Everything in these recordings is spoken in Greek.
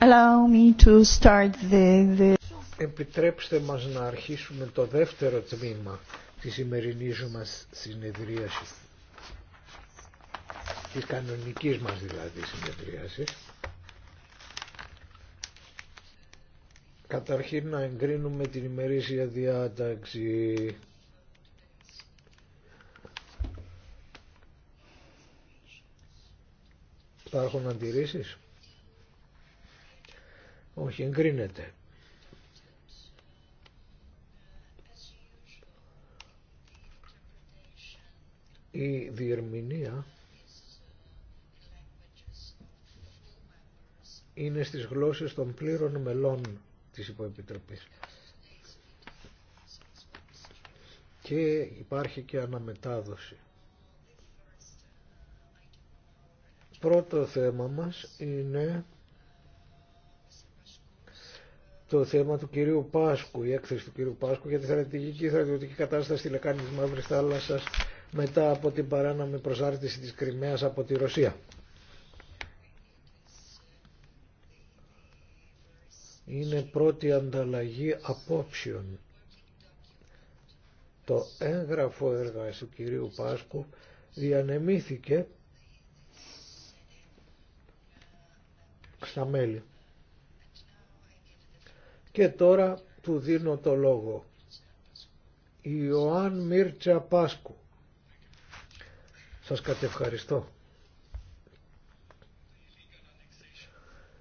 Allow me Επιτρέψτε μας να αρχίσουμε το δεύτερο τμήμα της σημερινής μας συνεδρίασης, της κανονικής μας δηλαδή συνεδρίασης. Καταρχήν να εγκρίνουμε την ημερήσια διάταξη. έχουν αντιρρήσεις. Όχι, εγκρίνεται. Η διερμηνία είναι στις γλώσσες των πλήρων μελών της Υποεπιτροπής. Και υπάρχει και αναμετάδοση. Πρώτο θέμα μας είναι το θέμα του κυρίου Πάσκου, η έκθεση του κυρίου Πάσκου για τη στρατηγική στρατιωτική κατάσταση στη λεκάνη της Μαύρης Θάλασσας μετά από την παράνομη προσάρτηση της Κρυμαίας από τη Ρωσία. Είναι πρώτη ανταλλαγή απόψεων. Το έγγραφο έργαση του κυρίου Πάσκου διανεμήθηκε στα μέλη. Και τώρα του δίνω το λόγο. Ιωάν Μίρτσα Πάσκου. Σας κατευχαριστώ.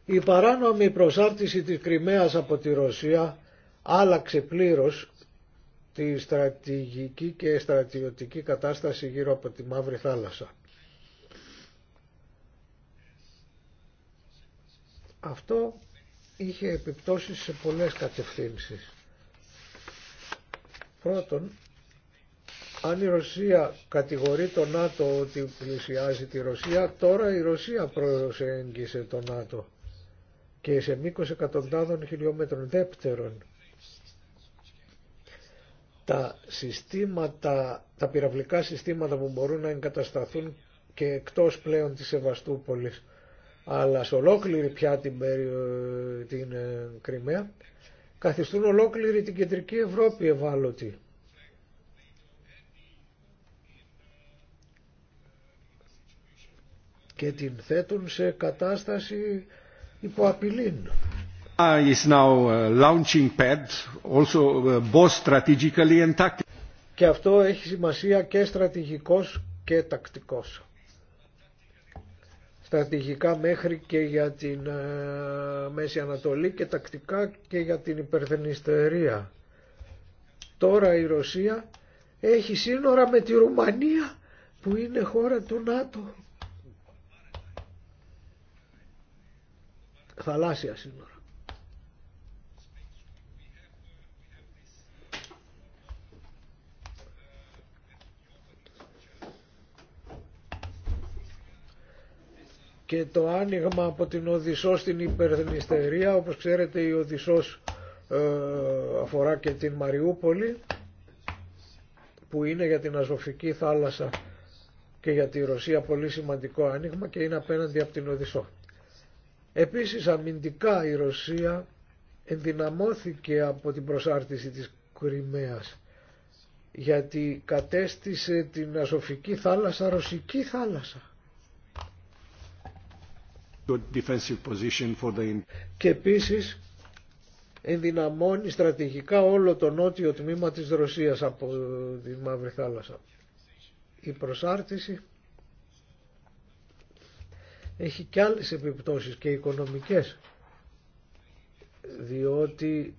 Η παράνομη προσάρτηση της Κρυμαίας από τη Ρωσία άλλαξε πλήρως τη στρατηγική και στρατιωτική κατάσταση γύρω από τη Μαύρη Θάλασσα. Αυτό είχε επιπτώσεις σε πολλές κατευθύνσεις. Πρώτον, αν η Ρωσία κατηγορεί το ΝΑΤΟ ότι πλησιάζει τη Ρωσία, τώρα η Ρωσία προσέγγισε το ΝΑΤΟ και σε μήκος εκατοντάδων χιλιόμετρων δεύτερον. Τα, συστήματα, τα πυραυλικά συστήματα που μπορούν να εγκατασταθούν και εκτός πλέον της Σεβαστούπολης αλλά σε ολόκληρη πια την, την ε, Κρυμαία καθιστούν ολόκληρη την κεντρική Ευρώπη ευάλωτη. και την θέτουν σε κατάσταση υπό Και αυτό έχει σημασία και στρατηγικός και τακτικός στρατηγικά μέχρι και για την ε, Μέση Ανατολή και τακτικά και για την υπερθενιστερία. Τώρα η Ρωσία έχει σύνορα με τη Ρουμανία που είναι χώρα του ΝΑΤΟ. Θαλάσσια σύνορα. και το άνοιγμα από την Οδυσσό στην Υπερνηστερία όπως ξέρετε η Οδυσσός ε, αφορά και την Μαριούπολη που είναι για την Αζωφική θάλασσα και για τη Ρωσία πολύ σημαντικό άνοιγμα και είναι απέναντι από την Οδυσσό. Επίσης αμυντικά η Ρωσία ενδυναμώθηκε από την προσάρτηση της Κρυμαίας γιατί κατέστησε την Αζωφική θάλασσα ρωσική θάλασσα και επίσης ενδυναμώνει στρατηγικά όλο το νότιο τμήμα της Ρωσίας από τη Μαύρη Θάλασσα. Η προσάρτηση έχει και άλλες επιπτώσεις και οικονομικές διότι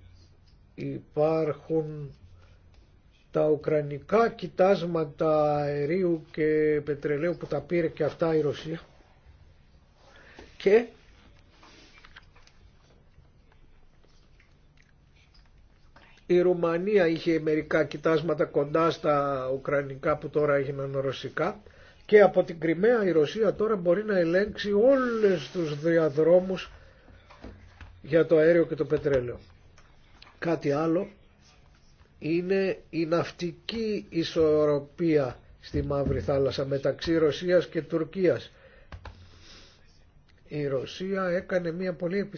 υπάρχουν τα ουκρανικά κοιτάσματα αερίου και πετρελαίου που τα πήρε και αυτά η Ρωσία και η Ρουμανία είχε μερικά κοιτάσματα κοντά στα Ουκρανικά που τώρα έγιναν Ρωσικά και από την Κρυμαία η Ρωσία τώρα μπορεί να ελέγξει όλες τους διαδρόμους για το αέριο και το πετρέλαιο. Κάτι άλλο είναι η ναυτική ισορροπία στη Μαύρη Θάλασσα μεταξύ Ρωσίας και Τουρκίας η Ρωσία έκανε μια πολύ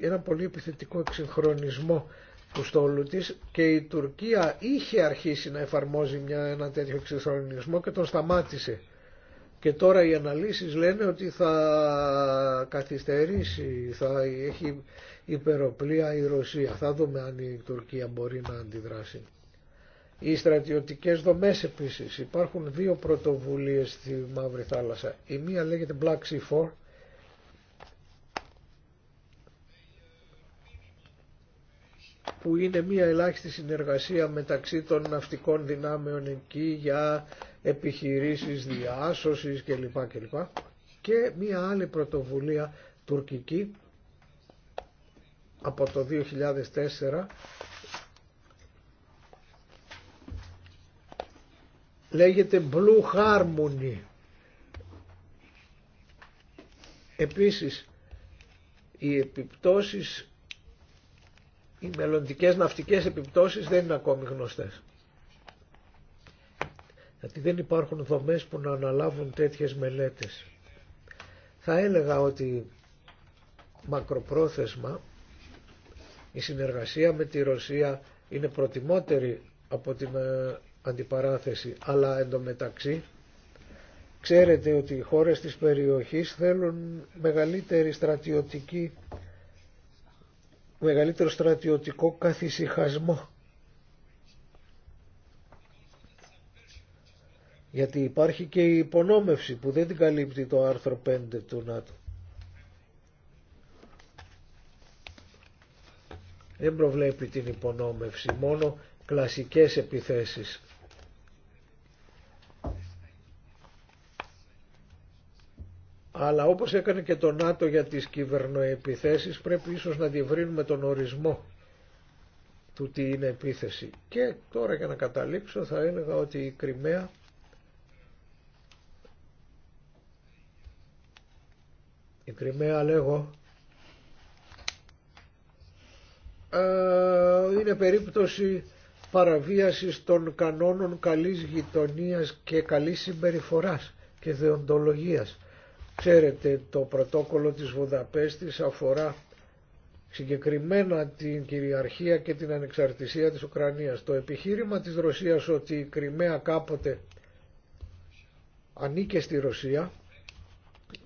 ένα πολύ επιθετικό εξυγχρονισμό του στόλου της και η Τουρκία είχε αρχίσει να εφαρμόζει μια, ένα τέτοιο εξυγχρονισμό και τον σταμάτησε. Και τώρα οι αναλύσεις λένε ότι θα καθυστερήσει, θα έχει υπεροπλία η Ρωσία. Θα δούμε αν η Τουρκία μπορεί να αντιδράσει. Οι στρατιωτικές δομές επίσης. Υπάρχουν δύο πρωτοβουλίες στη Μαύρη Θάλασσα. Η μία λέγεται Black Sea που είναι μια ελάχιστη συνεργασία μεταξύ των ναυτικών δυνάμεων εκεί για επιχειρήσεις διάσωσης κλπ. Και μια άλλη πρωτοβουλία τουρκική από το 2004 λέγεται Blue Harmony. Επίσης οι επιπτώσεις οι μελλοντικές ναυτικές επιπτώσεις δεν είναι ακόμη γνωστές. Γιατί δεν υπάρχουν δομές που να αναλάβουν τέτοιες μελέτες. Θα έλεγα ότι μακροπρόθεσμα η συνεργασία με τη Ρωσία είναι προτιμότερη από την ε, αντιπαράθεση, αλλά εντωμεταξύ ξέρετε ότι οι χώρες της περιοχής θέλουν μεγαλύτερη στρατιωτική μεγαλύτερο στρατιωτικό καθησυχασμό. Γιατί υπάρχει και η υπονόμευση που δεν την καλύπτει το άρθρο 5 του ΝΑΤΟ. Δεν προβλέπει την υπονόμευση, μόνο κλασικές επιθέσεις Αλλά όπως έκανε και το ΝΑΤΟ για τις κυβερνοεπιθέσεις πρέπει ίσως να διευρύνουμε τον ορισμό του τι είναι επίθεση. Και τώρα για να καταλήξω θα έλεγα ότι η Κρυμαία η Κρυμαία λέγω ε, είναι περίπτωση παραβίασης των κανόνων καλής γειτονίας και καλής συμπεριφοράς και δεοντολογίας Ξέρετε το πρωτόκολλο της Βουδαπέστης αφορά συγκεκριμένα την κυριαρχία και την ανεξαρτησία της Ουκρανίας. Το επιχείρημα της Ρωσίας ότι η Κρυμαία κάποτε ανήκε στη Ρωσία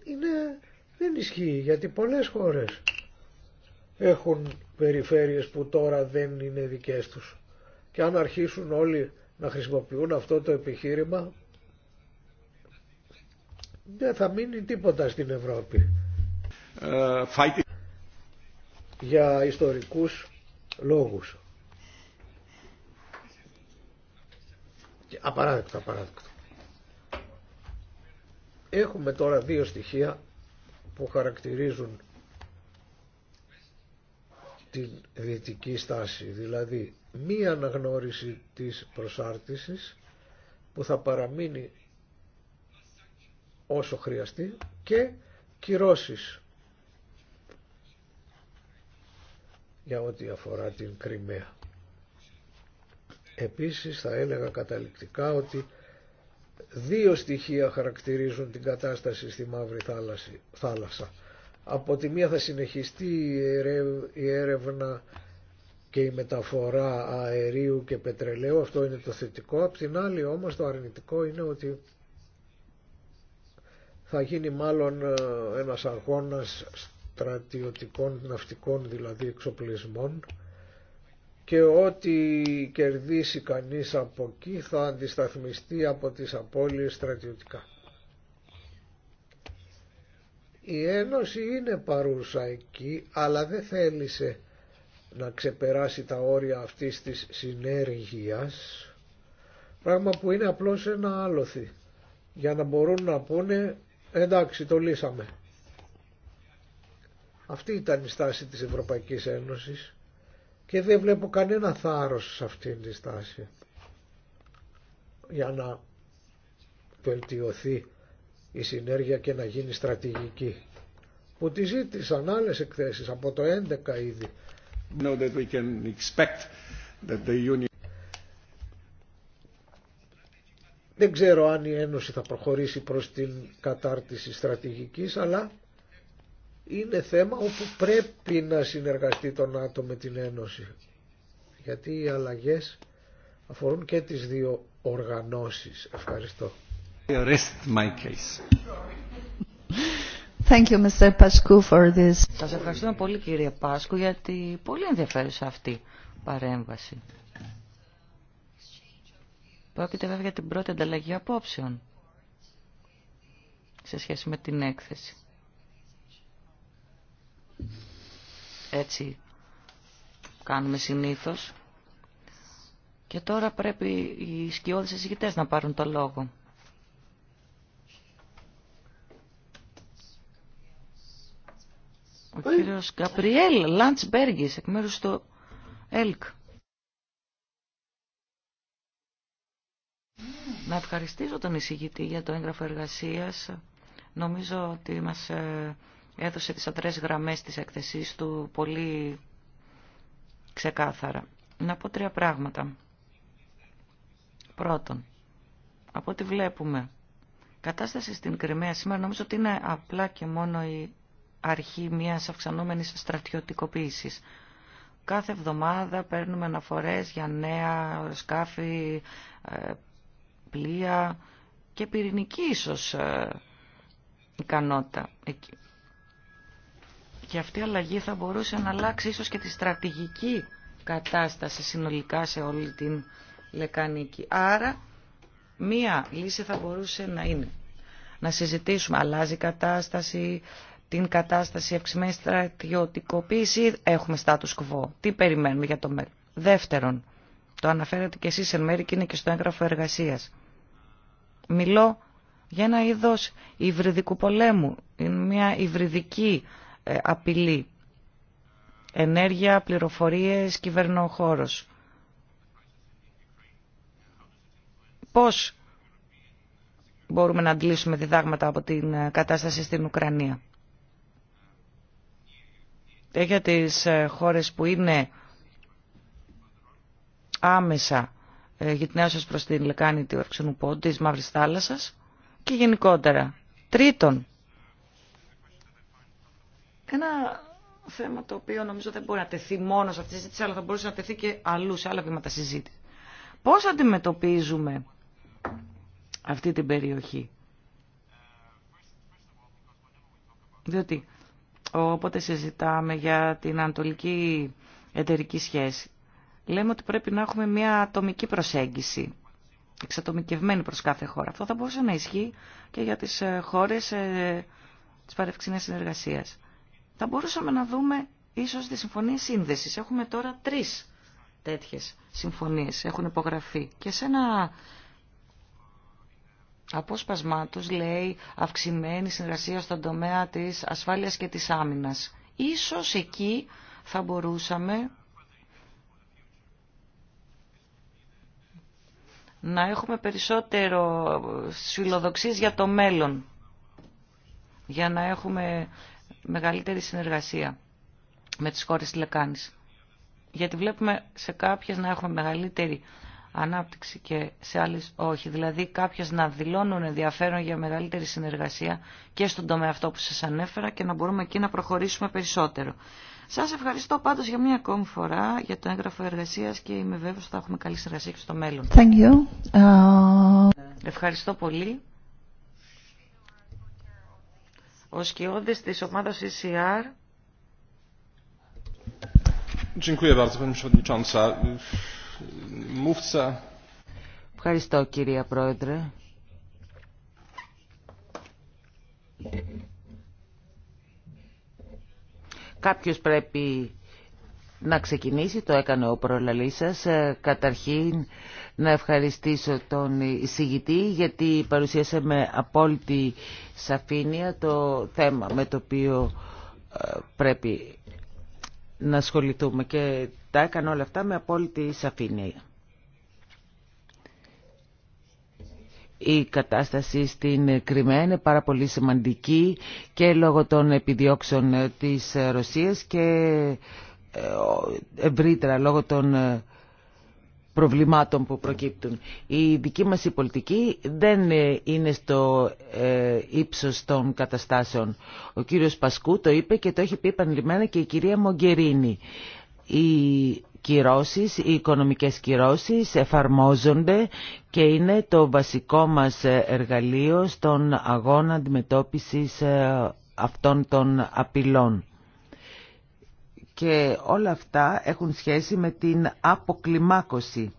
είναι, δεν ισχύει γιατί πολλές χώρες έχουν περιφέρειες που τώρα δεν είναι δικές τους. Και αν αρχίσουν όλοι να χρησιμοποιούν αυτό το επιχείρημα δεν θα μείνει τίποτα στην Ευρώπη. Uh, για ιστορικούς λόγους. Απαράδεκτο, απαράδεκτο. Έχουμε τώρα δύο στοιχεία που χαρακτηρίζουν την δυτική στάση, δηλαδή μία αναγνώριση της προσάρτησης που θα παραμείνει όσο χρειαστεί και κυρώσεις για ό,τι αφορά την Κρυμαία. Επίσης θα έλεγα καταληκτικά ότι δύο στοιχεία χαρακτηρίζουν την κατάσταση στη Μαύρη Θάλασσα. Από τη μία θα συνεχιστεί η έρευνα και η μεταφορά αερίου και πετρελαίου, αυτό είναι το θετικό. Από την άλλη όμως το αρνητικό είναι ότι θα γίνει μάλλον ε, ένας αγώνας στρατιωτικών ναυτικών δηλαδή εξοπλισμών και ό,τι κερδίσει κανείς από εκεί θα αντισταθμιστεί από τις απώλειες στρατιωτικά. Η Ένωση είναι παρούσα εκεί αλλά δεν θέλησε να ξεπεράσει τα όρια αυτής της συνέργειας πράγμα που είναι απλώς ένα άλοθη για να μπορούν να πούνε Εντάξει, το λύσαμε. Αυτή ήταν η στάση της Ευρωπαϊκής Ένωσης και δεν βλέπω κανένα θάρρος σε αυτήν τη στάση για να βελτιωθεί η συνέργεια και να γίνει στρατηγική που τη ζήτησαν άλλες εκθέσεις από το 11 ήδη. can Δεν ξέρω αν η Ένωση θα προχωρήσει προς την κατάρτιση στρατηγικής, αλλά είναι θέμα όπου πρέπει να συνεργαστεί το ΝΑΤΟ με την Ένωση. Γιατί οι αλλαγές αφορούν και τις δύο οργανώσεις. Ευχαριστώ. Rest my Thank you, Mr. Pascu, for this. Σας ευχαριστούμε πολύ κύριε Πάσκου για την πολύ ενδιαφέρουσα αυτή παρέμβαση. Πρόκειται βέβαια για την πρώτη ανταλλαγή απόψεων σε σχέση με την έκθεση. Έτσι κάνουμε συνήθως. Και τώρα πρέπει οι σκιώδεις εισηγητές να πάρουν το λόγο. Ο ε. κύριος Καπριέλ Λαντσμπέργκης, εκ μέρους του ΕΛΚ. Να ευχαριστήσω τον εισηγητή για το έγγραφο εργασίας. Νομίζω ότι μας ε, έδωσε τις αντρές γραμμές της εκθεσής του πολύ ξεκάθαρα. Να πω τρία πράγματα. Πρώτον, από ό,τι βλέπουμε, κατάσταση στην Κρυμαία σήμερα νομίζω ότι είναι απλά και μόνο η αρχή μιας αυξανόμενης στρατιωτικοποίησης. Κάθε εβδομάδα παίρνουμε αναφορές για νέα σκάφη ε, πλοία και πυρηνική ίσως ε, ικανότητα. Και αυτή η αλλαγή θα μπορούσε να αλλάξει ίσως και τη στρατηγική κατάσταση συνολικά σε όλη την Λεκανική. Άρα μία λύση θα μπορούσε να είναι να συζητήσουμε αλλάζει η κατάσταση, την κατάσταση αυξημένη στρατιωτικοποίηση έχουμε status quo. Τι περιμένουμε για το μέλλον. Δεύτερον, το αναφέρατε και εσείς εν μέρη και είναι και στο έγγραφο εργασίας. Μιλώ για ένα είδος υβριδικού πολέμου, μια υβριδική ε, απειλή. Ενέργεια, πληροφορίες, κυβερνοχώρος. Πώς μπορούμε να αντλήσουμε διδάγματα από την ε, κατάσταση στην Ουκρανία. Για τις ε, χώρες που είναι άμεσα ε, για την σας προς την λεκάνη του Ευξενού Πόντου, της Μαύρης Θάλασσας και γενικότερα. Τρίτον, ένα θέμα το οποίο νομίζω δεν μπορεί να τεθεί μόνο σε αυτή τη συζήτηση, αλλά θα μπορούσε να τεθεί και αλλού σε άλλα βήματα συζήτηση. Πώς αντιμετωπίζουμε αυτή την περιοχή. Διότι όποτε συζητάμε για την ανατολική εταιρική σχέση, λέμε ότι πρέπει να έχουμε μια ατομική προσέγγιση, εξατομικευμένη προς κάθε χώρα. Αυτό θα μπορούσε να ισχύει και για τις ε, χώρες ε, της συνεργασία. συνεργασίας. Θα μπορούσαμε να δούμε ίσως τη συμφωνία σύνδεσης. Έχουμε τώρα τρεις τέτοιες συμφωνίες, έχουν υπογραφεί. Και σε ένα απόσπασμά τους λέει αυξημένη συνεργασία στον τομέα της ασφάλειας και της άμυνας. Ίσως εκεί θα μπορούσαμε να έχουμε περισσότερο φιλοδοξίες για το μέλλον, για να έχουμε μεγαλύτερη συνεργασία με τις χώρες της Λεκάνης. Γιατί βλέπουμε σε κάποιες να έχουμε μεγαλύτερη ανάπτυξη και σε άλλες όχι. Δηλαδή κάποιες να δηλώνουν ενδιαφέρον για μεγαλύτερη συνεργασία και στον τομέα αυτό που σας ανέφερα και να μπορούμε εκεί να προχωρήσουμε περισσότερο. Σας ευχαριστώ πάντω για μία ακόμη φορά για το έγγραφο εργασία και είμαι βέβαιο ότι θα έχουμε καλή συνεργασία και στο μέλλον. Thank you. Uh... Ευχαριστώ πολύ. Ο σκιώδη της ομάδας ECR. Ευχαριστώ κυρία Πρόεδρε. Κάποιος πρέπει να ξεκινήσει, το έκανε ο προλαλής σας. Ε, καταρχήν να ευχαριστήσω τον εισηγητή γιατί παρουσίασε με απόλυτη σαφήνεια το θέμα με το οποίο ε, πρέπει να ασχοληθούμε και τα έκανε όλα αυτά με απόλυτη σαφήνεια. Η κατάσταση στην Κρυμαία είναι πάρα πολύ σημαντική και λόγω των επιδιώξεων της Ρωσίας και ε, ευρύτερα λόγω των ε, προβλημάτων που προκύπτουν. Η δική μας η πολιτική δεν ε, είναι στο ύψος των καταστάσεων. Ο κύριος Πασκού το είπε και το έχει πει επανειλημμένα και η κυρία Μογκερίνη. Η κυρώσεις, οι οικονομικές κυρώσεις εφαρμόζονται και είναι το βασικό μας εργαλείο στον αγώνα αντιμετώπισης ε, αυτών των απειλών. Και όλα αυτά έχουν σχέση με την αποκλιμάκωση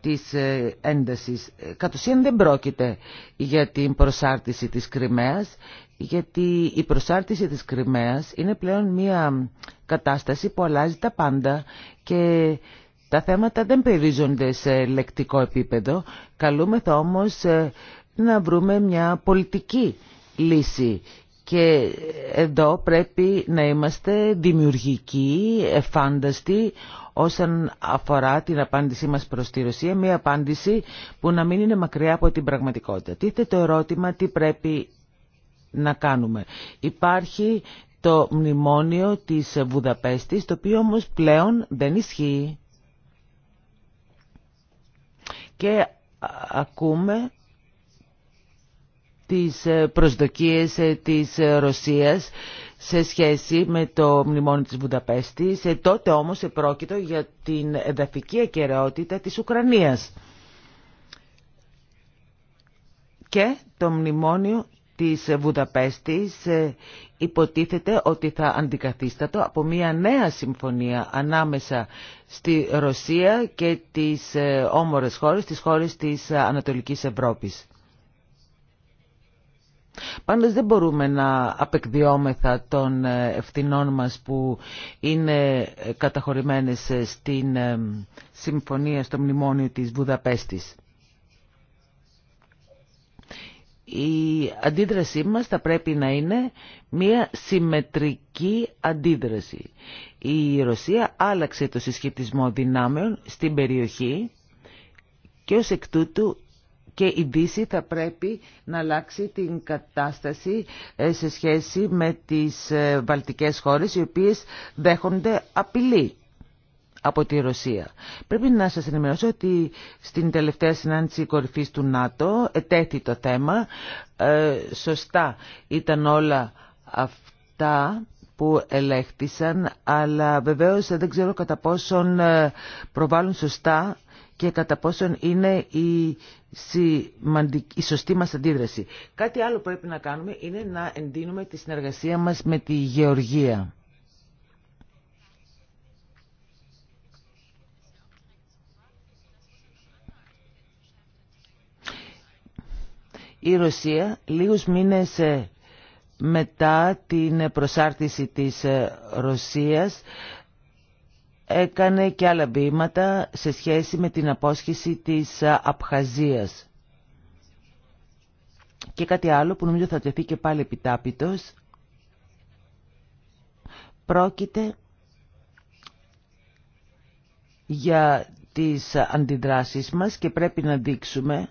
της ε, έντασης. Ε, κατ' ουσίαν δεν πρόκειται για την προσάρτηση της Κρυμαίας γιατί η προσάρτηση της Κρυμαίας είναι πλέον μια κατάσταση που αλλάζει τα πάντα και τα θέματα δεν περιορίζονται σε λεκτικό επίπεδο. Καλούμεθα όμως ε, να βρούμε μια πολιτική λύση και εδώ πρέπει να είμαστε δημιουργικοί, εφάνταστοι όσον αφορά την απάντησή μας προς τη Ρωσία, μια απάντηση που να μην είναι μακριά από την πραγματικότητα. Τίθεται το ερώτημα τι πρέπει να κάνουμε. Υπάρχει το μνημόνιο της Βουδαπέστης, το οποίο όμως πλέον δεν ισχύει. Και ακούμε τις προσδοκίες της Ρωσίας σε σχέση με το μνημόνιο της Βουδαπέστης. Ε, τότε όμως επρόκειτο για την εδαφική ακεραιότητα της Ουκρανίας. Και το μνημόνιο της Βουδαπέστης ε, υποτίθεται ότι θα αντικαθίστατο από μια νέα συμφωνία ανάμεσα στη Ρωσία και τις ε, όμορες χώρες, τις χώρες της Ανατολικής Ευρώπης. Πάντως δεν μπορούμε να απεκδιώμεθα των ε, ευθυνών μας που είναι καταχωρημένες στην συμφωνία στο μνημόνιο της Βουδαπέστης η αντίδρασή μας θα πρέπει να είναι μια συμμετρική αντίδραση. Η Ρωσία άλλαξε το συσχετισμό δυνάμεων στην περιοχή και ως εκ τούτου και η Δύση θα πρέπει να αλλάξει την κατάσταση ε, σε σχέση με τις ε, βαλτικές χώρες οι οποίες δέχονται απειλή από τη Ρωσία. Πρέπει να σας ενημερώσω ότι στην τελευταία συνάντηση κορυφής του ΝΑΤΟ ετέθη το θέμα. Ε, σωστά ήταν όλα αυτά που ελέγχθησαν, αλλά βεβαίως δεν ξέρω κατά πόσον ε, προβάλλουν σωστά και κατά πόσον είναι η, η σωστή μας αντίδραση. Κάτι άλλο που πρέπει να κάνουμε είναι να εντείνουμε τη συνεργασία μας με τη Γεωργία. η Ρωσία λίγους μήνες ε, μετά την προσάρτηση της ε, Ρωσίας έκανε και άλλα βήματα σε σχέση με την απόσχηση της ε, Απχαζίας. Και κάτι άλλο που νομίζω θα τεθεί και πάλι επιτάπητος. Πρόκειται για τις αντιδράσεις μας και πρέπει να δείξουμε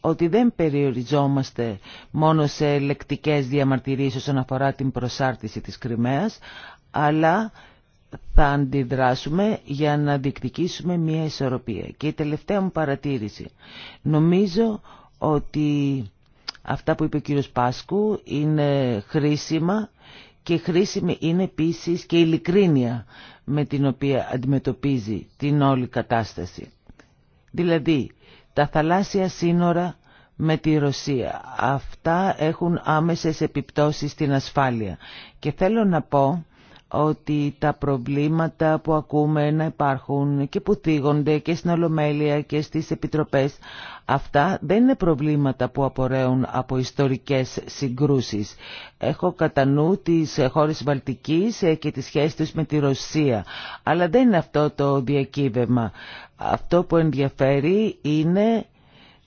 ότι δεν περιοριζόμαστε μόνο σε λεκτικές διαμαρτυρίες όσον αφορά την προσάρτηση της Κρυμαίας, αλλά θα αντιδράσουμε για να διεκδικήσουμε μια ισορροπία. Και η τελευταία μου παρατήρηση. Νομίζω ότι αυτά που είπε ο κύριος Πάσκου είναι χρήσιμα και χρήσιμη είναι επίσης και η ειλικρίνεια με την οποία αντιμετωπίζει την όλη κατάσταση. Δηλαδή, τα θαλάσσια σύνορα με τη Ρωσία. Αυτά έχουν άμεσες επιπτώσεις στην ασφάλεια. Και θέλω να πω ότι τα προβλήματα που ακούμε να υπάρχουν και που θίγονται και στην Ολομέλεια και στις Επιτροπές, αυτά δεν είναι προβλήματα που απορρέουν από ιστορικές συγκρούσεις. Έχω κατά νου τις χώρες Βαλτικής και τις σχέσεις τους με τη Ρωσία, αλλά δεν είναι αυτό το διακύβευμα. Αυτό που ενδιαφέρει είναι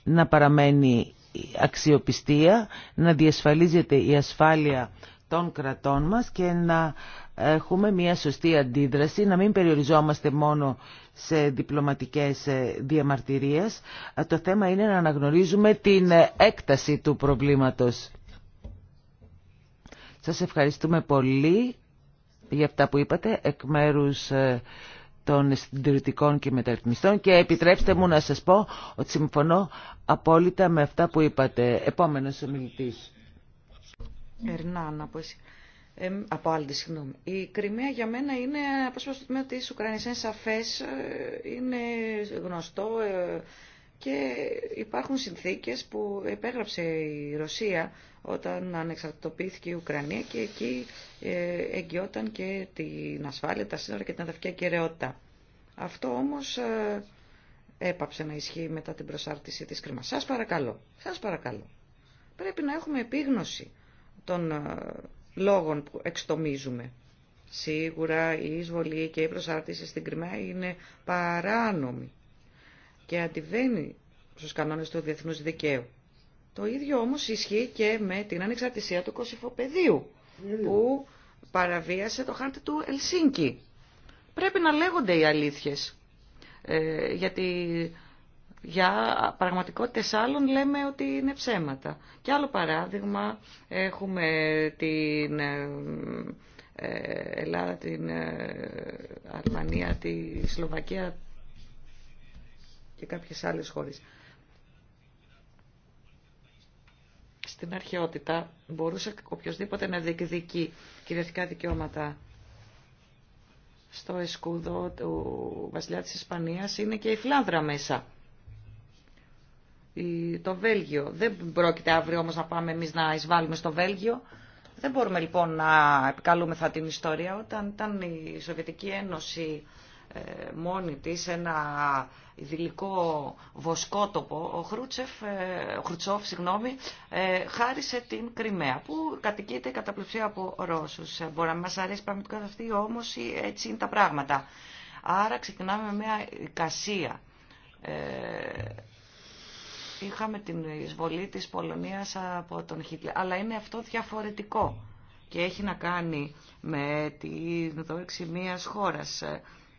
να παραμένει αξιοπιστία, να διασφαλίζεται η ασφάλεια των κρατών μας και να έχουμε μια σωστή αντίδραση, να μην περιοριζόμαστε μόνο σε διπλωματικές ε, διαμαρτυρίες. Το θέμα είναι να αναγνωρίζουμε την ε, έκταση του προβλήματος. Σας ευχαριστούμε πολύ για αυτά που είπατε εκ μέρους ε, των συντηρητικών και μεταρρυθμιστών και επιτρέψτε μου να σας πω ότι συμφωνώ απόλυτα με αυτά που είπατε. Επόμενος ομιλητής. Ερνάν, ε, από άλλη, συγγνώμη. Η Κρυμαία για μένα είναι από το τμήμα της Ουκρανίας. Είναι σαφές, ε, είναι γνωστό ε, και υπάρχουν συνθήκες που επέγραψε η Ρωσία όταν ανεξαρτητοποιήθηκε η Ουκρανία και εκεί εγγυόταν και την ασφάλεια, τα σύνορα και την αδαφική ακαιρεότητα. Αυτό όμως έπαψε να ισχύει μετά την προσάρτηση της Κρυμαίας Σα παρακαλώ, σας παρακαλώ. Πρέπει να έχουμε επίγνωση των λόγων που εξτομίζουμε. Σίγουρα η εισβολή και η προσάρτηση στην Κρυμαία είναι παράνομη και αντιβαίνει στους κανόνες του διεθνούς δικαίου. Το ίδιο όμως ισχύει και με την ανεξαρτησία του Κωσυφοπεδίου που παραβίασε το χάρτη του Ελσίνκη. Πρέπει να λέγονται οι αλήθειες, ε, γιατί για πραγματικότητες άλλων λέμε ότι είναι ψέματα. Και άλλο παράδειγμα έχουμε την ε, ε, Ελλάδα, την ε, Αρμανία, τη Σλοβακία και κάποιες άλλες χώρες. Στην αρχαιότητα μπορούσε οποιοδήποτε να διεκδικεί κυριαρχικά δικαιώματα στο εσκούδο του βασιλιά της Ισπανίας είναι και η φλάνδρα μέσα το Βέλγιο. Δεν πρόκειται αύριο όμως να πάμε εμείς να εισβάλλουμε στο Βέλγιο. Δεν μπορούμε λοιπόν να επικαλούμεθα την ιστορία. Όταν ήταν η Σοβιετική Ένωση ε, μόνη της ένα ειδηλικό βοσκότοπο, ο, Χρουτσεφ, ε, ο Χρουτσόφ συγγνώμη, ε, χάρισε την Κρυμαία, που κατοικείται κατά πλουσία από Ρώσους. Μπορεί να μας αρέσει πραγματικά αυτή, όμως έτσι είναι τα πράγματα. Άρα ξεκινάμε με μια εικασία είχαμε την εισβολή της Πολωνίας από τον Χίτλερ. Αλλά είναι αυτό διαφορετικό και έχει να κάνει με τη δόξη μιας χώρας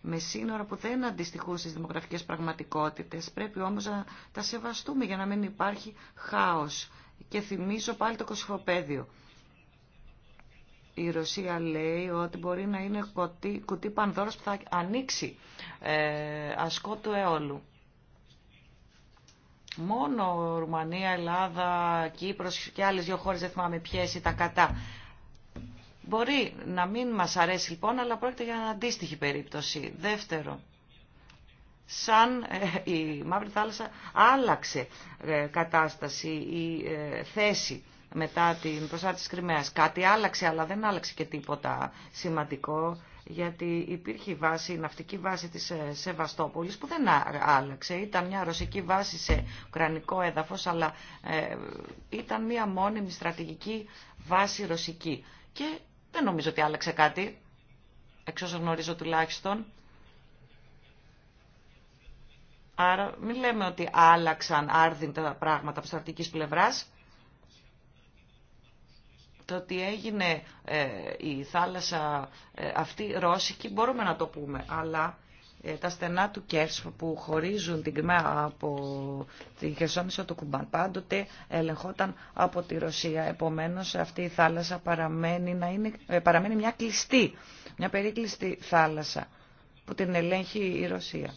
με σύνορα που δεν αντιστοιχούν στις δημογραφικές πραγματικότητες. Πρέπει όμως να τα σεβαστούμε για να μην υπάρχει χάος. Και θυμίζω πάλι το κοσφοπέδιο. Η Ρωσία λέει ότι μπορεί να είναι κουτί, κουτί που θα ανοίξει ε, ασκό του αιώλου. Μόνο Ρουμανία, Ελλάδα, Κύπρος και άλλες δύο χώρες, δεν θυμάμαι ποιες, τα κατά. Μπορεί να μην μας αρέσει λοιπόν, αλλά πρόκειται για αντίστοιχη περίπτωση. Δεύτερο, σαν ε, η Μαύρη Θάλασσα άλλαξε ε, κατάσταση, η ε, θέση μετά την προσάρτηση της Κρυμαίας. Κάτι άλλαξε, αλλά δεν άλλαξε και τίποτα σημαντικό γιατί υπήρχε η, βάση, η ναυτική βάση της ε, Σεβαστόπολης που δεν άλλαξε. Ήταν μια ρωσική βάση σε ουκρανικό έδαφος, αλλά ε, ήταν μια μόνιμη στρατηγική βάση ρωσική. Και δεν νομίζω ότι άλλαξε κάτι, εξ όσων γνωρίζω τουλάχιστον. Άρα μην λέμε ότι άλλαξαν άρδιν τα πράγματα από στρατηγικής πλευράς το ότι έγινε ε, η θάλασσα ε, αυτή ρώσικη μπορούμε να το πούμε, αλλά ε, τα στενά του Κέρσφ που χωρίζουν την Κρυμαία από τη Χερσόνησο του Κουμπάν πάντοτε ελεγχόταν από τη Ρωσία. Επομένως αυτή η θάλασσα παραμένει, να είναι, παραμένει μια κλειστή, μια περίκλειστη θάλασσα που την ελέγχει η Ρωσία.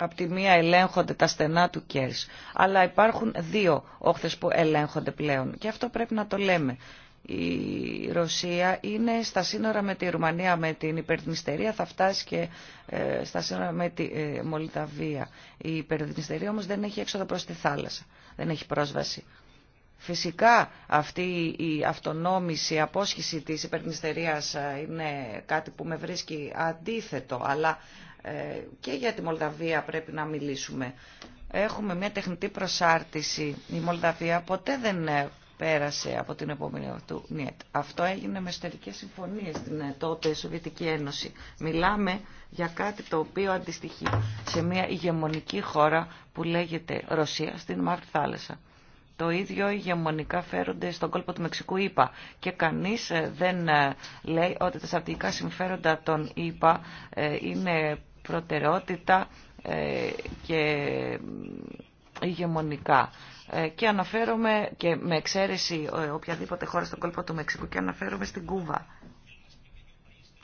Από τη μία ελέγχονται τα στενά του ΚΕΣ, αλλά υπάρχουν δύο όχθες που ελέγχονται πλέον και αυτό πρέπει να το λέμε. Η Ρωσία είναι στα σύνορα με τη Ρουμανία, με την υπερδνηστερία, θα φτάσει και ε, στα σύνορα με τη ε, Μολδαβία. Η υπερδνηστερία όμως δεν έχει έξοδο προς τη θάλασσα, δεν έχει πρόσβαση. Φυσικά αυτή η αυτονόμηση, η απόσχηση της υπερνηστερίας ε, είναι κάτι που με βρίσκει αντίθετο, αλλά ε, και για τη Μολδαβία πρέπει να μιλήσουμε. Έχουμε μια τεχνητή προσάρτηση. Η Μολδαβία ποτέ δεν ε, πέρασε από την επόμενη του ΝΙΕΤ. Αυτό έγινε με εσωτερικές συμφωνίες στην ε, τότε Σοβιετική Ένωση. Μιλάμε για κάτι το οποίο αντιστοιχεί σε μια ηγεμονική χώρα που λέγεται Ρωσία στην Μαύρη Θάλασσα. Το ίδιο ηγεμονικά φέρονται στον κόλπο του Μεξικού ΙΠΑ και κανείς δεν λέει ότι τα στρατηγικά συμφέροντα των ΙΠΑ είναι προτεραιότητα ε, και ηγεμονικά. Ε, και αναφέρομαι, και με εξαίρεση ε, οποιαδήποτε χώρα στον κόλπο του Μεξικού, και αναφέρομαι στην Κούβα.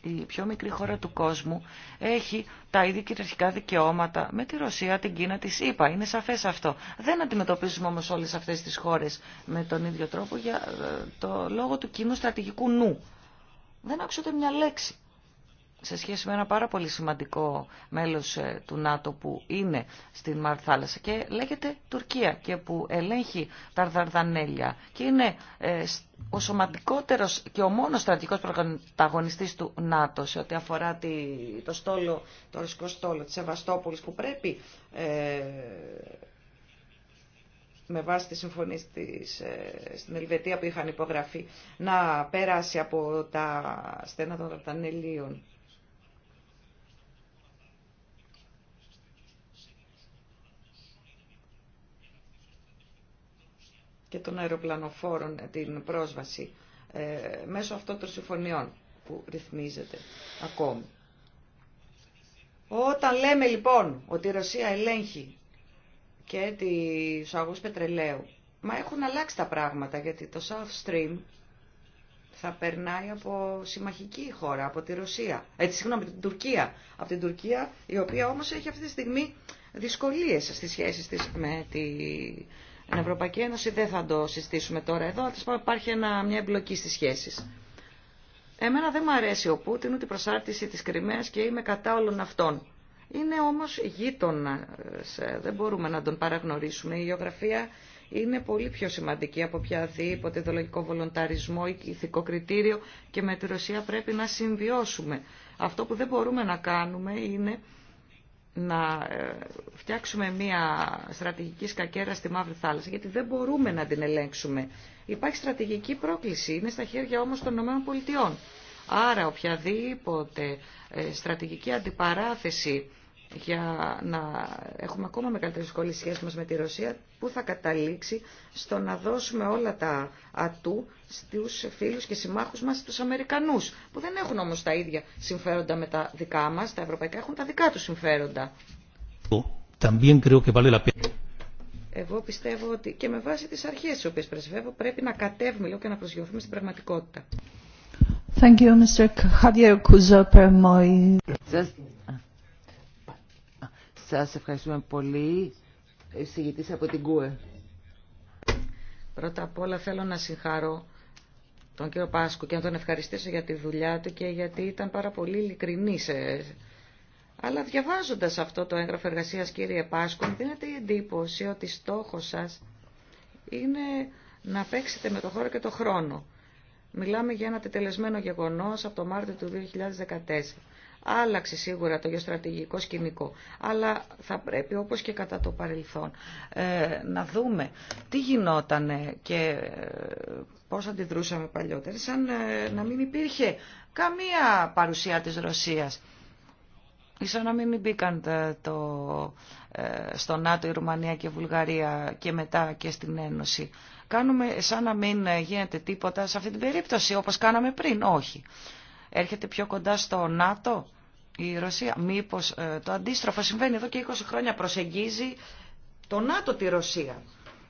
Η πιο μικρή χώρα του κόσμου έχει τα ίδια κυριαρχικά δικαιώματα με τη Ρωσία, την Κίνα, τη ΣΥΠΑ. Είναι σαφές αυτό. Δεν αντιμετωπίζουμε όμως όλες αυτές τις χώρες με τον ίδιο τρόπο για το λόγο του κοινού στρατηγικού νου. Δεν άκουσα μια λέξη σε σχέση με ένα πάρα πολύ σημαντικό μέλος ε, του ΝΑΤΟ που είναι στην Μαρθάλασσα και λέγεται Τουρκία και που ελέγχει τα Δαρδανέλια και είναι ε, ο σωματικότερος και ο μόνος στρατηγικός πρωταγωνιστής του ΝΑΤΟ σε ό,τι αφορά το, στόλο, το ρωσικό στόλο της Σεβαστόπουλης που πρέπει ε, με βάση τη συμφωνία της, στην Ελβετία που είχαν υπογραφεί να πέρασει από τα στένα των Δαρδανελίων και των αεροπλανοφόρων την πρόσβαση ε, μέσω αυτών των συμφωνιών που ρυθμίζεται ακόμη. Όταν λέμε λοιπόν ότι η Ρωσία ελέγχει και τη αγούς πετρελαίου, μα έχουν αλλάξει τα πράγματα γιατί το South Stream θα περνάει από συμμαχική χώρα, από τη Ρωσία, ε, την Τουρκία. Από την Τουρκία η οποία όμως έχει αυτή τη στιγμή δυσκολίες στις σχέσεις της με τη Εν Ευρωπαϊκή Ένωση. Δεν θα το συστήσουμε τώρα εδώ. Υπάρχει ένα, μια εμπλοκή στις σχέσεις. Εμένα δεν μου αρέσει ο Πούτιν ούτε η προσάρτηση της Κρυμαίας και είμαι κατά όλων αυτών. Είναι όμως γείτονα, ε, δεν μπορούμε να τον παραγνωρίσουμε. Η γεωγραφία είναι πολύ πιο σημαντική από οποιαδήποτε ιδεολογικό βολονταρισμό ή ηθικό κριτήριο και με τη Ρωσία πρέπει να συμβιώσουμε. Αυτό που δεν μπορούμε να κάνουμε είναι να ε, φτιάξουμε μια στρατηγική σκακέρα στη Μαύρη Θάλασσα, γιατί δεν μπορούμε να την ελέγξουμε. Υπάρχει στρατηγική πρόκληση, είναι στα χέρια όμως των ΗΠΑ. Άρα οποιαδήποτε ε, στρατηγική αντιπαράθεση για να έχουμε ακόμα μεγαλύτερη δυσκολίες σχέση μας με τη Ρωσία που θα καταλήξει στο να δώσουμε όλα τα ατού στους φίλους και συμμάχους μας τους Αμερικανούς που δεν έχουν όμως τα ίδια συμφέροντα με τα δικά μας, τα ευρωπαϊκά έχουν τα δικά τους συμφέροντα. Εγώ πιστεύω ότι και με βάση τις αρχές τις οποίες πρεσβεύω πρέπει να κατέβουμε λίγο και να προσγειωθούμε στην πραγματικότητα. Thank you, Mr. Σας ευχαριστούμε πολύ. Συγητής από την ΚΟΕ. Πρώτα απ' όλα θέλω να συγχαρώ τον κύριο Πάσκου και να τον ευχαριστήσω για τη δουλειά του και γιατί ήταν πάρα πολύ ειλικρινής. Αλλά διαβάζοντας αυτό το έγγραφο εργασίας κύριε Πάσκου, δίνεται η εντύπωση ότι στόχος σας είναι να παίξετε με το χώρο και το χρόνο. Μιλάμε για ένα τετελεσμένο γεγονός από το Μάρτιο του 2014. Άλλαξε σίγουρα το γεωστρατηγικό σκηνικό, αλλά θα πρέπει όπως και κατά το παρελθόν ε, να δούμε τι γινόταν και ε, πώς αντιδρούσαμε παλιότερα, σαν ε, να μην υπήρχε καμία παρουσία της Ρωσίας. Ίσως να μην μπήκαν το, στο ΝΑΤΟ η Ρουμανία και η Βουλγαρία και μετά και στην Ένωση. Κάνουμε σαν να μην γίνεται τίποτα σε αυτή την περίπτωση όπως κάναμε πριν. Όχι. Έρχεται πιο κοντά στο ΝΑΤΟ η Ρωσία. Μήπως ε, το αντίστροφο συμβαίνει εδώ και 20 χρόνια προσεγγίζει το ΝΑΤΟ Ρωσία.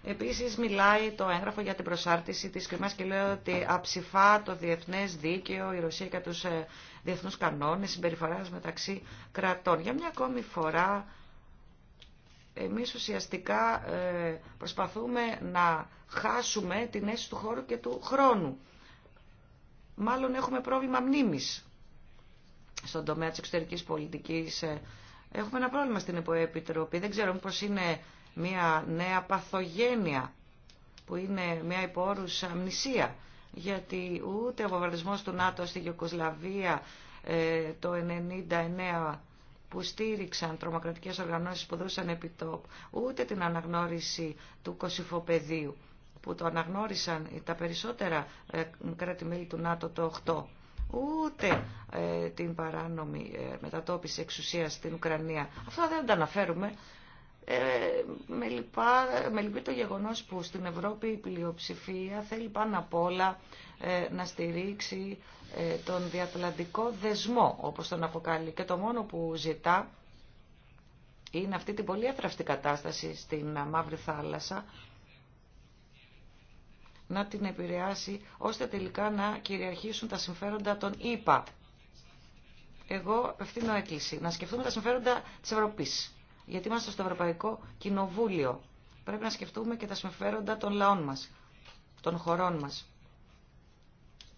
Επίσης μιλάει το έγγραφο για την προσάρτηση της Κρυμαία και λέει ότι αψηφά το διεθνέ δίκαιο η Ρωσία και τους ε, διεθνού κανόνε, συμπεριφορά μεταξύ κρατών. Για μια ακόμη φορά εμείς ουσιαστικά ε, προσπαθούμε να χάσουμε την αίσθηση του χώρου και του χρόνου. Μάλλον έχουμε πρόβλημα μνήμης στον τομέα της εξωτερικής πολιτικής. Ε, έχουμε ένα πρόβλημα στην Επιτροπή. Δεν ξέρω πώς είναι μια νέα παθογένεια που είναι μια υπόρους αμνησία. Γιατί ούτε ο βομβαρδισμός του ΝΑΤΟ στη ε, το 1999 που στήριξαν τρομοκρατικές οργανώσεις που δούσαν τοπ, ούτε την αναγνώριση του Κωσυφοπεδίου που το αναγνώρισαν τα περισσότερα ε, κράτη-μέλη του ΝΑΤΟ το 8 ούτε ε, την παράνομη ε, μετατόπιση εξουσίας στην Ουκρανία. Αυτά δεν τα αναφέρουμε. Ε, με, λυπά, λυπεί το γεγονός που στην Ευρώπη η πλειοψηφία θέλει πάνω απ' όλα ε, να στηρίξει τον διατλαντικό δεσμό, όπως τον αποκαλεί. Και το μόνο που ζητά είναι αυτή την πολύ αθράυστη κατάσταση στην Μαύρη Θάλασσα, να την επηρεάσει ώστε τελικά να κυριαρχήσουν τα συμφέροντα των ΙΠΑ. Εγώ απευθύνω έκκληση να σκεφτούμε τα συμφέροντα της Ευρωπής. Γιατί είμαστε στο Ευρωπαϊκό Κοινοβούλιο. Πρέπει να σκεφτούμε και τα συμφέροντα των λαών μας, των χωρών μας.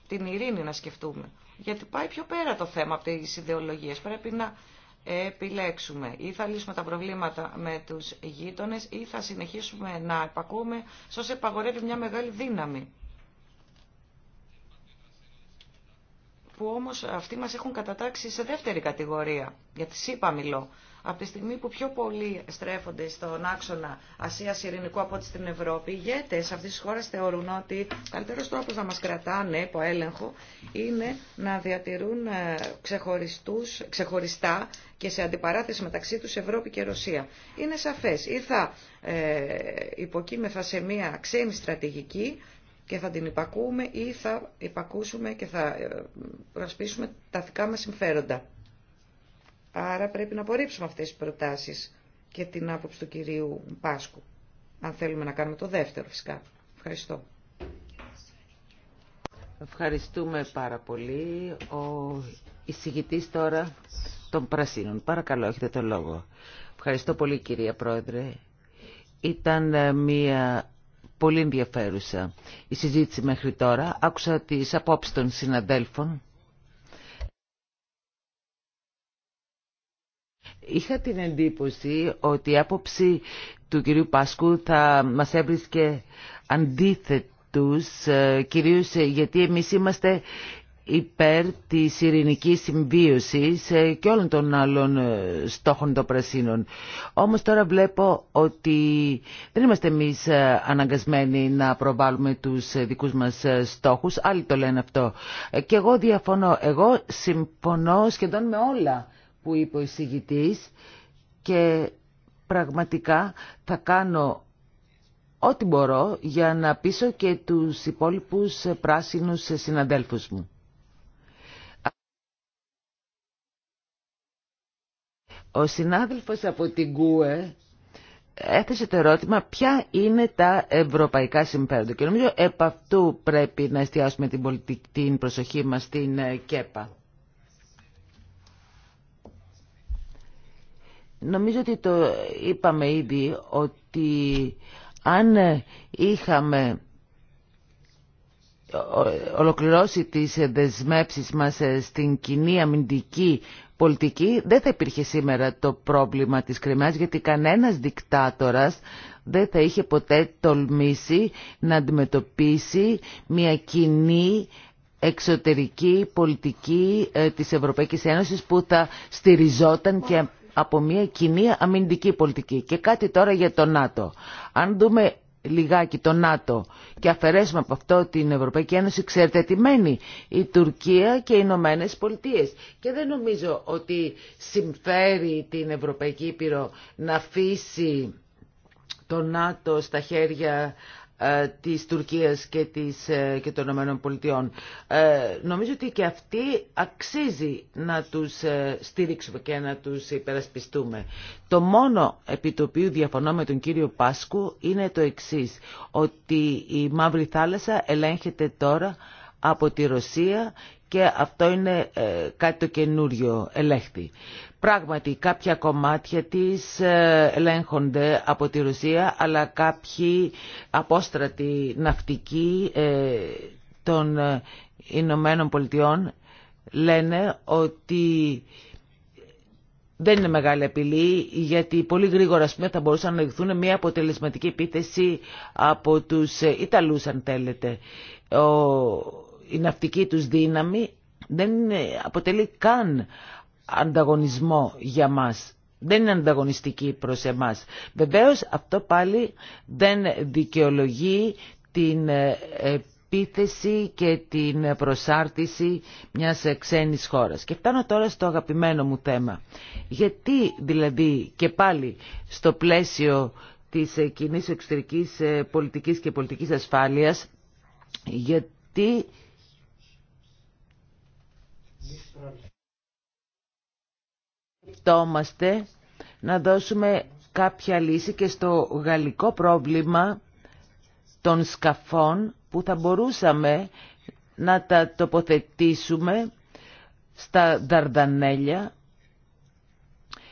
Την ειρήνη να σκεφτούμε. Γιατί πάει πιο πέρα το θέμα από τις ιδεολογίες. Πρέπει να επιλέξουμε. Ή θα λύσουμε τα προβλήματα με τους γείτονες ή θα συνεχίσουμε να επακούμε, όσο επαγορεύει μια μεγάλη δύναμη. που όμως αυτοί μας έχουν κατατάξει σε δεύτερη κατηγορία, για τη ΣΥΠΑ μιλώ. Από τη στιγμή που πιο πολλοί στρέφονται στον άξονα Ασία-Ειρηνικού από ό,τι στην Ευρώπη, οι ηγέτε αυτή τη χώρα θεωρούν ότι ο καλύτερο τρόπο να μα κρατάνε υπό έλεγχο είναι να διατηρούν ε, ξεχωριστά και σε αντιπαράθεση μεταξύ του Ευρώπη και Ρωσία. Είναι σαφέ. Ή θα ε, υποκείμεθα σε μία ξένη στρατηγική και θα την υπακούμε ή θα υπακούσουμε και θα ε, προσπίσουμε τα δικά μας συμφέροντα. Άρα πρέπει να απορρίψουμε αυτές τις προτάσεις και την άποψη του κυρίου Πάσκου, αν θέλουμε να κάνουμε το δεύτερο φυσικά. Ευχαριστώ. Ευχαριστούμε πάρα πολύ. Ο εισηγητής τώρα των Πρασίνων. Παρακαλώ, έχετε το λόγο. Ευχαριστώ πολύ κυρία Πρόεδρε. Ήταν ε, μια πολύ ενδιαφέρουσα η συζήτηση μέχρι τώρα. Άκουσα τις απόψεις των συναδέλφων. Είχα την εντύπωση ότι η άποψη του κυρίου Πάσκου θα μας έβρισκε αντίθετους, ε, κυρίως ε, γιατί εμείς είμαστε υπέρ της ειρηνικής συμβίωσης ε, και όλων των άλλων ε, στόχων των πρασίνων. Όμως τώρα βλέπω ότι δεν είμαστε εμείς ε, αναγκασμένοι να προβάλλουμε τους δικούς μας στόχους. Άλλοι το λένε αυτό. Και εγώ διαφωνώ. Εγώ συμφωνώ σχεδόν με όλα που είπε ο εισηγητής και πραγματικά θα κάνω ό,τι μπορώ για να πείσω και τους υπόλοιπους πράσινους συναδέλφους μου. Ο συνάδελφος από την ΚΟΕ έθεσε το ερώτημα ποια είναι τα ευρωπαϊκά συμφέροντα και νομίζω επ' αυτού πρέπει να εστιάσουμε την, πολιτική, την προσοχή μας στην ε, ΚΕΠΑ. Νομίζω ότι το είπαμε ήδη ότι αν ε, είχαμε ε, ολοκληρώσει τις δεσμεύσεις μας στην κοινή αμυντική πολιτική δεν θα υπήρχε σήμερα το πρόβλημα της Κρυμαίας γιατί κανένας δικτάτορας δεν θα είχε ποτέ τολμήσει να αντιμετωπίσει μια κοινή εξωτερική πολιτική ε, της Ευρωπαϊκής Ένωσης που θα στηριζόταν και από μια κοινή αμυντική πολιτική. Και κάτι τώρα για το ΝΑΤΟ. Αν δούμε λιγάκι το ΝΑΤΟ και αφαιρέσουμε από αυτό την Ευρωπαϊκή Ένωση, ξέρετε τι μένει η Τουρκία και οι Ηνωμένε Πολιτείε. Και δεν νομίζω ότι συμφέρει την Ευρωπαϊκή Ήπειρο να αφήσει το ΝΑΤΟ στα χέρια ε, της Τουρκίας και, της, ε, και των Ηνωμένων Πολιτειών. Ε, νομίζω ότι και αυτοί αξίζει να τους στήριξουμε και να τους υπερασπιστούμε. Το μόνο επί το οποίο διαφωνώ με τον κύριο Πάσκου είναι το εξής, ότι η Μαύρη Θάλασσα ελέγχεται τώρα από τη Ρωσία και αυτό είναι ε, κάτι το καινούριο ελέγχθη. Πράγματι κάποια κομμάτια της ε, ελέγχονται από τη Ρωσία αλλά κάποιοι απόστρατοι ναυτικοί ε, των Ηνωμένων Πολιτειών λένε ότι δεν είναι μεγάλη απειλή γιατί πολύ γρήγορα πούμε, θα μπορούσαν να δεχθούν μια αποτελεσματική επίθεση από τους Ιταλούς αν θέλετε. Ο η ναυτική τους δύναμη δεν αποτελεί καν ανταγωνισμό για μας. Δεν είναι ανταγωνιστική προς εμάς. Βεβαίως αυτό πάλι δεν δικαιολογεί την ε, επίθεση και την προσάρτηση μιας ε, ξένης χώρας. Και φτάνω τώρα στο αγαπημένο μου θέμα. Γιατί δηλαδή και πάλι στο πλαίσιο της ε, κοινή εξωτερικής πολιτικής και πολιτικής ασφάλειας, γιατί Σκεφτόμαστε να δώσουμε κάποια λύση και στο γαλλικό πρόβλημα των σκαφών που θα μπορούσαμε να τα τοποθετήσουμε στα Δαρδανέλια.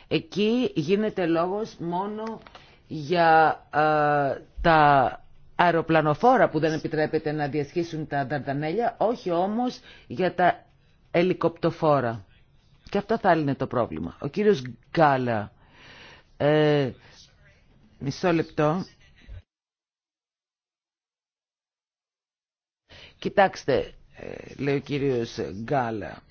Εκεί γίνεται λόγος μόνο για ε, τα αεροπλανοφόρα που δεν επιτρέπεται να διασχίσουν τα Δαρδανέλια, όχι όμως για τα ελικοπτοφόρα. Και αυτό θα είναι το πρόβλημα. Ο κύριος Γκάλα, ε, μισό λεπτό. Κοιτάξτε, ε, λέει ο κύριος Γκάλα,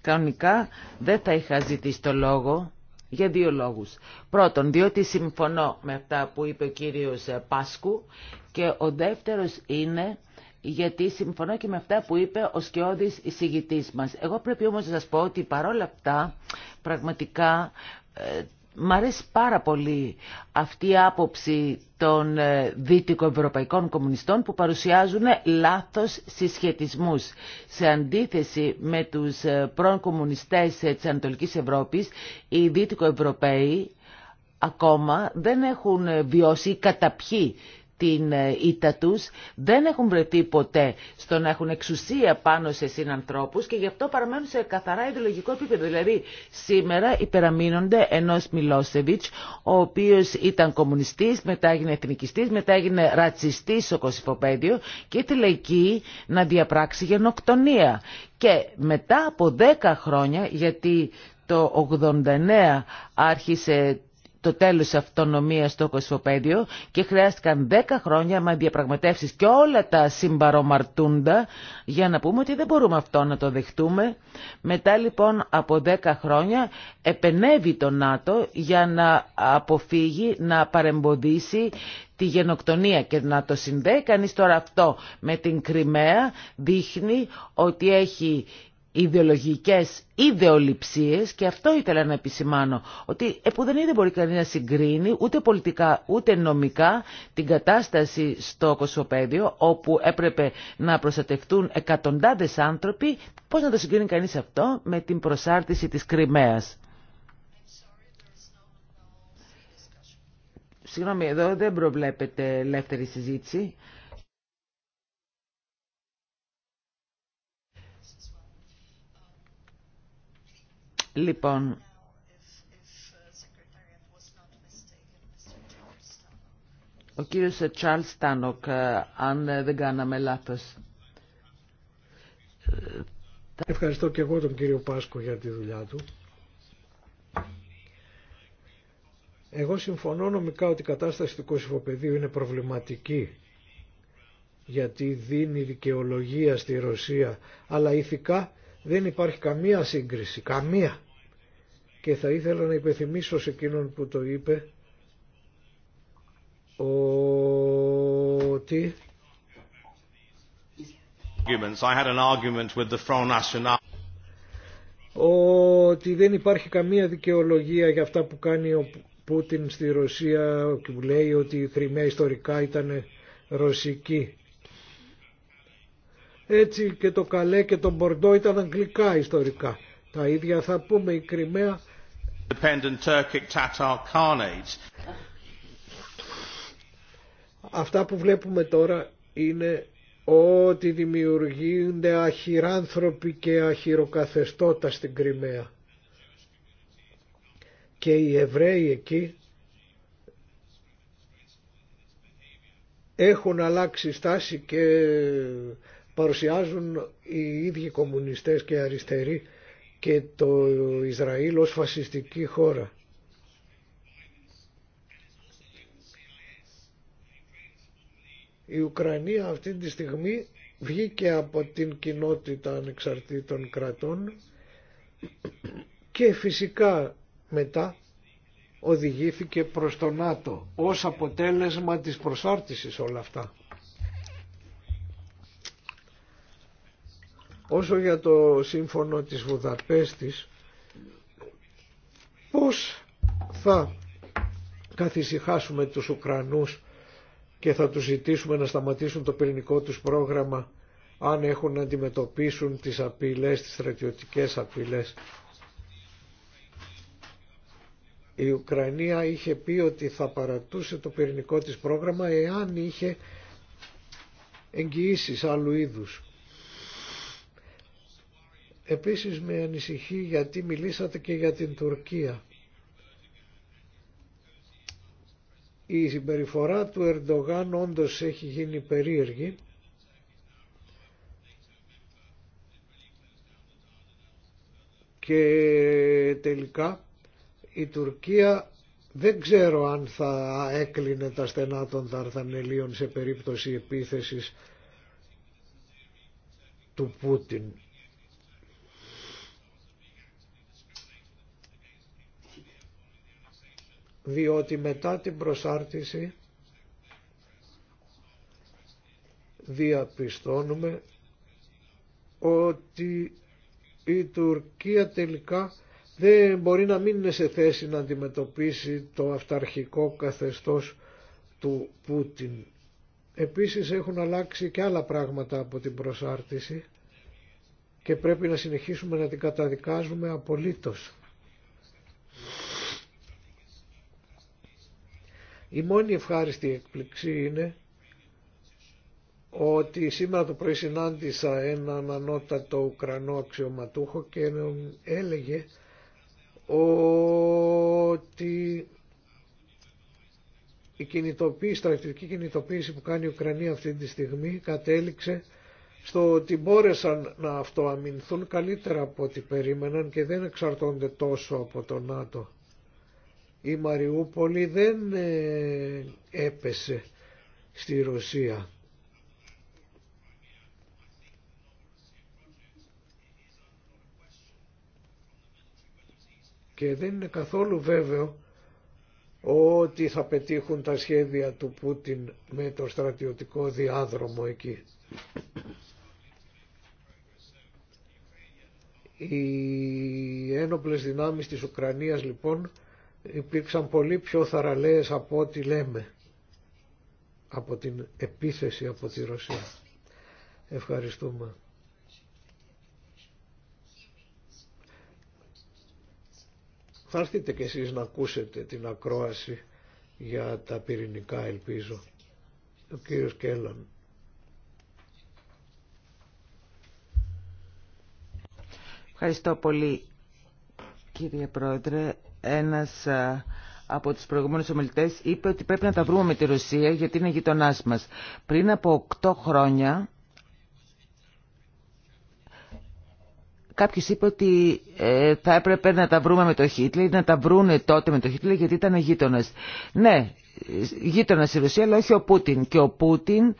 κανονικά δεν θα είχα ζητήσει το λόγο για δύο λόγους. Πρώτον, διότι συμφωνώ με αυτά που είπε ο κύριος Πάσκου και ο δεύτερος είναι γιατί συμφωνώ και με αυτά που είπε ο Σκιώδης εισηγητής μας. Εγώ πρέπει όμως να σας πω ότι παρόλα αυτά πραγματικά ε, μ' αρέσει πάρα πολύ αυτή η άποψη των ε, δυτικοευρωπαϊκών κομμουνιστών που παρουσιάζουν λάθος συσχετισμούς σε αντίθεση με τους ε, πρώην κομμουνιστές της Ανατολικής Ευρώπης οι δυτικοευρωπαίοι ακόμα δεν έχουν ε, βιώσει ή την ε, ήττα τους δεν έχουν βρεθεί ποτέ στο να έχουν εξουσία πάνω σε συνανθρώπους και γι' αυτό παραμένουν σε καθαρά ιδεολογικό επίπεδο. Δηλαδή σήμερα υπεραμείνονται ενός Μιλόσεβιτς ο οποίος ήταν κομμουνιστής, μετά έγινε εθνικιστής, μετά έγινε ρατσιστής στο Κωσυφοπέδιο και ήθελε εκεί να διαπράξει γενοκτονία. Και μετά από 10 χρόνια, γιατί το 89 άρχισε το τέλος αυτονομίας στο Κοσμοπέδιο και χρειάστηκαν 10 χρόνια με διαπραγματεύσεις και όλα τα συμπαρομαρτούντα για να πούμε ότι δεν μπορούμε αυτό να το δεχτούμε. Μετά λοιπόν από 10 χρόνια επενεύει το ΝΑΤΟ για να αποφύγει, να παρεμποδίσει τη γενοκτονία και να το συνδέει κανείς τώρα αυτό με την Κρυμαία δείχνει ότι έχει ιδεολογικές ιδεολειψίες και αυτό ήθελα να επισημάνω ότι επουδενή δεν μπορεί κανεί να συγκρίνει ούτε πολιτικά ούτε νομικά την κατάσταση στο Κοσμοπέδιο όπου έπρεπε να προστατευτούν εκατοντάδες άνθρωποι πώς να το συγκρίνει κανείς αυτό με την προσάρτηση της Κρυμαίας. Συγγνώμη, εδώ δεν προβλέπεται ελεύθερη συζήτηση. Λοιπόν, ο κύριος Τσάρλς Τάνοκ, ε, αν ε, δεν κάναμε λάθος. Ευχαριστώ και εγώ τον κύριο Πάσκο για τη δουλειά του. Εγώ συμφωνώ νομικά ότι η κατάσταση του Κωσυφοπεδίου είναι προβληματική γιατί δίνει δικαιολογία στη Ρωσία αλλά ηθικά δεν υπάρχει καμία σύγκριση, καμία και θα ήθελα να υπενθυμίσω σε εκείνον που το είπε ότι ότι δεν υπάρχει καμία δικαιολογία για αυτά που κάνει ο Πούτιν στη Ρωσία και που λέει ότι η Κρυμαία ιστορικά ήταν ρωσική. Έτσι και το Καλέ και το Μπορντό ήταν αγγλικά ιστορικά. Τα ίδια θα πούμε η Κρυμαία Αυτά που βλέπουμε τώρα είναι ότι δημιουργούνται αχυράνθρωποι και αχυροκαθεστώτα στην Κρυμαία. Και οι Εβραίοι εκεί έχουν αλλάξει στάση και παρουσιάζουν οι ίδιοι κομμουνιστές και αριστεροί και το Ισραήλ ως φασιστική χώρα. Η Ουκρανία αυτή τη στιγμή βγήκε από την κοινότητα ανεξαρτήτων κρατών και φυσικά μετά οδηγήθηκε προς το ΝΑΤΟ ως αποτέλεσμα της προσάρτησης όλα αυτά. Όσο για το σύμφωνο της Βουδαπέστης, πώς θα καθησυχάσουμε τους Ουκρανούς και θα τους ζητήσουμε να σταματήσουν το πυρηνικό τους πρόγραμμα αν έχουν να αντιμετωπίσουν τις απειλές, τις στρατιωτικές απειλές. Η Ουκρανία είχε πει ότι θα παρατούσε το πυρηνικό της πρόγραμμα εάν είχε εγγυήσεις άλλου είδους. Επίσης με ανησυχεί γιατί μιλήσατε και για την Τουρκία. Η συμπεριφορά του Ερντογάν όντως έχει γίνει περίεργη. Και τελικά η Τουρκία δεν ξέρω αν θα έκλεινε τα στενά των Δαρδανελίων σε περίπτωση επίθεσης του Πούτιν. διότι μετά την προσάρτηση διαπιστώνουμε ότι η Τουρκία τελικά δεν μπορεί να μην είναι σε θέση να αντιμετωπίσει το αυταρχικό καθεστώς του Πούτιν. Επίσης έχουν αλλάξει και άλλα πράγματα από την προσάρτηση και πρέπει να συνεχίσουμε να την καταδικάζουμε απολύτως. Η μόνη ευχάριστη εκπληξή είναι ότι σήμερα το πρωί συνάντησα έναν ανώτατο Ουκρανό αξιωματούχο και έλεγε ότι η κινητοποίηση, η στρατιωτική κινητοποίηση που κάνει η Ουκρανία αυτή τη στιγμή κατέληξε στο ότι μπόρεσαν να αυτοαμυνθούν καλύτερα από ό,τι περίμεναν και δεν εξαρτώνται τόσο από το ΝΑΤΟ η Μαριούπολη δεν ε, έπεσε στη Ρωσία. Και δεν είναι καθόλου βέβαιο ότι θα πετύχουν τα σχέδια του Πούτιν με το στρατιωτικό διάδρομο εκεί. Οι ένοπλες δυνάμεις της Ουκρανίας λοιπόν υπήρξαν πολύ πιο θαραλέες από ό,τι λέμε από την επίθεση από τη Ρωσία. Ευχαριστούμε. Θα έρθετε κι εσείς να ακούσετε την ακρόαση για τα πυρηνικά ελπίζω. Ο κύριος Κέλλαν. Ευχαριστώ πολύ κύριε Πρόεδρε ένας από τους προηγούμενους ομιλητές είπε ότι πρέπει να τα βρούμε με τη Ρωσία γιατί είναι γειτονά μας. Πριν από 8 χρόνια κάποιος είπε ότι ε, θα έπρεπε να τα βρούμε με το ή να τα βρούνε τότε με το Χίτλε γιατί ήταν γείτονα. Ναι, γείτονα η Ρωσία, αλλά όχι ο Πούτιν. Και ο Πούτιν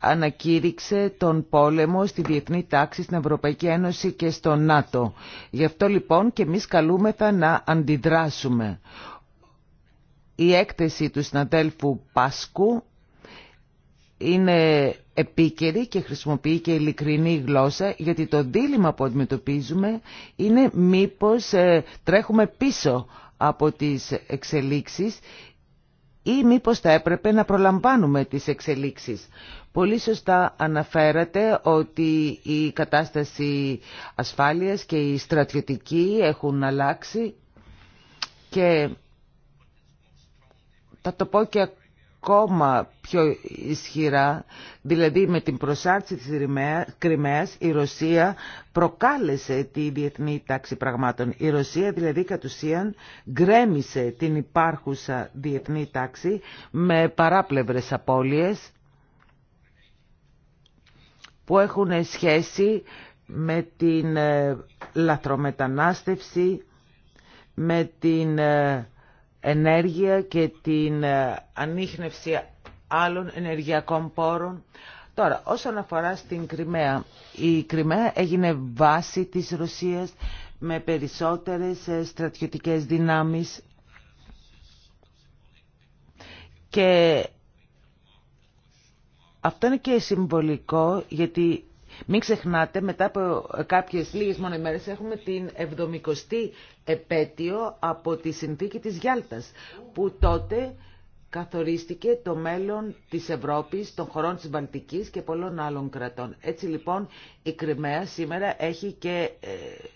ανακήρυξε τον πόλεμο στη διεθνή τάξη, στην Ευρωπαϊκή Ένωση και στο ΝΑΤΟ. Γι' αυτό λοιπόν και εμείς καλούμεθα να αντιδράσουμε. Η έκθεση του συναδέλφου Πάσκου είναι επίκαιρη και χρησιμοποιεί και ειλικρινή γλώσσα γιατί το δίλημα που αντιμετωπίζουμε είναι μήπως ε, τρέχουμε πίσω από τις εξελίξεις ή μήπως θα έπρεπε να προλαμβάνουμε τις εξελίξεις. Πολύ σωστά αναφέρατε ότι η κατάσταση ασφάλειας και η στρατιωτική έχουν αλλάξει και θα το και ακόμα πιο ισχυρά, δηλαδή με την προσάρτηση της Κρυμαίας η Ρωσία προκάλεσε τη διεθνή τάξη πραγμάτων. Η Ρωσία δηλαδή κατ' ουσίαν γκρέμισε την υπάρχουσα διεθνή τάξη με παράπλευρες απώλειες που έχουν σχέση με την ε, λαθρομετανάστευση, με την ε, ενέργεια και την ε, ανείχνευση άλλων ενεργειακών πόρων. Τώρα, όσον αφορά στην Κρυμαία, η Κρυμαία έγινε βάση της Ρωσίας με περισσότερες ε, στρατιωτικές δυνάμεις και αυτό είναι και συμβολικό γιατί μην ξεχνάτε, μετά από κάποιες λίγες μόνο ημέρες έχουμε την 70η επέτειο από τη συνθήκη της Γιάλτας, που τότε καθορίστηκε το μέλλον της Ευρώπης, των χωρών της Βαλτικής και πολλών άλλων κρατών. Έτσι λοιπόν η Κρυμαία σήμερα έχει και ε,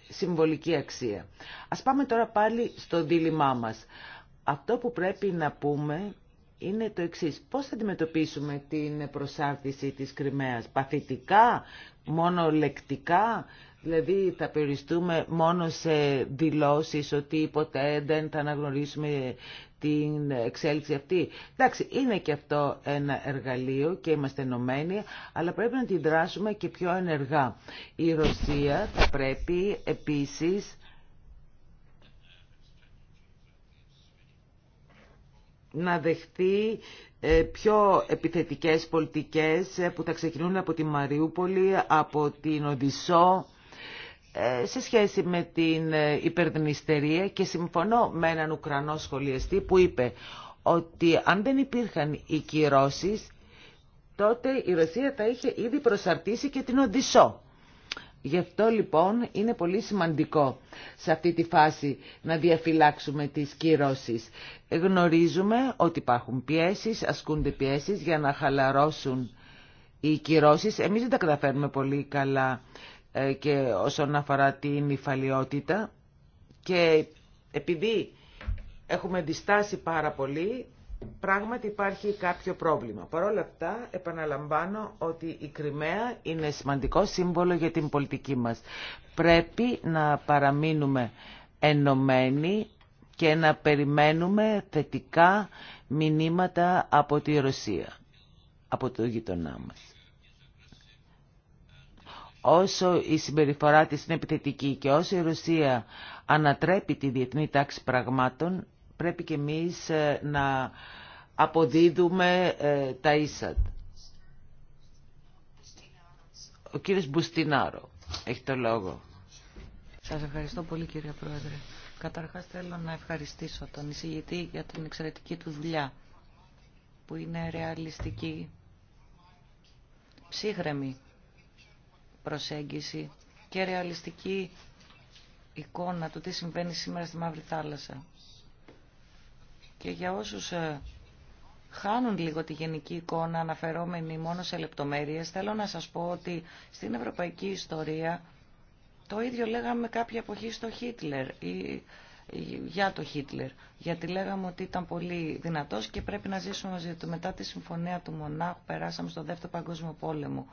συμβολική αξία. Ας πάμε τώρα πάλι στο δίλημά μας. Αυτό που πρέπει να πούμε είναι το εξής. Πώς θα αντιμετωπίσουμε την προσάρτηση της Κρυμαίας. Παθητικά, μόνο λεκτικά, δηλαδή θα περιστούμε μόνο σε δηλώσεις ότι ποτέ δεν θα αναγνωρίσουμε την εξέλιξη αυτή. Εντάξει, είναι και αυτό ένα εργαλείο και είμαστε ενωμένοι, αλλά πρέπει να την δράσουμε και πιο ενεργά. Η Ρωσία θα πρέπει επίσης να δεχτεί ε, πιο επιθετικές πολιτικές ε, που θα ξεκινούν από τη Μαριούπολη, από την Οδυσσό ε, σε σχέση με την υπερδνηστερία και συμφωνώ με έναν Ουκρανό σχολιαστή που είπε ότι αν δεν υπήρχαν οι κυρώσεις τότε η Ρωσία θα είχε ήδη προσαρτήσει και την Οδυσσό. Γι' αυτό λοιπόν είναι πολύ σημαντικό σε αυτή τη φάση να διαφυλάξουμε τις κυρώσεις. Γνωρίζουμε ότι υπάρχουν πιέσεις, ασκούνται πιέσεις για να χαλαρώσουν οι κυρώσεις. Εμείς δεν τα καταφέρνουμε πολύ καλά ε, και όσον αφορά την υφαλιότητα και επειδή έχουμε διστάσει πάρα πολύ πράγματι υπάρχει κάποιο πρόβλημα. Παρ' όλα αυτά, επαναλαμβάνω ότι η Κρυμαία είναι σημαντικό σύμβολο για την πολιτική μας. Πρέπει να παραμείνουμε ενωμένοι και να περιμένουμε θετικά μηνύματα από τη Ρωσία, από το γειτονά μας. Όσο η συμπεριφορά της είναι επιθετική και όσο η Ρωσία ανατρέπει τη διεθνή τάξη πραγμάτων, πρέπει και εμείς ε, να αποδίδουμε ε, τα ίσα. Ο κύριος Μπουστινάρο έχει το λόγο. Σας ευχαριστώ πολύ κύριε Πρόεδρε. Καταρχάς θέλω να ευχαριστήσω τον εισηγητή για την εξαιρετική του δουλειά που είναι ρεαλιστική, ψύχρεμη προσέγγιση και ρεαλιστική εικόνα του τι συμβαίνει σήμερα στη Μαύρη Θάλασσα. Και για όσους ε, χάνουν λίγο τη γενική εικόνα αναφερόμενοι μόνο σε λεπτομέρειες, θέλω να σας πω ότι στην ευρωπαϊκή ιστορία το ίδιο λέγαμε κάποια εποχή στο Χίτλερ ή για το Χίτλερ, γιατί λέγαμε ότι ήταν πολύ δυνατός και πρέπει να ζήσουμε μαζί του. Μετά τη συμφωνία του Μονάχου περάσαμε στο Δεύτερο Παγκόσμιο Πόλεμο.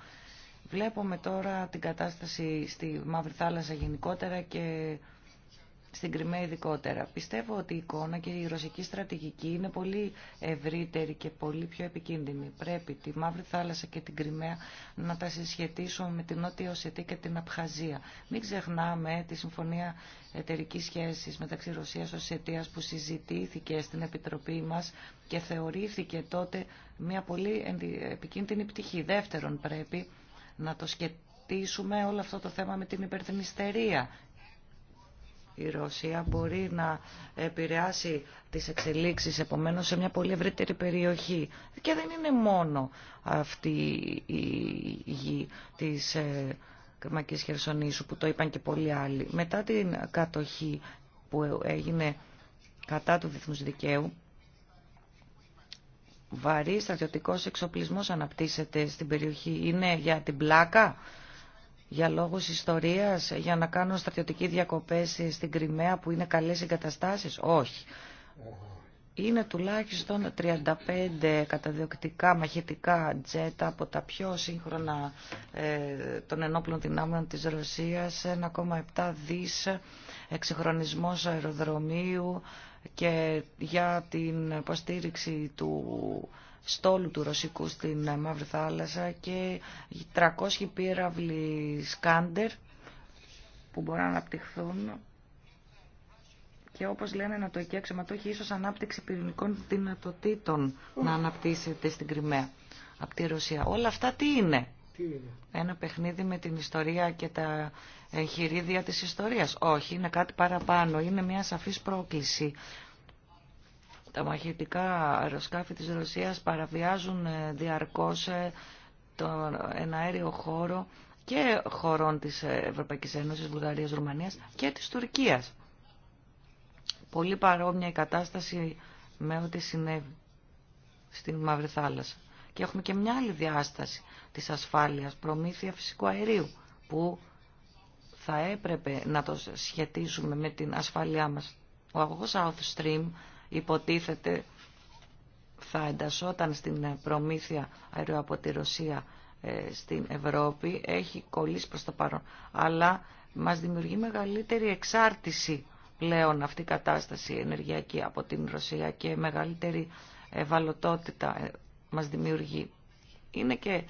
Βλέπουμε τώρα την κατάσταση στη Μαύρη Θάλασσα γενικότερα και στην Κρυμαία ειδικότερα. Πιστεύω ότι η εικόνα και η ρωσική στρατηγική είναι πολύ ευρύτερη και πολύ πιο επικίνδυνη. Πρέπει τη Μαύρη Θάλασσα και την Κρυμαία να τα συσχετήσουμε με την Νότια Οσετή και την Απχαζία. Μην ξεχνάμε τη Συμφωνία Εταιρική Σχέση μεταξύ Ρωσία και Οσετία που συζητήθηκε στην Επιτροπή μα και θεωρήθηκε τότε μια πολύ επικίνδυνη πτυχή. Δεύτερον, πρέπει να το σκεφτούμε όλο αυτό το θέμα με την υπερθυμιστερία η Ρωσία μπορεί να επηρεάσει τις εξελίξεις επομένως σε μια πολύ ευρύτερη περιοχή. Και δεν είναι μόνο αυτή η γη της ε, Κρυμακής Χερσονήσου που το είπαν και πολλοί άλλοι. Μετά την κατοχή που έγινε κατά του διεθνούς δικαίου, βαρύ στρατιωτικός εξοπλισμός αναπτύσσεται στην περιοχή. Είναι για την πλάκα για λόγους ιστορίας, για να κάνουν στρατιωτική διακοπές στην Κρυμαία που είναι καλές εγκαταστάσεις. Όχι. Είναι τουλάχιστον 35 καταδιοκτικά μαχητικά τζέτα από τα πιο σύγχρονα ε, των ενόπλων δυνάμεων της Ρωσίας, 1,7 δις εξυγχρονισμός αεροδρομίου και για την υποστήριξη του στόλου του Ρωσικού στην Μαύρη Θάλασσα και 300 πύραυλοι Σκάντερ που μπορούν να αναπτυχθούν και όπως λένε να το εκεί έχει ίσως ανάπτυξη πυρηνικών δυνατοτήτων να αναπτύσσεται στην Κρυμαία από τη Ρωσία. Όλα αυτά τι είναι. είναι. Ένα παιχνίδι με την ιστορία και τα χειρίδια της ιστορίας. Όχι, είναι κάτι παραπάνω. Είναι μια σαφής πρόκληση τα μαχητικά αεροσκάφη της Ρωσίας παραβιάζουν ε, διαρκώς ε, τον εναέριο χώρο και χωρών της ε, Ευρωπαϊκής Ένωσης, Βουλγαρίας, Ρουμανίας και της Τουρκίας. Πολύ παρόμοια η κατάσταση με ό,τι συνέβη στην Μαύρη Θάλασσα. Και έχουμε και μια άλλη διάσταση της ασφάλειας, προμήθεια φυσικού αερίου, που θα έπρεπε να το σχετίσουμε με την ασφάλειά μας. Ο αγωγός South Stream υποτίθεται θα εντασσόταν στην ε, προμήθεια αερίου από τη Ρωσία ε, στην Ευρώπη έχει κολλήσει προς το παρόν. Αλλά μας δημιουργεί μεγαλύτερη εξάρτηση πλέον αυτή η κατάσταση ενεργειακή από την Ρωσία και μεγαλύτερη ευαλωτότητα ε, μας δημιουργεί. Είναι και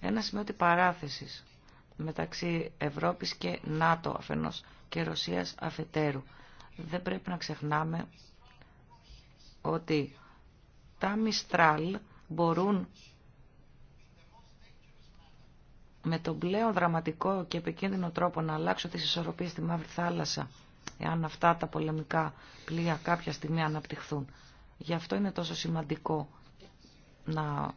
ένα σημείο της παράθεσης μεταξύ Ευρώπης και ΝΑΤΟ αφενός και Ρωσίας αφετέρου. Δεν πρέπει να ξεχνάμε ότι τα Μιστράλ μπορούν με τον πλέον δραματικό και επικίνδυνο τρόπο να αλλάξουν τις ισορροπίες στη Μαύρη Θάλασσα, εάν αυτά τα πολεμικά πλοία κάποια στιγμή αναπτυχθούν. Γι' αυτό είναι τόσο σημαντικό να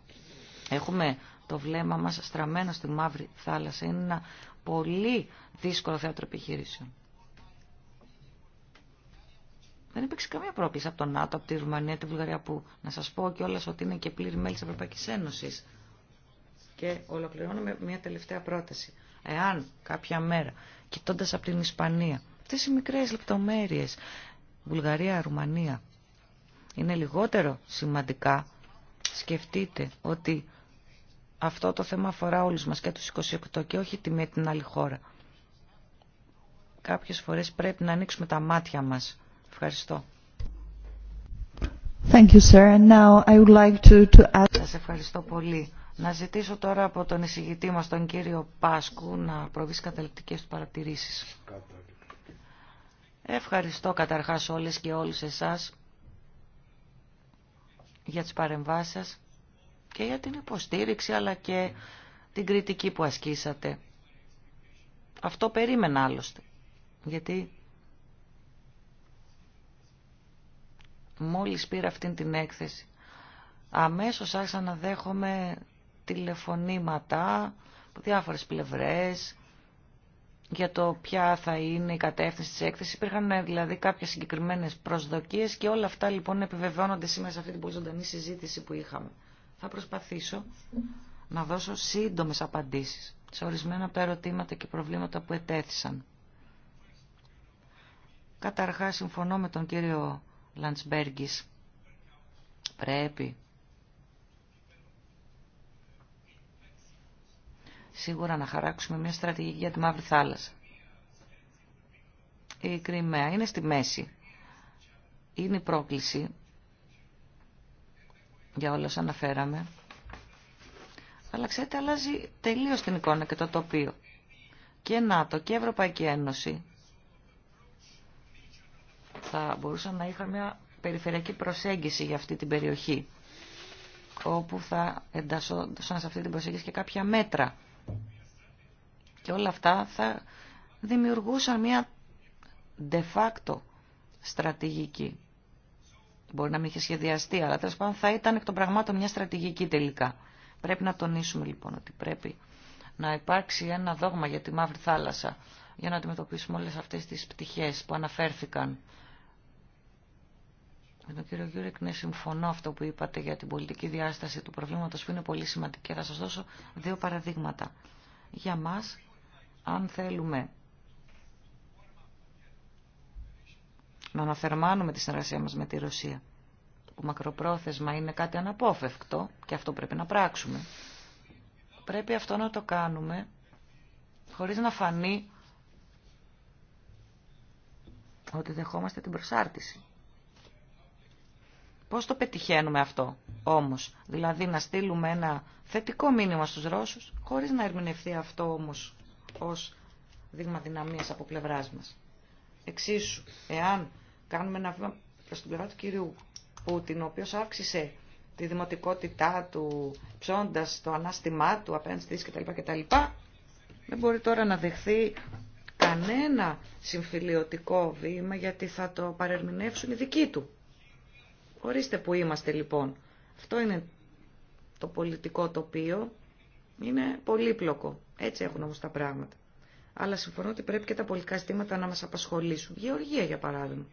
έχουμε το βλέμμα μας στραμμένο στη Μαύρη Θάλασσα. Είναι ένα πολύ δύσκολο θέατρο επιχείρησεων. Δεν υπήρξε καμία πρόκληση από τον ΝΑΤΟ, από τη Ρουμανία, τη Βουλγαρία που να σα πω και όλε ότι είναι και πλήρη μέλη τη Ευρωπαϊκή Ένωση. Και ολοκληρώνω με μια τελευταία πρόταση. Εάν κάποια μέρα, κοιτώντα από την Ισπανία, αυτέ οι μικρές λεπτομέρειες, Βουλγαρία, Ρουμανία, είναι λιγότερο σημαντικά, σκεφτείτε ότι αυτό το θέμα αφορά όλους μας και τους 28 και όχι τη με την άλλη χώρα. Κάποιες φορές πρέπει να ανοίξουμε τα μάτια μας Ευχαριστώ. Thank I would like to, ευχαριστώ πολύ. Να ζητήσω τώρα από τον εισηγητή μας, τον κύριο Πάσκου, να προβεί καταληπτικές του παρατηρήσεις. Ευχαριστώ καταρχάς όλες και όλους εσάς για τις παρεμβάσεις σας και για την υποστήριξη αλλά και την κριτική που ασκήσατε. Αυτό περίμενα άλλωστε, γιατί μόλις πήρα αυτήν την έκθεση, αμέσως άρχισα να δέχομαι τηλεφωνήματα από διάφορες πλευρές για το ποια θα είναι η κατεύθυνση της έκθεσης. Υπήρχαν ε, δηλαδή κάποιες συγκεκριμένες προσδοκίες και όλα αυτά λοιπόν επιβεβαιώνονται σήμερα σε αυτή την πολύ ζωντανή συζήτηση που είχαμε. Θα προσπαθήσω να δώσω σύντομες απαντήσεις σε ορισμένα από τα ερωτήματα και προβλήματα που ετέθησαν. Καταρχάς συμφωνώ με τον κύριο Λαντσμπέργκης. Πρέπει. Σίγουρα να χαράξουμε μια στρατηγική για τη Μαύρη Θάλασσα. Η Κρυμαία είναι στη μέση. Είναι η πρόκληση για όλα όσα αναφέραμε. Αλλά ξέρετε, αλλάζει τελείως την εικόνα και το τοπίο. Και ΝΑΤΟ και Ευρωπαϊκή Ένωση θα μπορούσαν να είχαν μια περιφερειακή προσέγγιση για αυτή την περιοχή, όπου θα εντασσόντουσαν σε αυτή την προσέγγιση και κάποια μέτρα. Και όλα αυτά θα δημιουργούσαν μια de facto στρατηγική. Μπορεί να μην είχε σχεδιαστεί, αλλά τέλο πάντων θα ήταν εκ των πραγμάτων μια στρατηγική τελικά. Πρέπει να τονίσουμε λοιπόν ότι πρέπει να υπάρξει ένα δόγμα για τη Μαύρη Θάλασσα για να αντιμετωπίσουμε όλες αυτές τις πτυχές που αναφέρθηκαν με τον κύριο Γιούρεκ, ναι, συμφωνώ αυτό που είπατε για την πολιτική διάσταση του προβλήματος που είναι πολύ σημαντική. Θα σα δώσω δύο παραδείγματα. Για μα, αν θέλουμε να αναθερμάνουμε τη συνεργασία μας με τη Ρωσία, που μακροπρόθεσμα είναι κάτι αναπόφευκτο και αυτό πρέπει να πράξουμε, πρέπει αυτό να το κάνουμε χωρίς να φανεί ότι δεχόμαστε την προσάρτηση. Πώς το πετυχαίνουμε αυτό όμως, δηλαδή να στείλουμε ένα θετικό μήνυμα στους Ρώσους, χωρίς να ερμηνευτεί αυτό όμως ως δείγμα δυναμίας από πλευράς μας. Εξίσου, εάν κάνουμε ένα βήμα προς την πλευρά του κυρίου Πούτιν, ο οποίος αύξησε τη δημοτικότητά του, ψώντας το ανάστημά του απέναντι στις κτλ. κτλ. Δεν μπορεί τώρα να δεχθεί κανένα συμφιλιωτικό βήμα γιατί θα το παρερμηνεύσουν οι δικοί του. Ορίστε που είμαστε λοιπόν. Αυτό είναι το πολιτικό τοπίο. Είναι πολύπλοκο. Έτσι έχουν όμως τα πράγματα. Αλλά συμφωνώ ότι πρέπει και τα πολιτικά ζητήματα να μας απασχολήσουν. Γεωργία για παράδειγμα.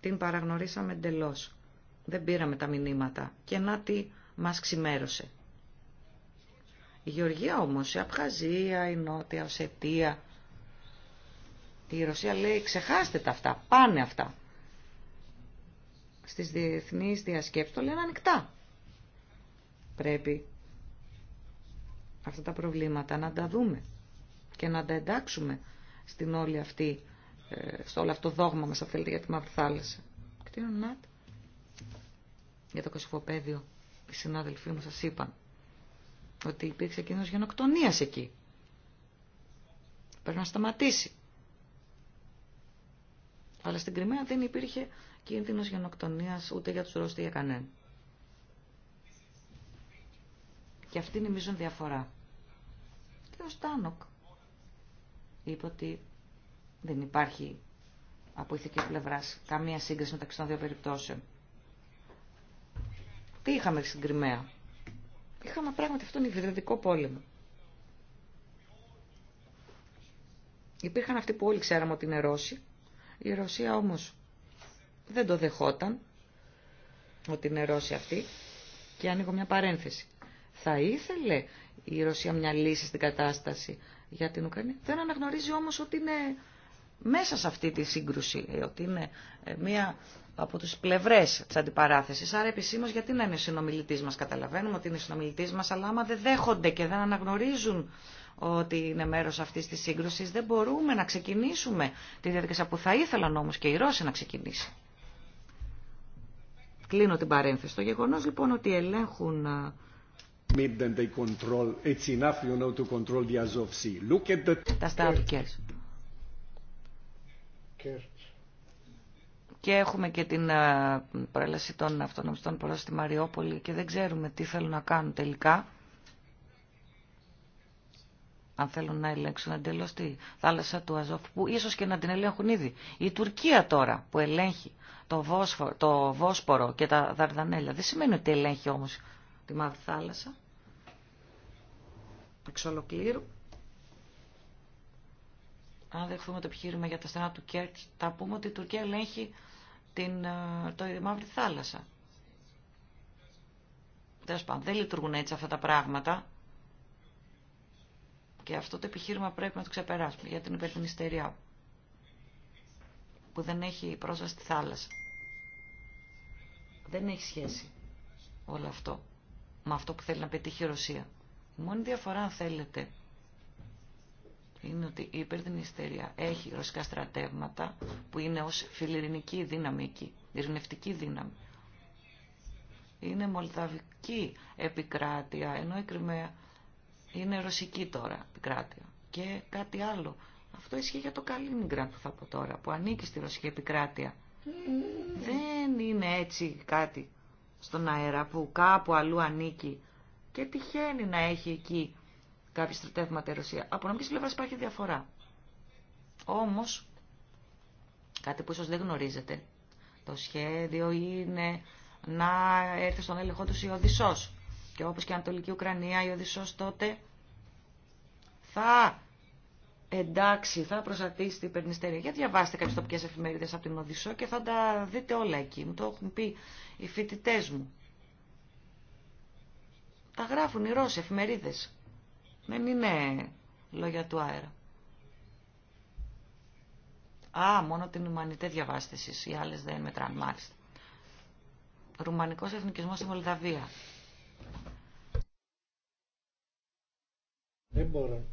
Την παραγνωρίσαμε εντελώ. Δεν πήραμε τα μηνύματα. Και να τι μας ξημέρωσε. Η Γεωργία όμως, η Απχαζία, η Νότια, η Οσετία, η Ρωσία λέει ξεχάστε τα αυτά, πάνε αυτά στις διεθνείς διασκέψεις το λένε ανοιχτά. Πρέπει αυτά τα προβλήματα να τα δούμε και να τα εντάξουμε στην όλη αυτή, ε, στο όλο αυτό δόγμα μας, αν για τη Μαύρη Θάλασσα. για το Κωσυφοπαίδιο, οι συνάδελφοί μου σας είπαν ότι υπήρξε κίνδυνος γενοκτονίας εκεί. Πρέπει να σταματήσει. Αλλά στην Κρυμαία δεν υπήρχε Κίνδυνο γενοκτονία ούτε για τους ούτε για κανέναν. Και αυτή είναι η διαφορά. Και ο Στάνοκ είπε ότι δεν υπάρχει από ηθική πλευρά καμία σύγκριση μεταξύ των δύο περιπτώσεων. Τι είχαμε στην Κρυμαία. Είχαμε πράγματι αυτόν υβριδικό πόλεμο. Υπήρχαν αυτοί που όλοι ξέραμε ότι είναι Ρώσοι. Η Ρωσία όμως δεν το δεχόταν ότι είναι Ρώση αυτή Και ανοίγω μια παρένθεση. Θα ήθελε η Ρωσία μια λύση στην κατάσταση για την Ουκρανία. Δεν αναγνωρίζει όμως ότι είναι μέσα σε αυτή τη σύγκρουση, ε, ότι είναι ε, μία από τις πλευρές της αντιπαράθεσης. Άρα επισήμως γιατί να είναι συνομιλητής μας. Καταλαβαίνουμε ότι είναι συνομιλητής μας, αλλά άμα δεν δέχονται και δεν αναγνωρίζουν ότι είναι μέρος αυτής της σύγκρουσης, δεν μπορούμε να ξεκινήσουμε τη διαδικασία που θα ήθελαν όμως και οι Ρώσοι να ξεκινήσει. Κλείνω την παρένθεση. Το γεγονός λοιπόν ότι ελέγχουν τα στρατουκές. Και έχουμε και την προέλαση των αυτονομιστών προς τη Μαριόπολη και δεν ξέρουμε τι θέλουν να κάνουν τελικά. Αν θέλουν να ελέγξουν εντελώς τη θάλασσα του Αζόφ, που ίσως και να την ελέγχουν ήδη. Η Τουρκία τώρα που ελέγχει το, Βόσφορο, το Βόσπορο και τα Δαρδανέλα. Δεν σημαίνει ότι ελέγχει όμως τη Μαύρη Θάλασσα. Εξ ολοκλήρου. Αν δεχθούμε το επιχείρημα για τα στενά του Κέρτ, θα πούμε ότι η Τουρκία ελέγχει την, ε, το Μαύρη Θάλασσα. Δεν λειτουργούν έτσι αυτά τα πράγματα. Και αυτό το επιχείρημα πρέπει να το ξεπεράσουμε για την υπερθυνιστεριά που δεν έχει πρόσβαση στη θάλασσα. Δεν έχει σχέση όλο αυτό με αυτό που θέλει να πετύχει η Ρωσία. Η μόνη διαφορά, αν θέλετε, είναι ότι η ιστερία έχει ρωσικά στρατεύματα που είναι ως φιλιρινική δύναμη εκεί, ειρηνευτική δύναμη. Είναι μολδαβική επικράτεια, ενώ η Κρυμαία είναι ρωσική τώρα επικράτεια. Και κάτι άλλο, αυτό ισχύει για το Καλίνιγκραντ που θα πω τώρα, που ανήκει στη Ρωσική επικράτεια. Δεν είναι έτσι κάτι στον αέρα που κάπου αλλού ανήκει και τυχαίνει να έχει εκεί κάποιο στρατεύματα η Ρωσία. Από νομική πλευρά υπάρχει διαφορά. Όμως, κάτι που ίσως δεν γνωρίζετε, το σχέδιο είναι να έρθει στον έλεγχό του η Οδυσσός. Και όπω και η Ανατολική Ουκρανία, η Οδυσσός τότε θα εντάξει, θα προσαρτήσει την υπερνηστερία. Για διαβάστε κάποιες τοπικέ εφημερίδε από την Οδυσσό και θα τα δείτε όλα εκεί. Μου το έχουν πει οι φοιτητέ μου. Τα γράφουν οι Ρώσοι εφημερίδες. Δεν είναι λόγια του αέρα. Α, μόνο την Ουμανιτέ διαβάστε εσείς, οι άλλες δεν μετράνε, μάλιστα. Ρουμανικός εθνικισμό στη Μολδαβία. Δεν μπορώ.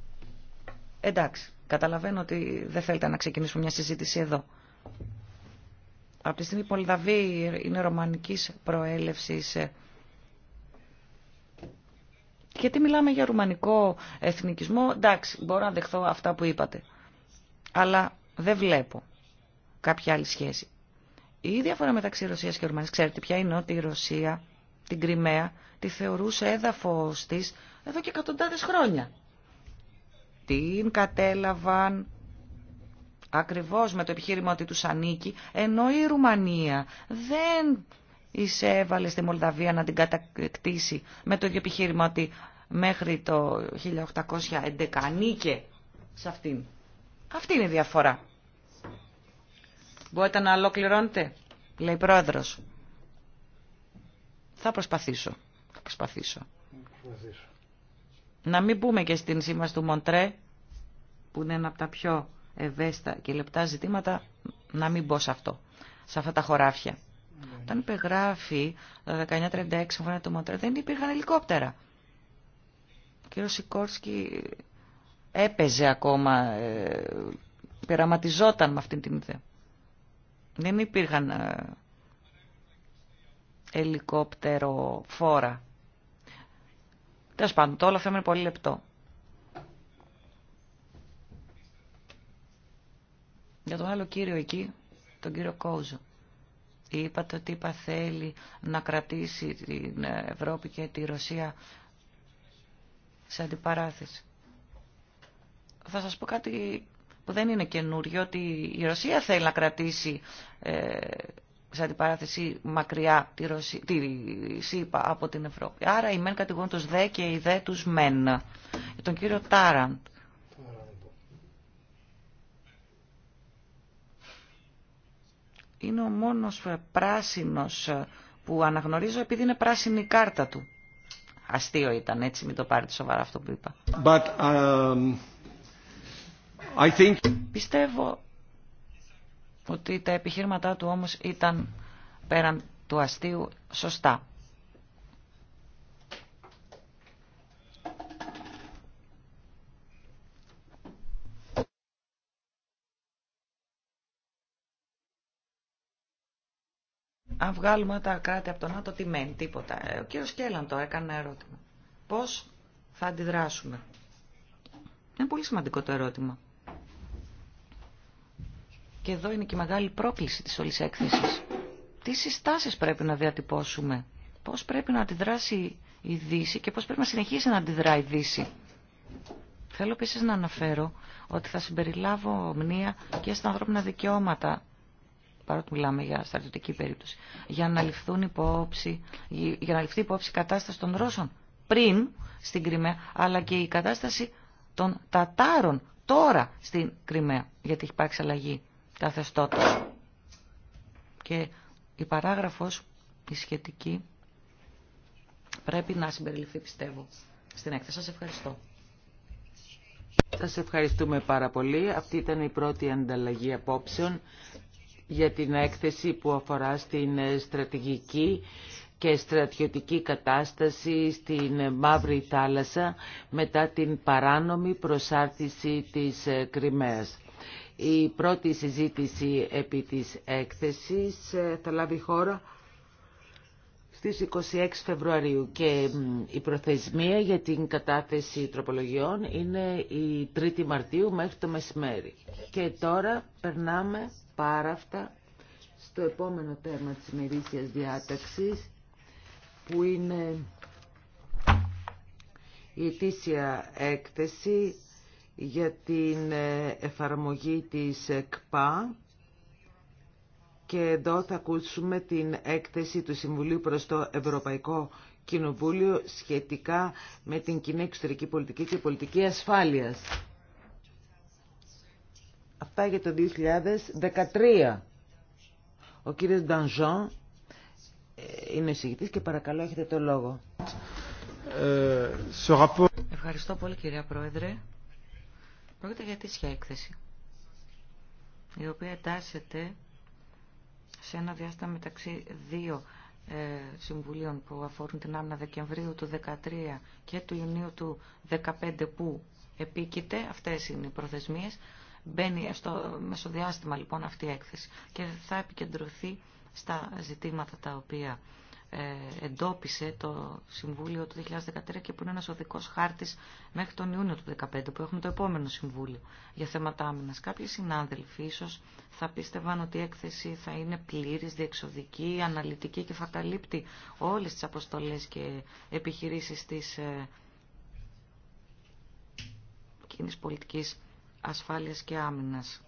Εντάξει, καταλαβαίνω ότι δεν θέλετε να ξεκινήσουμε μια συζήτηση εδώ. Από τη στιγμή που Πολυδαβή είναι ρωμανικής προέλευσης, ε, γιατί μιλάμε για ρουμανικό εθνικισμό, εντάξει, μπορώ να δεχθώ αυτά που είπατε. Αλλά δεν βλέπω κάποια άλλη σχέση. Η διαφορά μεταξύ Ρωσίας και Ρουμανίας, ξέρετε ποια είναι ότι η Ρωσία την Κρυμαία τη θεωρούσε έδαφος της εδώ και εκατοντάδες χρόνια την κατέλαβαν ακριβώς με το επιχείρημα ότι τους ανήκει, ενώ η Ρουμανία δεν εισέβαλε στη Μολδαβία να την κατακτήσει με το ίδιο επιχείρημα ότι μέχρι το 1811 ανήκε σε αυτήν. Αυτή είναι η διαφορά. Μπορείτε να ολοκληρώνετε, λέει πρόεδρος. Θα προσπαθήσω. Θα προσπαθήσω. προσπαθήσω. Να μην πούμε και στην σύμβαση του Μοντρέ, που είναι ένα από τα πιο ευαίσθητα και λεπτά ζητήματα, να μην μπω σε αυτό, σε αυτά τα χωράφια. Ναι. Όταν υπεγράφει το 1936 συμφωνία του Μοντρέ, δεν υπήρχαν ελικόπτερα. Ο κ. Σικόρσκι έπαιζε ακόμα, ε, πειραματιζόταν με αυτήν την ιδέα. Δεν υπήρχαν ε, ελικόπτερο φόρα. Τέλο πάντων, το όλο θέμα είναι πολύ λεπτό. Για τον άλλο κύριο εκεί, τον κύριο Κόζο. Είπατε ότι είπα θέλει να κρατήσει την Ευρώπη και τη Ρωσία σε αντιπαράθεση. Θα σας πω κάτι που δεν είναι καινούριο, ότι η Ρωσία θέλει να κρατήσει ε, σε αντιπαράθεση μακριά τη, ΣΥΠΑ από την Ευρώπη. Άρα οι μεν κατηγορούν τους δε και οι δε τους μεν. Για τον κύριο Τάραντ. Είναι ο μόνος πράσινος που αναγνωρίζω επειδή είναι πράσινη η κάρτα του. Αστείο ήταν έτσι, μην το πάρετε σοβαρά αυτό που είπα. But, um, I think... Πιστεύω ότι τα επιχείρηματά του όμως ήταν πέραν του αστείου σωστά. Αν βγάλουμε τα κράτη από τον Άτο, τι μένει, τίποτα. Ε, ο κύριο Κέλλαν τώρα έκανε ένα ερώτημα. Πώς θα αντιδράσουμε. Είναι πολύ σημαντικό το ερώτημα. Και εδώ είναι και η μεγάλη πρόκληση της όλης έκθεσης. Τι συστάσεις πρέπει να διατυπώσουμε. Πώς πρέπει να αντιδράσει η Δύση και πώς πρέπει να συνεχίσει να αντιδράει η Δύση. Θέλω επίση να αναφέρω ότι θα συμπεριλάβω μνήα και στα ανθρώπινα δικαιώματα παρότι μιλάμε για στρατιωτική περίπτωση, για να, ληφθούν για να ληφθεί υπόψη η κατάσταση των Ρώσων πριν στην Κρυμαία, αλλά και η κατάσταση των Τατάρων τώρα στην Κρυμαία, γιατί έχει υπάρξει αλλαγή καθεστώτος. Και η παράγραφος, η σχετική, πρέπει να συμπεριληφθεί, πιστεύω, στην έκθεση. Σας ευχαριστώ. Σας ευχαριστούμε πάρα πολύ. Αυτή ήταν η πρώτη ανταλλαγή απόψεων για την έκθεση που αφορά στην στρατηγική και στρατιωτική κατάσταση στην Μαύρη Θάλασσα μετά την παράνομη προσάρτηση της Κρυμαίας. Η πρώτη συζήτηση επί της έκθεσης ε, θα λάβει χώρα στις 26 Φεβρουαρίου και η προθεσμία για την κατάθεση τροπολογιών είναι η 3η Μαρτίου μέχρι το μεσημέρι. Και τώρα περνάμε πάρα αυτά στο επόμενο θέμα της ημερήσιας διάταξης που είναι η μαρτιου μεχρι το μεσημερι και τωρα περναμε παρα στο έκθεση για την ε, εφαρμογή της ΕΚΠΑ και εδώ θα ακούσουμε την έκθεση του Συμβουλίου προς το Ευρωπαϊκό Κοινοβούλιο σχετικά με την κοινή εξωτερική πολιτική και πολιτική ασφάλειας. Αυτά για το 2013. Ο κύριος Ντανζόν ε, είναι ο και παρακαλώ έχετε το λόγο. Ε, Ευχαριστώ πολύ κυρία Πρόεδρε. Πρόκειται για τη έκθεση, η οποία εντάσσεται σε ένα διάστημα μεταξύ δύο ε, συμβουλίων που αφορούν την άμυνα Δεκεμβρίου του 2013 και του Ιουνίου του 2015 που επίκειται, αυτές είναι οι προθεσμίες, μπαίνει στο μεσοδιάστημα λοιπόν αυτή η έκθεση και θα επικεντρωθεί στα ζητήματα τα οποία ε, εντόπισε το Συμβούλιο του 2013 και που είναι ένας οδικός χάρτης μέχρι τον Ιούνιο του 2015 που έχουμε το επόμενο Συμβούλιο για θέματα άμυνας. Κάποιοι συνάδελφοι ίσως θα πίστευαν ότι η έκθεση θα είναι πλήρης, διεξοδική, αναλυτική και θα καλύπτει όλες τις αποστολές και επιχειρήσεις της ε, κοινής πολιτικής ασφάλειας και άμυνας.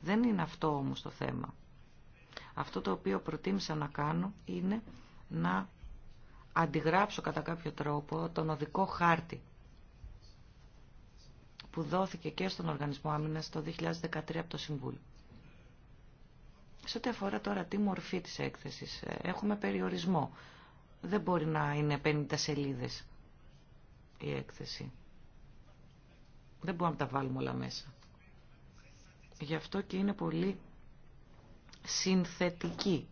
Δεν είναι αυτό όμως το θέμα. Αυτό το οποίο προτίμησα να κάνω είναι να αντιγράψω κατά κάποιο τρόπο τον οδικό χάρτη που δόθηκε και στον Οργανισμό Άμυνας το 2013 από το Συμβούλιο. Σε ό,τι αφορά τώρα τη μορφή της έκθεσης, ε, έχουμε περιορισμό. Δεν μπορεί να είναι 50 σελίδες η έκθεση. Δεν μπορούμε να τα βάλουμε όλα μέσα. Γι' αυτό και είναι πολύ συνθετική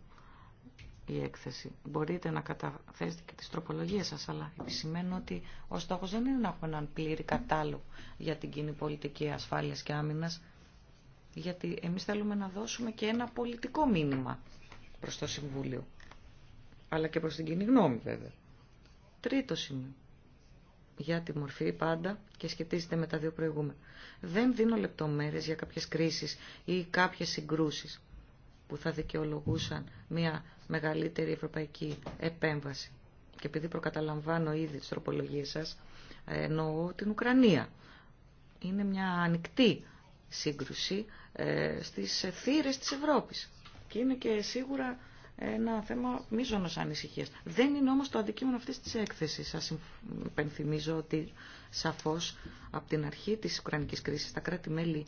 η έκθεση. Μπορείτε να καταθέσετε και τις τροπολογίες σας, αλλά επισημαίνω ότι ο στόχος δεν είναι να έχουμε έναν πλήρη κατάλογο για την κοινή πολιτική ασφάλειας και άμυνας, γιατί εμείς θέλουμε να δώσουμε και ένα πολιτικό μήνυμα προς το Συμβούλιο, αλλά και προς την κοινή γνώμη βέβαια. Τρίτο σημείο για τη μορφή πάντα και σχετίζεται με τα δύο προηγούμενα. Δεν δίνω λεπτομέρειες για κάποιες κρίσεις ή κάποιες συγκρούσεις που θα δικαιολογούσαν μια μεγαλύτερη ευρωπαϊκή επέμβαση. Και επειδή προκαταλαμβάνω ήδη τις τροπολογίες σας, εννοώ την Ουκρανία. Είναι μια ανοιχτή σύγκρουση ε, στις θύρες της Ευρώπης. Και είναι και σίγουρα ένα θέμα μίζωνος ανησυχίας. Δεν είναι όμως το αντικείμενο αυτής της έκθεσης. Σας υπενθυμίζω ότι σαφώς από την αρχή της Ουκρανικής κρίσης τα κράτη-μέλη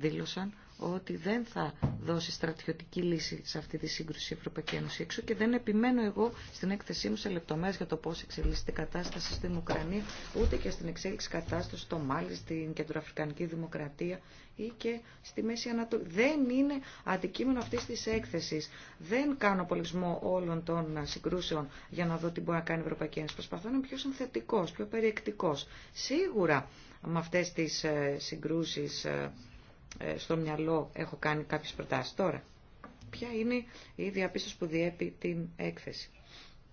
δήλωσαν ότι δεν θα δώσει στρατιωτική λύση σε αυτή τη σύγκρουση Ευρωπαϊκή Ένωση έξω και δεν επιμένω εγώ στην έκθεσή μου σε λεπτομέρειε για το πώ εξελίσσεται η κατάσταση στην Ουκρανία, ούτε και στην εξέλιξη κατάσταση στο Μάλι, στην Κεντροαφρικανική Δημοκρατία ή και στη Μέση Ανατολή. Δεν είναι αντικείμενο αυτή τη έκθεση. Δεν κάνω απολυσμό όλων των συγκρούσεων για να δω τι μπορεί να κάνει η Ευρωπαϊκή Ένωση. Προσπαθώ να είμαι πιο συνθετικό, πιο περιεκτικό. Σίγουρα με αυτέ τι ε, συγκρούσει ε, ε, στο μυαλό έχω κάνει κάποιες προτάσεις. Τώρα, ποια είναι η διαπίστωση που διέπει την έκθεση.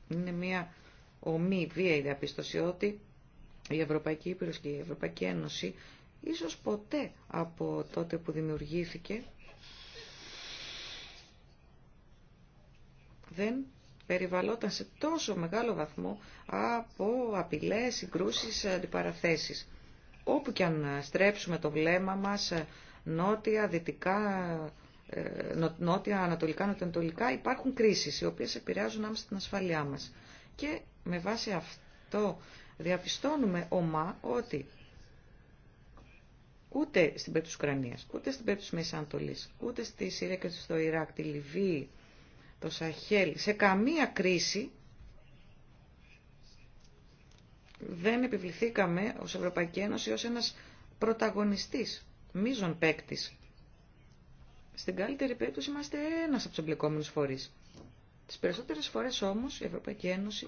Είναι μια ομή βία η διαπίστωση ότι η Ευρωπαϊκή Ήπειρος και η Ευρωπαϊκή Ένωση ίσως ποτέ από τότε που δημιουργήθηκε δεν περιβαλλόταν σε τόσο μεγάλο βαθμό από απειλές, συγκρούσεις, αντιπαραθέσεις. Όπου και αν στρέψουμε το βλέμμα μας νότια, δυτικά, ε, νότια, ανατολικά, νοτιοανατολικά υπάρχουν κρίσεις οι οποίες επηρεάζουν άμεσα την ασφαλειά μας. Και με βάση αυτό διαπιστώνουμε ομά ότι ούτε στην περίπτωση της Ουκρανίας, ούτε στην περίπτωση της Μέσης Ανατολής, ούτε στη Συρία και στο Ιράκ, τη Λιβύη, το Σαχέλ, σε καμία κρίση δεν επιβληθήκαμε ως Ευρωπαϊκή Ένωση ως ένας πρωταγωνιστής μείζον παίκτη. Στην καλύτερη περίπτωση είμαστε ένα από του εμπλεκόμενου φορεί. Τι περισσότερε φορέ όμω η Ευρωπαϊκή Ένωση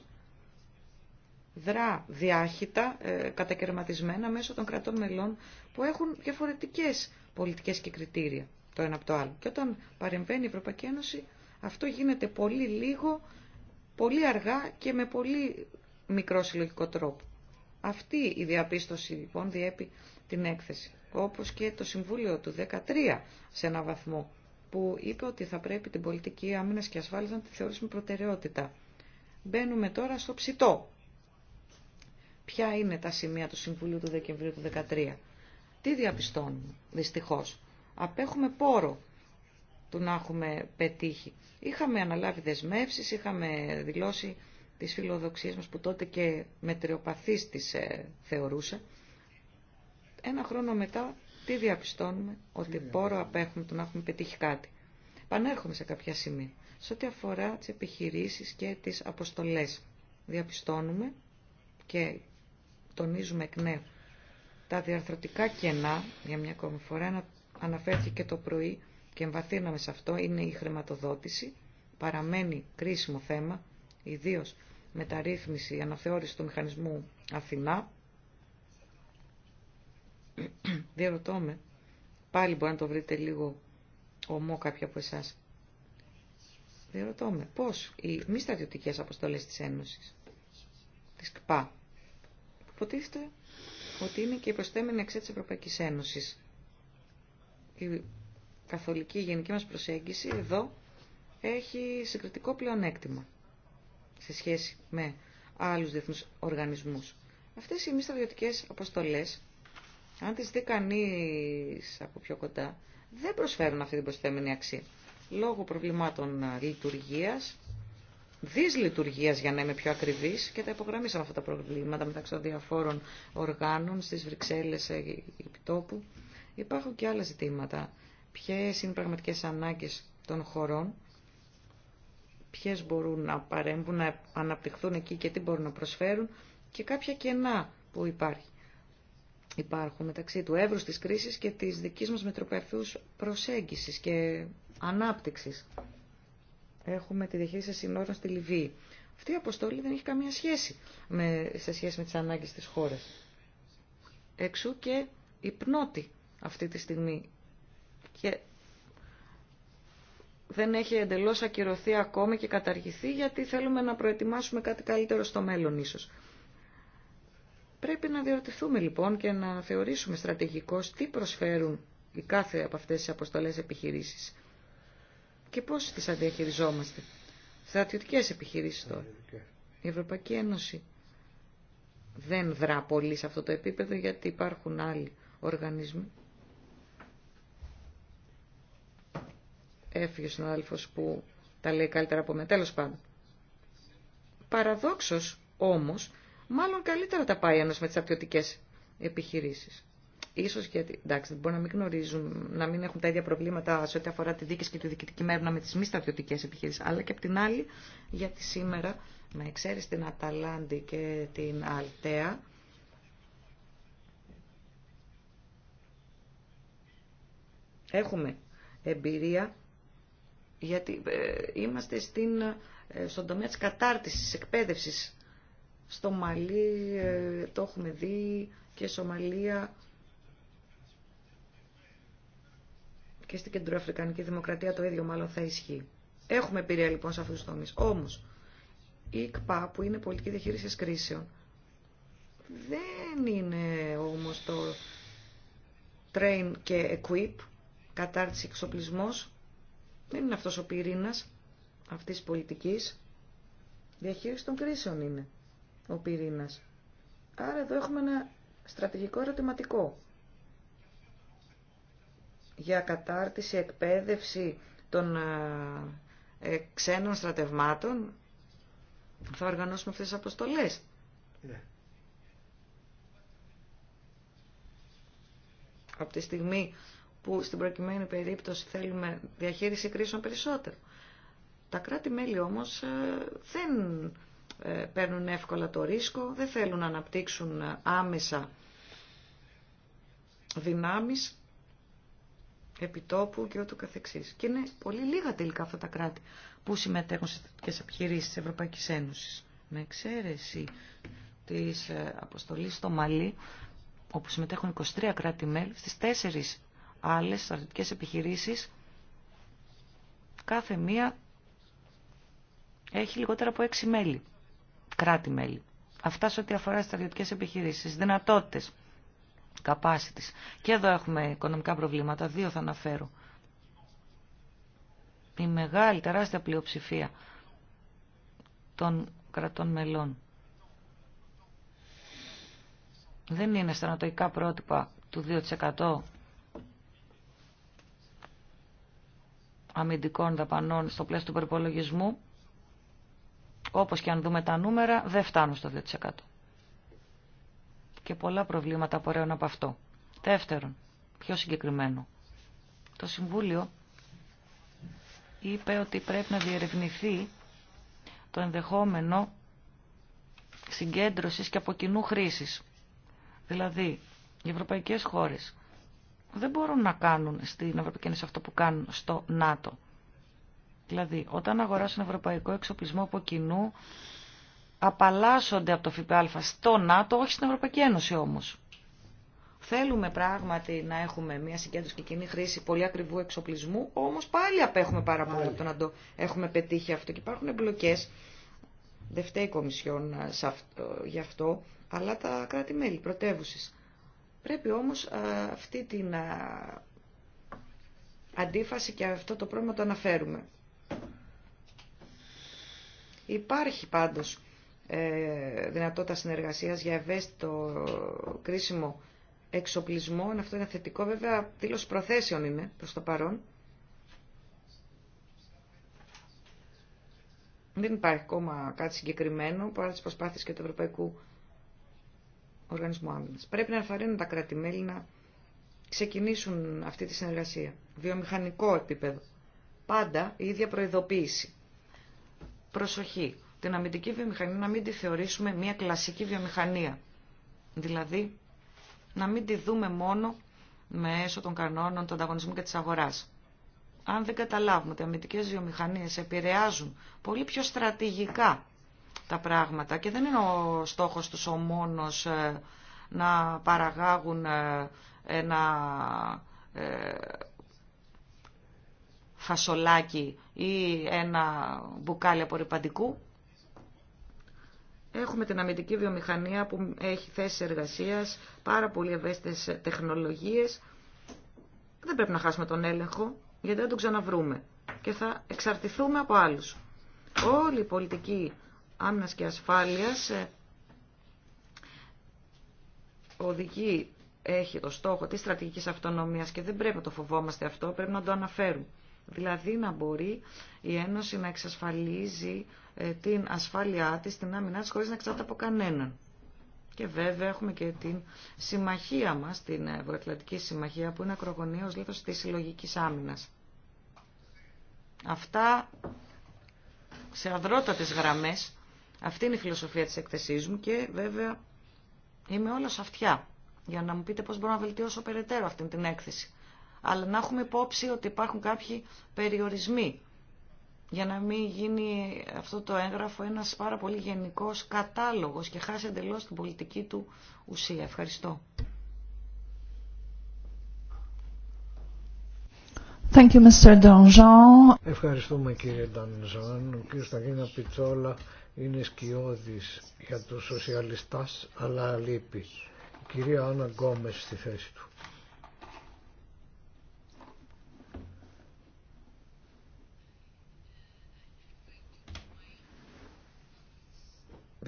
δρά διάχυτα, ε, κατακαιρματισμένα μέσω των κρατών μελών που έχουν διαφορετικέ πολιτικέ και κριτήρια το ένα από το άλλο. Και όταν παρεμβαίνει η Ευρωπαϊκή Ένωση, αυτό γίνεται πολύ λίγο, πολύ αργά και με πολύ μικρό συλλογικό τρόπο. Αυτή η διαπίστωση λοιπόν διέπει την έκθεση όπως και το Συμβούλιο του 13 σε ένα βαθμό, που είπε ότι θα πρέπει την πολιτική άμυνα και ασφάλειας να τη θεωρήσουμε προτεραιότητα. Μπαίνουμε τώρα στο ψητό. Ποια είναι τα σημεία του Συμβουλίου του Δεκεμβρίου του 2013. Τι διαπιστώνουμε, δυστυχώς. Απέχουμε πόρο του να έχουμε πετύχει. Είχαμε αναλάβει δεσμεύσεις, είχαμε δηλώσει τις φιλοδοξίες μας που τότε και μετριοπαθείς τις ε, θεωρούσα ένα χρόνο μετά τι διαπιστώνουμε, ότι πόρο απέχουμε το να έχουμε πετύχει κάτι. Πανέρχομαι σε κάποια σημεία. Σε ό,τι αφορά τις επιχειρήσεις και τις αποστολές, διαπιστώνουμε και τονίζουμε εκ νέου τα διαρθρωτικά κενά, για μια ακόμη φορά αναφέρθηκε το πρωί και εμβαθύναμε σε αυτό, είναι η χρηματοδότηση, παραμένει κρίσιμο θέμα, ιδίως μεταρρύθμιση, αναθεώρηση του μηχανισμού Αθηνά, Διαρωτώ με. Πάλι μπορεί να το βρείτε λίγο ομό κάποια από εσά. Διαρωτώ με. Πώ οι μη στρατιωτικέ αποστολέ τη Ένωση, τη ΚΠΑ, υποτίθεται ότι είναι και η προστέμενη της τη Ευρωπαϊκή Η καθολική γενική μας προσέγγιση εδώ έχει συγκριτικό πλεονέκτημα σε σχέση με άλλους διεθνούς οργανισμούς. Αυτές οι μη στρατιωτικές αποστολές αν τις δει κανείς από πιο κοντά, δεν προσφέρουν αυτή την προσθέμενη αξία. Λόγω προβλημάτων ε, λειτουργίας, δυσλειτουργίας για να είμαι πιο ακριβής και τα υπογραμμίσαμε αυτά τα προβλήματα μεταξύ των διαφόρων οργάνων στις Βρυξέλλες ε, επιτόπου. Υπάρχουν και άλλα ζητήματα. Ποιες είναι οι πραγματικές ανάγκες των χωρών, ποιες μπορούν να παρέμβουν, να αναπτυχθούν εκεί και τι μπορούν να προσφέρουν και κάποια κενά που υπάρχει υπάρχουν μεταξύ του εύρους της κρίσης και της δικής μας μετροπερθούς προσέγγισης και ανάπτυξης. Έχουμε τη διαχείριση συνόρων στη Λιβύη. Αυτή η αποστολή δεν έχει καμία σχέση με, σε σχέση με τις ανάγκες της χώρας. Εξού και η πνότη αυτή τη στιγμή. Και δεν έχει εντελώς ακυρωθεί ακόμη και καταργηθεί γιατί θέλουμε να προετοιμάσουμε κάτι καλύτερο στο μέλλον ίσως. Πρέπει να διαρωτηθούμε λοιπόν και να θεωρήσουμε στρατηγικώς τι προσφέρουν οι κάθε από αυτές τις αποστολές επιχειρήσεις και πώς τις αντιαχειριζόμαστε. Στρατιωτικές επιχειρήσεις τώρα. Η Ευρωπαϊκή Ένωση δεν δρά πολύ σε αυτό το επίπεδο γιατί υπάρχουν άλλοι οργανισμοί. Έφυγε ο συνάδελφος που τα λέει καλύτερα από με. Τέλος πάντων. Παραδόξως όμως μάλλον καλύτερα τα πάει ένας με τις αυτιωτικές επιχειρήσεις. Ίσως γιατί, εντάξει, μπορεί να μην γνωρίζουν, να μην έχουν τα ίδια προβλήματα σε ό,τι αφορά τη δίκη και τη διοικητική μέρα με τις μη στρατιωτικές επιχειρήσεις, αλλά και απ' την άλλη, γιατί σήμερα, με εξαίρεση την Αταλάντη και την Αλτέα, έχουμε εμπειρία, γιατί ε, είμαστε στην, ε, στον τομέα της κατάρτισης, εκπαίδευσης στο Μαλί ε, το έχουμε δει και Σομαλία και στην Κεντροαφρικανική Δημοκρατία το ίδιο μάλλον θα ισχύει. Έχουμε εμπειρία λοιπόν σε αυτούς τους τομείς. Όμως, η ΕΚΠΑ που είναι πολιτική διαχείριση κρίσεων δεν είναι όμως το train και equip, κατάρτιση εξοπλισμός, δεν είναι αυτός ο πυρήνας αυτής της πολιτικής. Διαχείριση των κρίσεων είναι ο πυρήνα. Άρα εδώ έχουμε ένα στρατηγικό ερωτηματικό για κατάρτιση, εκπαίδευση των ε, ε, ξένων στρατευμάτων θα οργανώσουμε αυτές τις αποστολές. Ναι. Από τη στιγμή που στην προκειμένη περίπτωση θέλουμε διαχείριση κρίσεων περισσότερο. Τα κράτη-μέλη όμως ε, δεν ε, παίρνουν εύκολα το ρίσκο, δεν θέλουν να αναπτύξουν άμεσα δυνάμεις επιτόπου και ούτω καθεξής. Και είναι πολύ λίγα τελικά αυτά τα κράτη που συμμετέχουν σε τέτοιες επιχειρήσεις της Ευρωπαϊκής Ένωσης. Με εξαίρεση της ε, αποστολής στο Μαλί, όπου συμμετέχουν 23 κράτη-μέλη, στις τέσσερις άλλες στρατιωτικές επιχειρήσεις, κάθε μία έχει λιγότερα από έξι μέλη κράτη-μέλη. Αυτά σε ό,τι αφορά τι στρατιωτικές επιχειρήσεις, δυνατότητες, capacities. Και εδώ έχουμε οικονομικά προβλήματα, δύο θα αναφέρω. Η μεγάλη, τεράστια πλειοψηφία των κρατών μελών δεν είναι στρατοικά πρότυπα του 2% αμυντικών δαπανών στο πλαίσιο του προπολογισμού όπως και αν δούμε τα νούμερα, δεν φτάνουν στο 2%. Και πολλά προβλήματα απορρέουν από αυτό. Δεύτερον, πιο συγκεκριμένο, το Συμβούλιο είπε ότι πρέπει να διερευνηθεί το ενδεχόμενο συγκέντρωσης και από κοινού χρήσης. Δηλαδή, οι ευρωπαϊκές χώρες δεν μπορούν να κάνουν στην Ευρωπαϊκή Ένωση αυτό που κάνουν στο ΝΑΤΟ. Δηλαδή, όταν αγοράσουν ευρωπαϊκό εξοπλισμό από κοινού, απαλλάσσονται από το ΦΠΑ στο ΝΑΤΟ, όχι στην Ευρωπαϊκή Ένωση όμω. Θέλουμε πράγματι να έχουμε μια συγκέντρωση και κοινή χρήση πολύ ακριβού εξοπλισμού, όμω πάλι απέχουμε πάρα πολύ από το να το έχουμε πετύχει αυτό και υπάρχουν εμπλοκέ. Δεν φταίει η Κομισιόν ε, ε, γι' αυτό, αλλά τα κράτη-μέλη, πρωτεύουσε. Πρέπει όμω ε, αυτή την αντίφαση και αυτό το πρόβλημα το αναφέρουμε. Υπάρχει πάντως ε, δυνατότητα συνεργασίας για ευαίσθητο κρίσιμο εξοπλισμό. Αυτό είναι θετικό. Βέβαια, δήλωση προθέσεων είναι προς το παρόν. Δεν υπάρχει ακόμα κάτι συγκεκριμένο παρά τις προσπάθειες και του Ευρωπαϊκού Οργανισμού Άμυνας. Πρέπει να ενθαρρύνουν τα κράτη-μέλη να ξεκινήσουν αυτή τη συνεργασία. Βιομηχανικό επίπεδο. Πάντα η ίδια προειδοποίηση προσοχή. Την αμυντική βιομηχανία να μην τη θεωρήσουμε μια κλασική βιομηχανία. Δηλαδή, να μην τη δούμε μόνο μέσω των κανόνων του ανταγωνισμού και της αγοράς. Αν δεν καταλάβουμε ότι οι αμυντικές βιομηχανίες επηρεάζουν πολύ πιο στρατηγικά τα πράγματα και δεν είναι ο στόχος τους ο μόνος ε, να παραγάγουν ε, ένα ε, φασολάκι ή ένα μπουκάλι απορριπαντικού. Έχουμε την αμυντική βιομηχανία που έχει θέσει εργασίας, πάρα πολύ ευαίσθητες τεχνολογίες. Δεν πρέπει να χάσουμε τον έλεγχο, γιατί δεν τον ξαναβρούμε και θα εξαρτηθούμε από άλλους. Όλη η πολιτική άμυνας και ασφάλειας ε, οδηγεί, έχει το στόχο της στρατηγικής αυτονομίας και δεν πρέπει να το φοβόμαστε αυτό, πρέπει να το αναφέρουμε. Δηλαδή να μπορεί η Ένωση να εξασφαλίζει ε, την ασφάλειά της, την άμυνά της, χωρίς να εξαρτάται από κανέναν. Και βέβαια έχουμε και την συμμαχία μας, την Ευρωατλαντική Συμμαχία, που είναι ακρογωνίως λίθος της συλλογική άμυνας. Αυτά σε αδρότατες γραμμές, αυτή είναι η φιλοσοφία της εκθεσής μου και βέβαια είμαι όλος αυτιά για να μου πείτε πώς μπορώ να βελτιώσω περαιτέρω αυτή την έκθεση αλλά να έχουμε υπόψη ότι υπάρχουν κάποιοι περιορισμοί για να μην γίνει αυτό το έγγραφο ένας πάρα πολύ γενικός κατάλογος και χάσει εντελώς την πολιτική του ουσία. Ευχαριστώ. Thank you, Mr. Ευχαριστούμε κύριε Ντανζάν. Ο κύριος Σταγίνα Πιτσόλα είναι σκιώδης για τους σοσιαλιστάς αλλά λείπει. Η κυρία Άννα Γκόμες στη θέση του.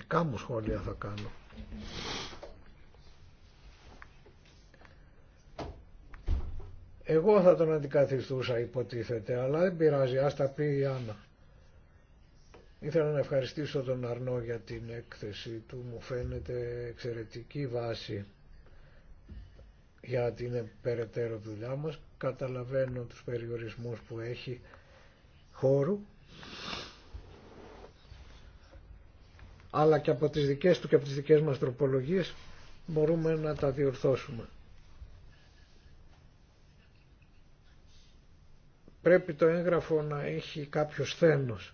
δικά σχόλια θα κάνω. Εγώ θα τον αντικαθιστούσα υποτίθεται, αλλά δεν πειράζει, ας τα πει η Άννα. Ήθελα να ευχαριστήσω τον Αρνό για την έκθεση του, μου φαίνεται εξαιρετική βάση για την περαιτέρω δουλειά μας. Καταλαβαίνω τους περιορισμούς που έχει χώρου αλλά και από τις δικές του και από τις δικές μας τροπολογίες μπορούμε να τα διορθώσουμε. Πρέπει το έγγραφο να έχει κάποιο σθένος.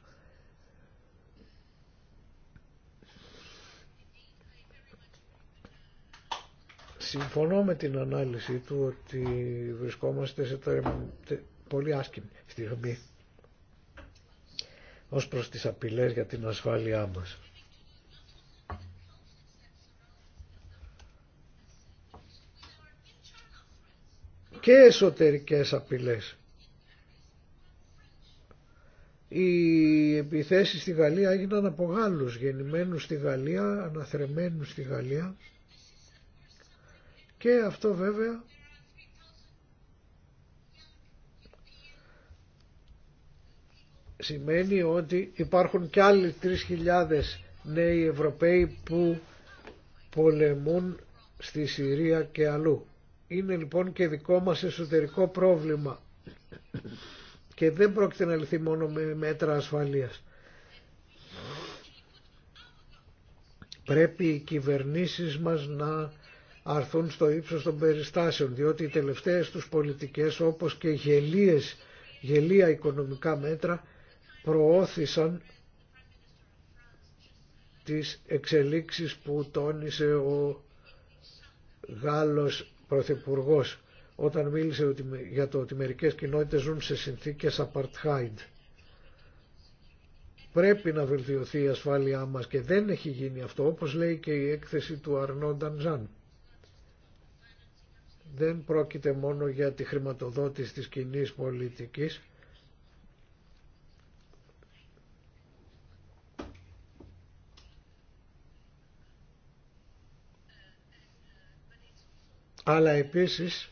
Συμφωνώ με την ανάλυση του ότι βρισκόμαστε σε τώρα πολύ άσκημη στιγμή ως προς τις απειλές για την ασφάλειά μας. και εσωτερικές απειλές. Οι επιθέσεις στη Γαλλία έγιναν από Γάλλους, γεννημένους στη Γαλλία, αναθρεμένους στη Γαλλία και αυτό βέβαια σημαίνει ότι υπάρχουν και άλλοι 3.000 νέοι Ευρωπαίοι που πολεμούν στη Συρία και αλλού. Είναι λοιπόν και δικό μας εσωτερικό πρόβλημα και δεν πρόκειται να λυθεί μόνο με μέτρα ασφαλείας. Πρέπει οι κυβερνήσεις μας να αρθούν στο ύψος των περιστάσεων, διότι οι τελευταίες τους πολιτικές όπως και γελίες, γελία οικονομικά μέτρα προώθησαν τις εξελίξεις που τόνισε ο Γάλλος Πρωθυπουργός όταν μίλησε για το ότι μερικές κοινότητες ζουν σε συνθήκες apartheid. Πρέπει να βελτιωθεί η ασφάλειά μας και δεν έχει γίνει αυτό όπως λέει και η έκθεση του Αρνό Ντανζάν. Δεν πρόκειται μόνο για τη χρηματοδότηση της κοινή πολιτικής αλλά επίσης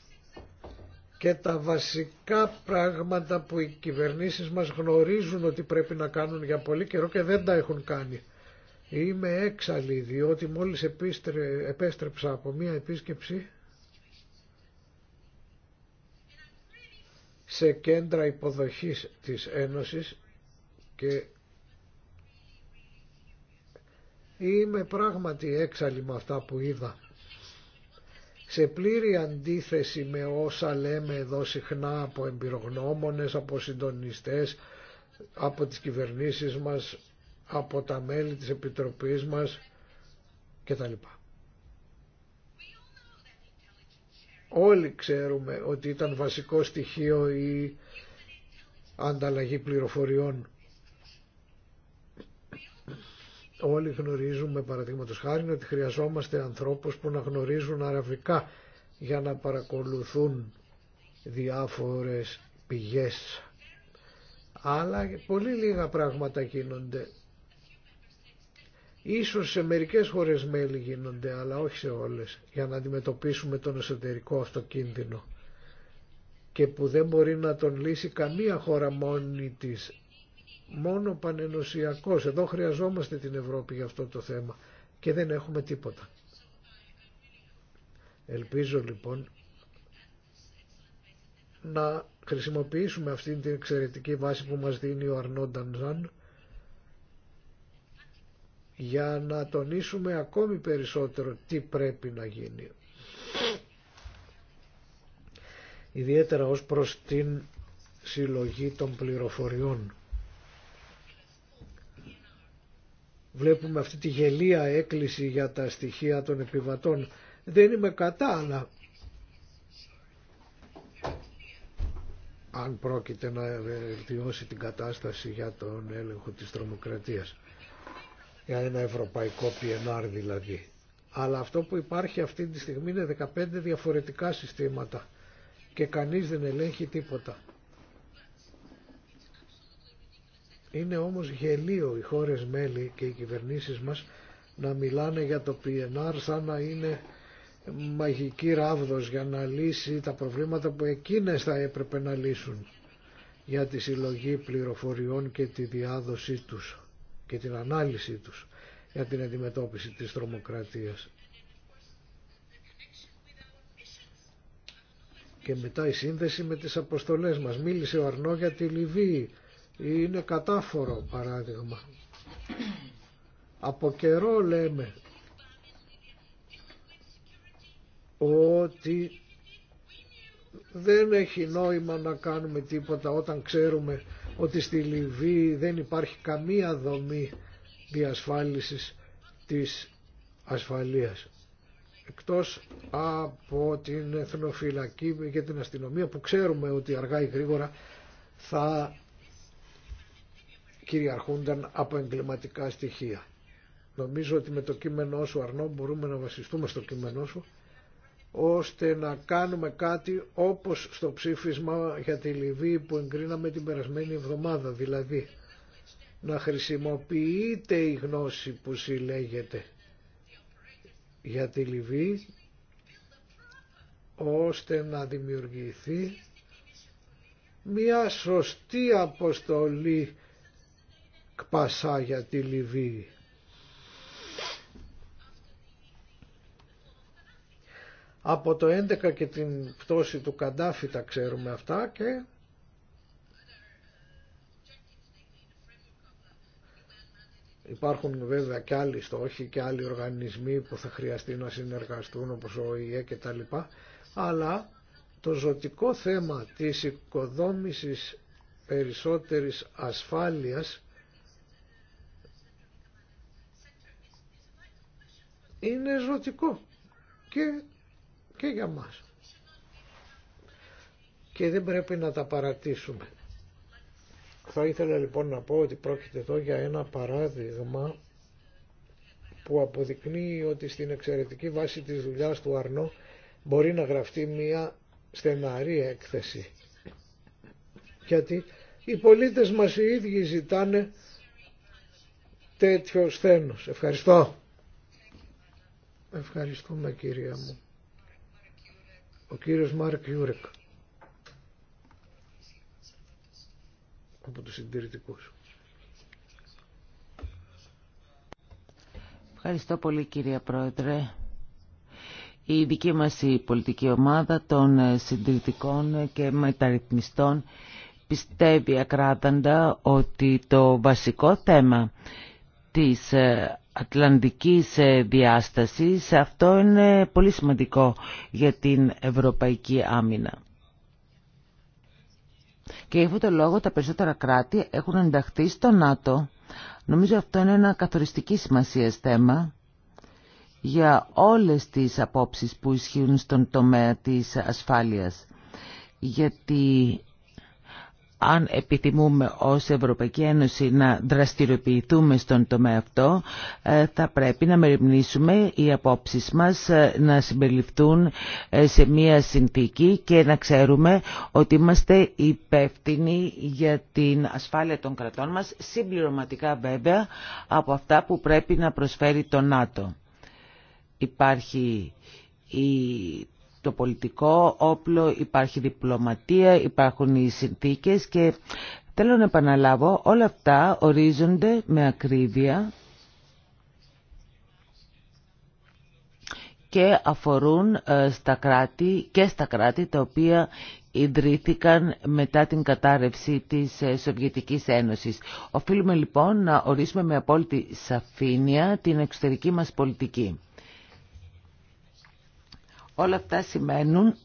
και τα βασικά πράγματα που οι κυβερνήσεις μας γνωρίζουν ότι πρέπει να κάνουν για πολύ καιρό και δεν τα έχουν κάνει. Είμαι έξαλλη διότι μόλις επέστρεψα από μία επίσκεψη σε κέντρα υποδοχής της Ένωσης και είμαι πράγματι έξαλλη με αυτά που είδα σε πλήρη αντίθεση με όσα λέμε εδώ συχνά από εμπειρογνώμονες, από συντονιστές, από τις κυβερνήσεις μας, από τα μέλη της Επιτροπής μας κτλ. Όλοι ξέρουμε ότι ήταν βασικό στοιχείο η ανταλλαγή πληροφοριών όλοι γνωρίζουμε παραδείγματος χάρη ότι χρειαζόμαστε ανθρώπους που να γνωρίζουν αραβικά για να παρακολουθούν διάφορες πηγές. Αλλά πολύ λίγα πράγματα γίνονται. Ίσως σε μερικές χώρες μέλη γίνονται, αλλά όχι σε όλες, για να αντιμετωπίσουμε τον εσωτερικό αυτό κίνδυνο και που δεν μπορεί να τον λύσει καμία χώρα μόνη της μόνο πανενωσιακός. Εδώ χρειαζόμαστε την Ευρώπη για αυτό το θέμα και δεν έχουμε τίποτα. Ελπίζω λοιπόν να χρησιμοποιήσουμε αυτήν την εξαιρετική βάση που μας δίνει ο Αρνόνταν Ζαν για να τονίσουμε ακόμη περισσότερο τι πρέπει να γίνει. Ιδιαίτερα ως προς την συλλογή των πληροφοριών. βλέπουμε αυτή τη γελία έκκληση για τα στοιχεία των επιβατών. Δεν είμαι κατά, αλλά αν πρόκειται να βελτιώσει την κατάσταση για τον έλεγχο της τρομοκρατίας. Για ένα ευρωπαϊκό PNR δηλαδή. Αλλά αυτό που υπάρχει αυτή τη στιγμή είναι 15 διαφορετικά συστήματα και κανείς δεν ελέγχει τίποτα. Είναι όμως γελίο οι χώρες μέλη και οι κυβερνήσεις μας να μιλάνε για το PNR σαν να είναι μαγική ράβδος για να λύσει τα προβλήματα που εκείνες θα έπρεπε να λύσουν για τη συλλογή πληροφοριών και τη διάδοσή τους και την ανάλυση τους για την αντιμετώπιση της τρομοκρατίας. Και μετά η σύνδεση με τις αποστολές μας. Μίλησε ο Αρνό για τη Λιβύη είναι κατάφορο παράδειγμα. Από καιρό λέμε ότι δεν έχει νόημα να κάνουμε τίποτα όταν ξέρουμε ότι στη Λιβύη δεν υπάρχει καμία δομή διασφάλισης της ασφαλείας εκτός από την εθνοφυλακή και την αστυνομία που ξέρουμε ότι αργά ή γρήγορα θα κυριαρχούνταν από εγκληματικά στοιχεία. Νομίζω ότι με το κείμενό σου Αρνό μπορούμε να βασιστούμε στο κείμενό σου ώστε να κάνουμε κάτι όπως στο ψήφισμα για τη Λιβύη που εγκρίναμε την περασμένη εβδομάδα δηλαδή να χρησιμοποιείται η γνώση που συλλέγεται για τη Λιβύη ώστε να δημιουργηθεί μια σωστή αποστολή ΚΠΑΣΑ για τη Λιβύη. Από το 11 και την πτώση του Καντάφη τα ξέρουμε αυτά και Υπάρχουν βέβαια και άλλοι στόχοι και άλλοι οργανισμοί που θα χρειαστεί να συνεργαστούν όπως ο ΙΕ και τα λοιπά, αλλά το ζωτικό θέμα της οικοδόμησης περισσότερης ασφάλειας είναι ζωτικό και, και για μας. Και δεν πρέπει να τα παρατήσουμε. Θα ήθελα λοιπόν να πω ότι πρόκειται εδώ για ένα παράδειγμα που αποδεικνύει ότι στην εξαιρετική βάση της δουλειάς του Αρνό μπορεί να γραφτεί μια στεναρή έκθεση. Γιατί οι πολίτες μας οι ίδιοι ζητάνε τέτοιο σθένος. Ευχαριστώ. Ευχαριστούμε κυρία μου. Ο κύριος Μάρκ Γιούρεκ από τους συντηρητικούς. Ευχαριστώ πολύ κυρία Πρόεδρε. Η δική μας πολιτική ομάδα των συντηρητικών και μεταρρυθμιστών πιστεύει ακράδαντα ότι το βασικό θέμα της ατλαντικής διάστασης αυτό είναι πολύ σημαντικό για την ευρωπαϊκή άμυνα. Και για αυτό το λόγο τα περισσότερα κράτη έχουν ενταχθεί στο ΝΑΤΟ. Νομίζω αυτό είναι ένα καθοριστική σημασία θέμα για όλες τις απόψεις που ισχύουν στον τομέα της ασφάλειας. Γιατί αν επιθυμούμε ως Ευρωπαϊκή Ένωση να δραστηριοποιηθούμε στον τομέα αυτό, ε, θα πρέπει να μεριμνήσουμε οι απόψεις μας ε, να συμπεριληφθούν ε, σε μία συνθήκη και να ξέρουμε ότι είμαστε υπεύθυνοι για την ασφάλεια των κρατών μας, συμπληρωματικά βέβαια από αυτά που πρέπει να προσφέρει το ΝΑΤΟ. Υπάρχει η, το πολιτικό όπλο, υπάρχει διπλωματία, υπάρχουν οι συνθήκες και θέλω να επαναλάβω όλα αυτά ορίζονται με ακρίβεια και αφορούν ε, στα κράτη και στα κράτη τα οποία ιδρύθηκαν μετά την κατάρρευση της ε, Σοβιετικής Ένωσης. Οφείλουμε λοιπόν να ορίσουμε με απόλυτη σαφήνεια την εξωτερική μας πολιτική. Όλα αυτά σημαίνουν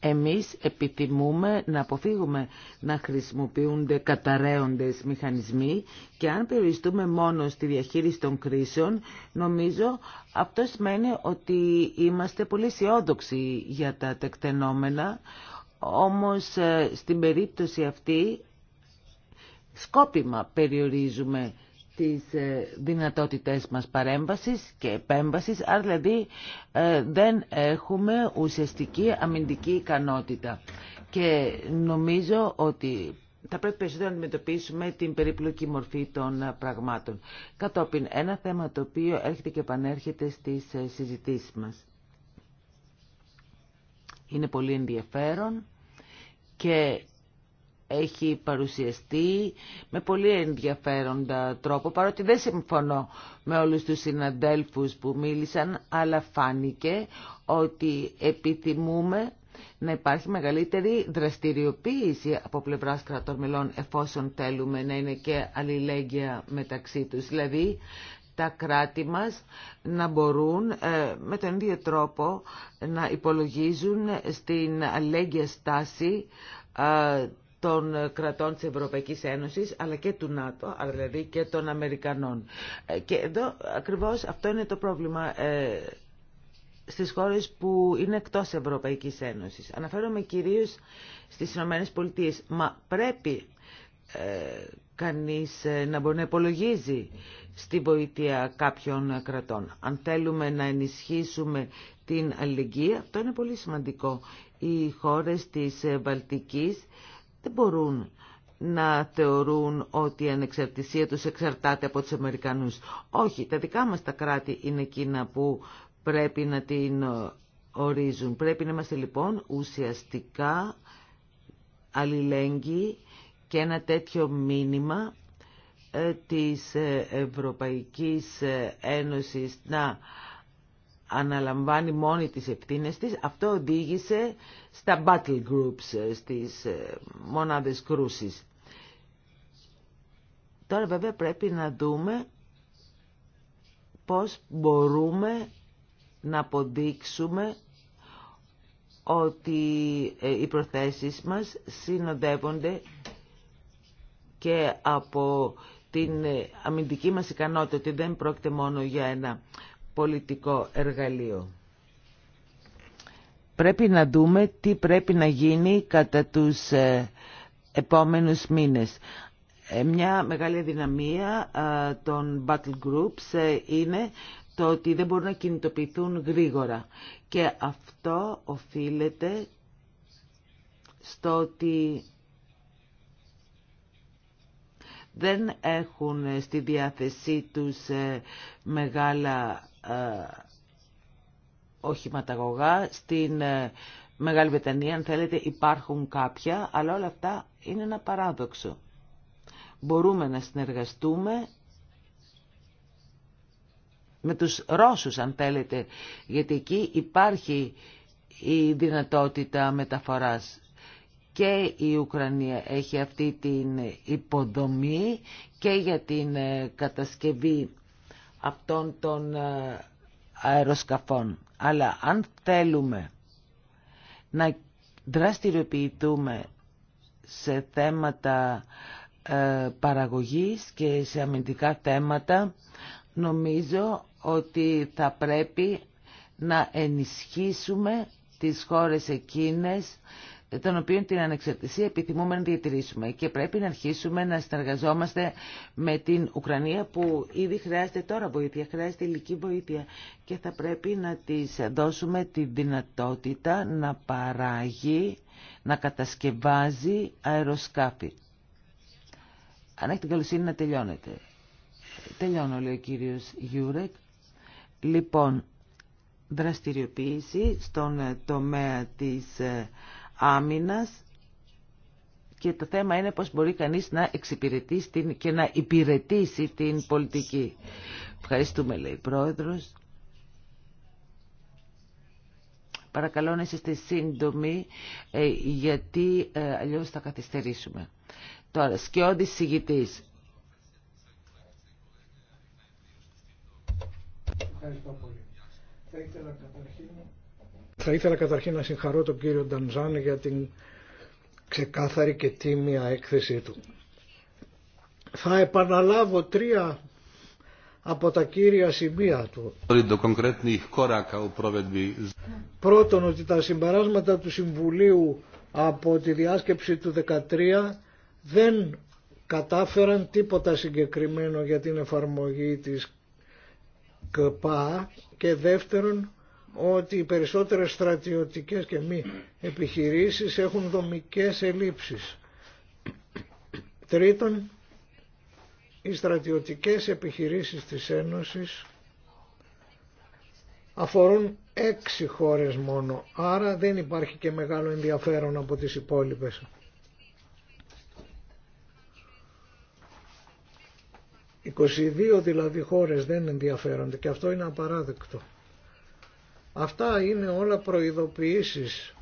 εμείς επιθυμούμε να αποφύγουμε να χρησιμοποιούνται καταραίοντες μηχανισμοί και αν περιοριστούμε μόνο στη διαχείριση των κρίσεων, νομίζω αυτό σημαίνει ότι είμαστε πολύ αισιόδοξοι για τα τεκτενόμενα, όμως ε, στην περίπτωση αυτή σκόπιμα περιορίζουμε τις ε, δυνατότητές μας παρέμβασης και επέμβασης, άρα δηλαδή ε, δεν έχουμε ουσιαστική αμυντική ικανότητα. Και νομίζω ότι θα πρέπει περισσότερο να αντιμετωπίσουμε την περίπλοκη μορφή των πραγμάτων. Κατόπιν, ένα θέμα το οποίο έρχεται και επανέρχεται στις ε, συζητήσεις μας. Είναι πολύ ενδιαφέρον και έχει παρουσιαστεί με πολύ ενδιαφέροντα τρόπο, παρότι δεν συμφωνώ με όλους τους συναντέλφους που μίλησαν, αλλά φάνηκε ότι επιθυμούμε να υπάρχει μεγαλύτερη δραστηριοποίηση από πλευράς κρατών εφόσον θέλουμε να είναι και αλληλέγγυα μεταξύ τους. Δηλαδή τα κράτη μας να μπορούν ε, με τον ίδιο τρόπο να υπολογίζουν στην αλληλέγγυα στάση ε, των ε, κρατών της Ευρωπαϊκής Ένωσης αλλά και του ΝΑΤΟ, αλλά δηλαδή και των Αμερικανών. Ε, και εδώ ακριβώς αυτό είναι το πρόβλημα ε, στις χώρες που είναι εκτός Ευρωπαϊκής Ένωσης. Αναφέρομαι κυρίως στις Ηνωμένες Πολιτείες. Μα πρέπει ε, κανείς να μπορεί να υπολογίζει στη βοήθεια κάποιων κρατών. Αν θέλουμε να ενισχύσουμε την αλληλεγγύη, αυτό είναι πολύ σημαντικό. Οι χώρες της Βαλτικής δεν μπορούν να θεωρούν ότι η ανεξαρτησία τους εξαρτάται από τους Αμερικανούς. Όχι, τα δικά μας τα κράτη είναι εκείνα που πρέπει να την ε, ορίζουν. Πρέπει να είμαστε λοιπόν ουσιαστικά αλληλέγγυοι και ένα τέτοιο μήνυμα ε, της ε, Ευρωπαϊκής Ένωσης να αναλαμβάνει μόνη τις ευθύνες της, αυτό οδήγησε στα battle groups, ε, στις ε, μονάδες κρούσης. Τώρα βέβαια πρέπει να δούμε πώς μπορούμε να αποδείξουμε ότι ε, οι προθέσεις μας συνοδεύονται και από την αμυντική μας ικανότητα ότι δεν πρόκειται μόνο για ένα πολιτικό εργαλείο. Πρέπει να δούμε τι πρέπει να γίνει κατά τους ε, επόμενους μήνες. Ε, μια μεγάλη δυναμία των battle groups ε, είναι το ότι δεν μπορούν να κινητοποιηθούν γρήγορα. Και αυτό οφείλεται στο ότι δεν έχουν στη διάθεσή τους μεγάλα ε, οχηματαγωγά. Στην ε, Μεγάλη Βρετανία, αν θέλετε, υπάρχουν κάποια, αλλά όλα αυτά είναι ένα παράδοξο. Μπορούμε να συνεργαστούμε με τους Ρώσους, αν θέλετε, γιατί εκεί υπάρχει η δυνατότητα μεταφοράς. Και η Ουκρανία έχει αυτή την υποδομή και για την ε, κατασκευή αυτών των ε, αεροσκαφών. Αλλά αν θέλουμε να δραστηριοποιηθούμε σε θέματα ε, παραγωγής και σε αμυντικά θέματα, νομίζω ότι θα πρέπει να ενισχύσουμε τις χώρες εκείνες των οποίων την ανεξαρτησία επιθυμούμε να διατηρήσουμε και πρέπει να αρχίσουμε να συνεργαζόμαστε με την Ουκρανία που ήδη χρειάζεται τώρα βοήθεια, χρειάζεται ηλική βοήθεια και θα πρέπει να της δώσουμε τη δυνατότητα να παράγει, να κατασκευάζει αεροσκάφη. Αν έχετε καλοσύνη να τελειώνετε. Τελειώνω, λέει ο κύριος Γιούρεκ. Λοιπόν, δραστηριοποίηση στον τομέα της και το θέμα είναι πώς μπορεί κανείς να εξυπηρετήσει και να υπηρετήσει την πολιτική. Ευχαριστούμε, λέει Πρόεδρος. Παρακαλώ να είστε σύντομοι, ε, γιατί ε, αλλιώς θα καθυστερήσουμε. Τώρα, σκιώδης συγητής. Ευχαριστώ πολύ. καταρχήν θα ήθελα καταρχήν να συγχαρώ τον κύριο Ντανζάν για την ξεκάθαρη και τίμια έκθεσή του. Θα επαναλάβω τρία από τα κύρια σημεία του. Πρώτον ότι τα συμπεράσματα του Συμβουλίου από τη διάσκεψη του 2013 δεν κατάφεραν τίποτα συγκεκριμένο για την εφαρμογή της ΚΠΑ και δεύτερον ότι οι περισσότερες στρατιωτικές και μη επιχειρήσεις έχουν δομικές ελλείψεις. Τρίτον, οι στρατιωτικές επιχειρήσεις της Ένωσης αφορούν έξι χώρες μόνο, άρα δεν υπάρχει και μεγάλο ενδιαφέρον από τις υπόλοιπες. «22 δηλαδή χώρες δεν ενδιαφέρονται και αυτό είναι απαράδεκτο». Αυτά είναι όλα προειδοποιήσεις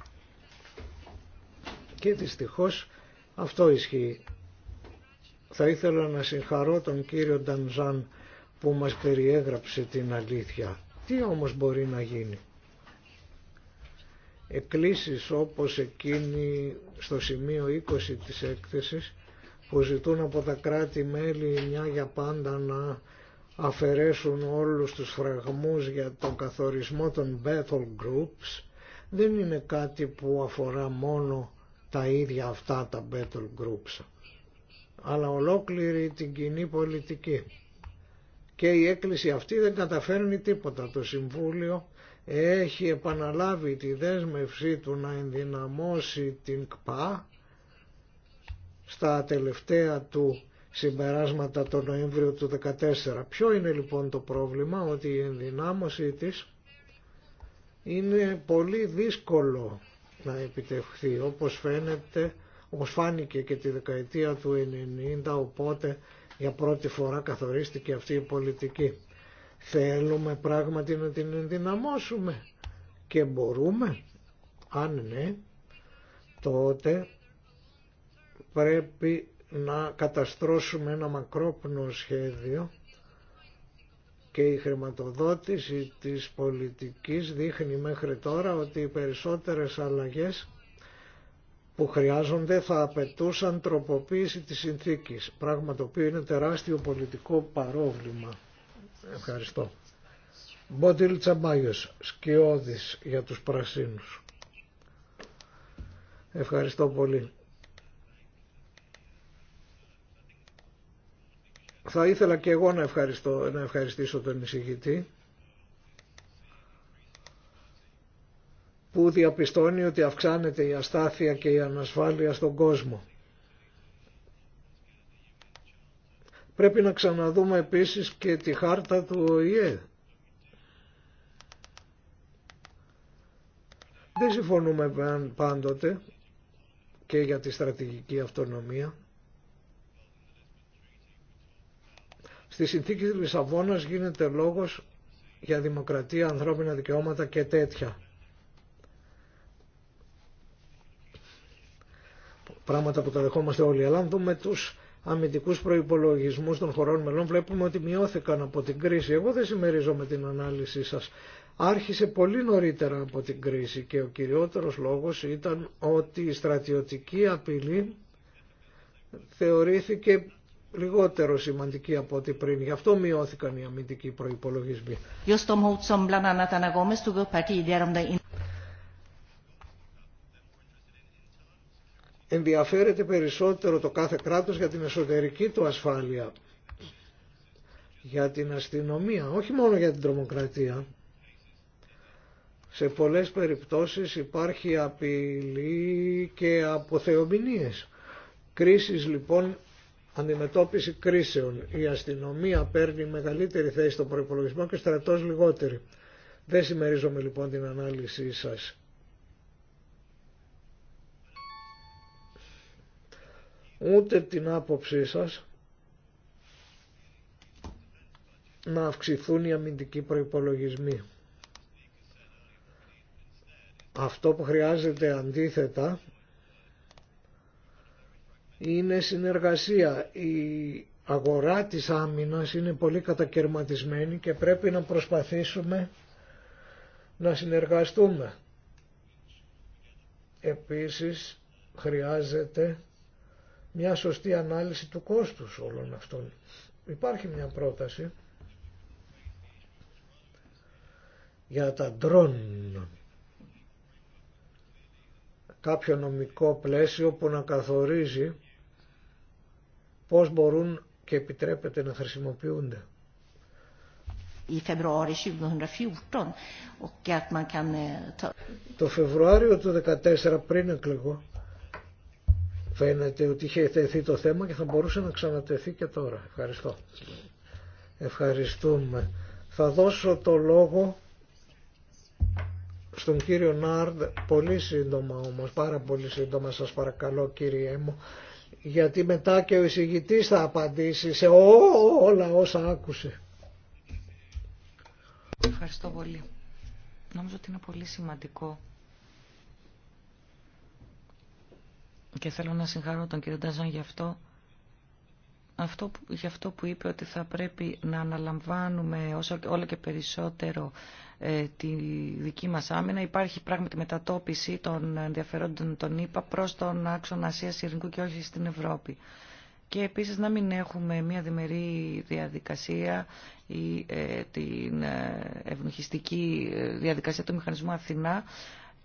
και δυστυχώ αυτό ισχύει. Θα ήθελα να συγχαρώ τον κύριο Ντανζάν που μας περιέγραψε την αλήθεια. Τι όμως μπορεί να γίνει. Εκκλήσεις όπως εκείνη στο σημείο 20 της έκθεσης που ζητούν από τα κράτη-μέλη μια για πάντα να αφαιρέσουν όλους τους φραγμούς για τον καθορισμό των battle groups δεν είναι κάτι που αφορά μόνο τα ίδια αυτά τα battle groups αλλά ολόκληρη την κοινή πολιτική. Και η έκκληση αυτή δεν καταφέρνει τίποτα. Το Συμβούλιο έχει επαναλάβει τη δέσμευσή του να ενδυναμώσει την ΚΠΑ στα τελευταία του συμπεράσματα το Νοέμβριο του 2014. Ποιο είναι λοιπόν το πρόβλημα ότι η ενδυνάμωση της είναι πολύ δύσκολο να επιτευχθεί όπως φαίνεται όπως φάνηκε και τη δεκαετία του 90 οπότε για πρώτη φορά καθορίστηκε αυτή η πολιτική. Θέλουμε πράγματι να την ενδυναμώσουμε και μπορούμε. Αν ναι, τότε πρέπει να καταστρώσουμε ένα μακρόπνο σχέδιο και η χρηματοδότηση της πολιτικής δείχνει μέχρι τώρα ότι οι περισσότερες αλλαγές που χρειάζονται θα απαιτούσαν τροποποίηση της συνθήκης, πράγμα το οποίο είναι τεράστιο πολιτικό παρόβλημα. Ευχαριστώ. Μπότιλ Τσαμπάγιος, σκιώδης για τους πρασίνους. Ευχαριστώ πολύ. Θα ήθελα και εγώ να, ευχαριστώ, να ευχαριστήσω τον εισηγητή που διαπιστώνει ότι αυξάνεται η αστάθεια και η ανασφάλεια στον κόσμο. Πρέπει να ξαναδούμε επίσης και τη χάρτα του ΟΗΕ. Δεν συμφωνούμε πάντοτε και για τη στρατηγική αυτονομία. Στη συνθήκη της Λισαβόνας γίνεται λόγος για δημοκρατία, ανθρώπινα δικαιώματα και τέτοια. Πράγματα που τα δεχόμαστε όλοι. Αλλά αν δούμε τους αμυντικούς προϋπολογισμούς των χωρών μελών βλέπουμε ότι μειώθηκαν από την κρίση. Εγώ δεν συμμερίζομαι την ανάλυση σας. Άρχισε πολύ νωρίτερα από την κρίση και ο κυριότερος λόγος ήταν ότι η στρατιωτική απειλή θεωρήθηκε λιγότερο σημαντική από ό,τι πριν. Γι' αυτό μειώθηκαν οι αμυντικοί προϋπολογισμοί. Ενδιαφέρεται περισσότερο το κάθε κράτος για την εσωτερική του ασφάλεια, για την αστυνομία, όχι μόνο για την τρομοκρατία. Σε πολλές περιπτώσεις υπάρχει απειλή και αποθεομηνίες. Κρίσεις λοιπόν αντιμετώπιση κρίσεων. Η αστυνομία παίρνει μεγαλύτερη θέση στον προπολογισμό και στρατός λιγότερη. Δεν συμμερίζομαι λοιπόν την ανάλυση σας. Ούτε την άποψή σας να αυξηθούν οι αμυντικοί προϋπολογισμοί. Αυτό που χρειάζεται αντίθετα είναι συνεργασία. Η αγορά της άμυνας είναι πολύ κατακαιρματισμένη και πρέπει να προσπαθήσουμε να συνεργαστούμε. Επίσης χρειάζεται μια σωστή ανάλυση του κόστους όλων αυτών. Υπάρχει μια πρόταση για τα ντρόν. Κάποιο νομικό πλαίσιο που να καθορίζει πώς μπορούν και επιτρέπεται να χρησιμοποιούνται. Eh, το Φεβρουάριο του 2014 πριν εκλεγώ φαίνεται ότι είχε τεθεί το θέμα και θα μπορούσε να ξανατεθεί και τώρα. Ευχαριστώ. Ευχαριστούμε. Θα δώσω το λόγο στον κύριο Νάρντ πολύ σύντομα όμως, πάρα πολύ σύντομα σας παρακαλώ κύριε μου γιατί μετά και ο εισηγητής θα απαντήσει σε όλα όσα άκουσε. Ευχαριστώ πολύ. Νομίζω ότι είναι πολύ σημαντικό και θέλω να συγχαρώ τον κύριο Ντάζαν για αυτό αυτό, αυτό που είπε ότι θα πρέπει να αναλαμβάνουμε όλο και περισσότερο ε, τη δική μας άμυνα. Υπάρχει πράγματι μετατόπιση των ενδιαφερόντων των ΗΠΑ προς τον άξονα Ασίας και όχι στην Ευρώπη. Και επίσης να μην έχουμε μια διμερή διαδικασία ή ε, την ε, ευνοχιστική διαδικασία του μηχανισμού Αθηνά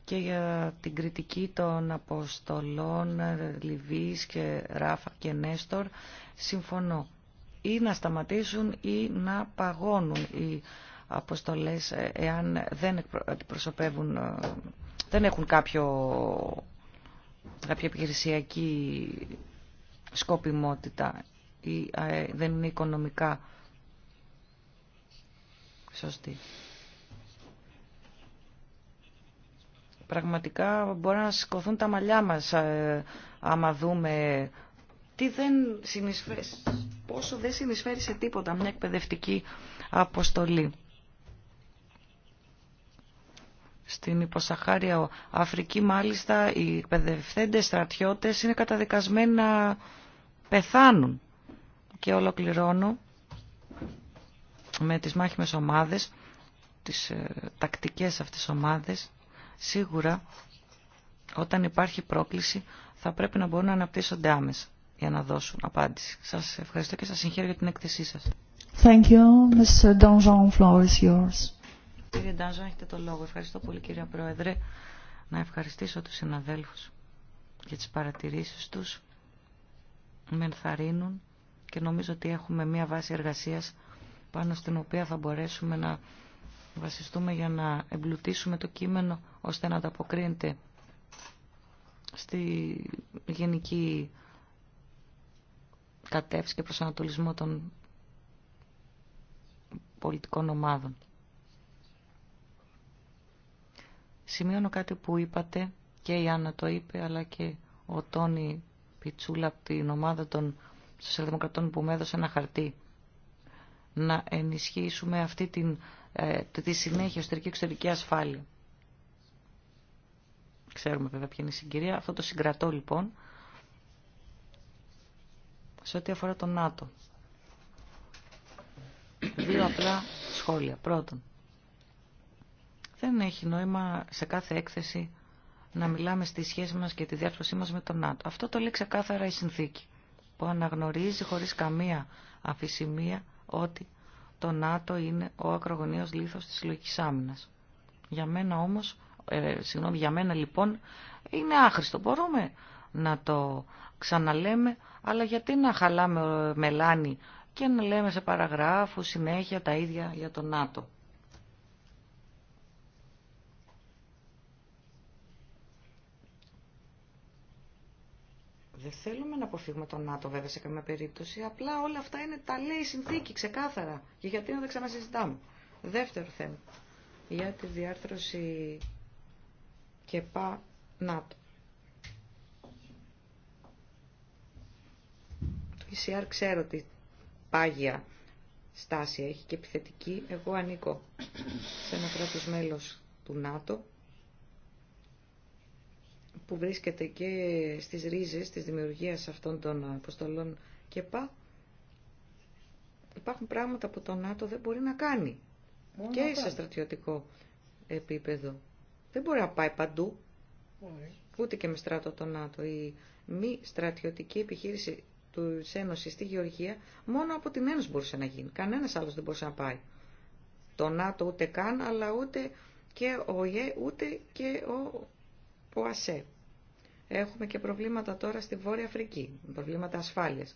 και για την κριτική των Αποστολών Λιβύης και Ράφα και Νέστορ συμφωνώ. Ή να σταματήσουν ή να παγώνουν οι αποστολές ε, εάν δεν ε, δεν έχουν κάποιο, κάποια επιχειρησιακή σκοπιμότητα ή ε, δεν είναι οικονομικά σωστή. Πραγματικά μπορεί να σηκωθούν τα μαλλιά μας ε, άμα δούμε τι δεν συνεισφέρει, πόσο δεν συνεισφέρει σε τίποτα μια εκπαιδευτική αποστολή. Στην υποσαχάρια Αφρική μάλιστα οι εκπαιδευθέντες στρατιώτες είναι καταδικασμένοι να πεθάνουν. Και ολοκληρώνω με τις μάχημες ομάδες, τις ε, τακτικές αυτές ομάδες Σίγουρα όταν υπάρχει πρόκληση θα πρέπει να μπορούν να αναπτύσσονται άμεσα για να δώσουν απάντηση. Σας ευχαριστώ και σας συγχαίρω για την έκθεσή σας. Thank you. Mr. Donjon, floor yours. Κύριε Ντάνζο, έχετε το λόγο. Ευχαριστώ πολύ κύριε Πρόεδρε. Να ευχαριστήσω τους συναδέλφους για τις παρατηρήσεις τους. Με ενθαρρύνουν και νομίζω ότι έχουμε μία βάση εργασίας πάνω στην οποία θα μπορέσουμε να βασιστούμε για να εμπλουτίσουμε το κείμενο ώστε να ανταποκρίνεται στη γενική κατεύθυνση και προσανατολισμό των πολιτικών ομάδων. Σημειώνω κάτι που είπατε και η Άννα το είπε αλλά και ο Τόνι Πιτσούλα από την ομάδα των σοσιαλδημοκρατών που μου έδωσε ένα χαρτί να ενισχύσουμε αυτή την ε, τη συνέχεια εσωτερική εξωτερική ασφάλεια. Ξέρουμε βέβαια ποια είναι η συγκυρία. Αυτό το συγκρατώ λοιπόν σε ό,τι αφορά τον ΝΑΤΟ. Δύο απλά σχόλια. Πρώτον, δεν έχει νόημα σε κάθε έκθεση να μιλάμε στη σχέση μας και τη διάσπασή μας με τον ΝΑΤΟ. Αυτό το λέει ξεκάθαρα η συνθήκη που αναγνωρίζει χωρίς καμία αφησιμία ότι το ΝΑΤΟ είναι ο ακρογωνίος λίθος της συλλογική άμυνας. Για μένα όμως, ε, για μένα λοιπόν είναι άχρηστο. Μπορούμε να το ξαναλέμε, αλλά γιατί να χαλάμε ε, μελάνι και να λέμε σε παραγράφους συνέχεια τα ίδια για το ΝΑΤΟ. Δεν θέλουμε να αποφύγουμε τον ΝΑΤΟ βέβαια σε καμία περίπτωση, απλά όλα αυτά είναι τα λέει η συνθήκη ξεκάθαρα. Και γιατί να τα ξανασυζητάμε. Δεύτερο θέμα, για τη διάρθρωση και πα ΝΑΤΟ. Το ΙΣΙΑΡ ξέρω ότι πάγια στάση έχει και επιθετική, εγώ ανήκω σε ένα κράτος μέλος του ΝΑΤΟ που βρίσκεται και στις ρίζες της δημιουργίας αυτών των αποστολών και πά, υπάρχουν πράγματα που το ΝΑΤΟ δεν μπορεί να κάνει και σε στρατιωτικό επίπεδο. Δεν μπορεί να πάει παντού, ούτε και με στράτο το ΝΑΤΟ. Η μη στρατιωτική επιχείρηση του Ένωση στη Γεωργία, μόνο από την Ένωση μπορούσε να γίνει. Κανένας άλλος δεν μπορούσε να πάει. Το ΝΑΤΟ ούτε καν, αλλά ούτε και ο ΙΕ, ούτε και ο ΟΑΣΕ. Έχουμε και προβλήματα τώρα στη Βόρεια Αφρική, προβλήματα ασφάλειας.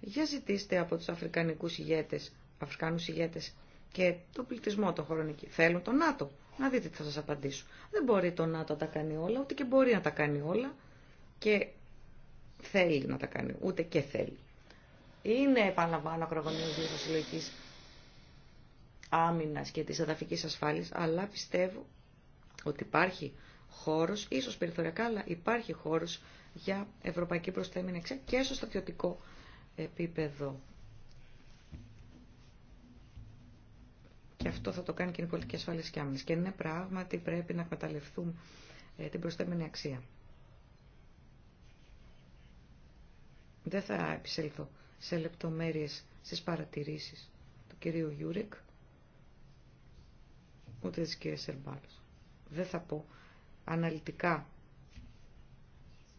Για ζητήστε από τους Αφρικανικούς ηγέτες, Αφρικανούς ηγέτες και τον πληθυσμό των χωρών εκεί. Θέλουν το ΝΑΤΟ. Να δείτε τι θα σας απαντήσω. Δεν μπορεί το ΝΑΤΟ να τα κάνει όλα, ούτε και μπορεί να τα κάνει όλα και θέλει να τα κάνει, ούτε και θέλει. Είναι, επαναλαμβάνω, ακρογωνίες της συλλογικής άμυνας και της εδαφικής ασφάλειας, αλλά πιστεύω ότι υπάρχει χώρος, ίσως περιθωριακά, αλλά υπάρχει χώρος για ευρωπαϊκή προσθέμενη αξία και στο στρατιωτικό επίπεδο. Και αυτό θα το κάνει και η πολιτική ασφάλεια και άμυνα. Και είναι πράγματι πρέπει να εκμεταλλευτούν ε, την προσθέμενη αξία. Δεν θα επισέλθω σε λεπτομέρειες στις παρατηρήσεις του κυρίου Γιούρικ. ούτε της κυρίας Ερμπάλος. Δεν θα πω αναλυτικά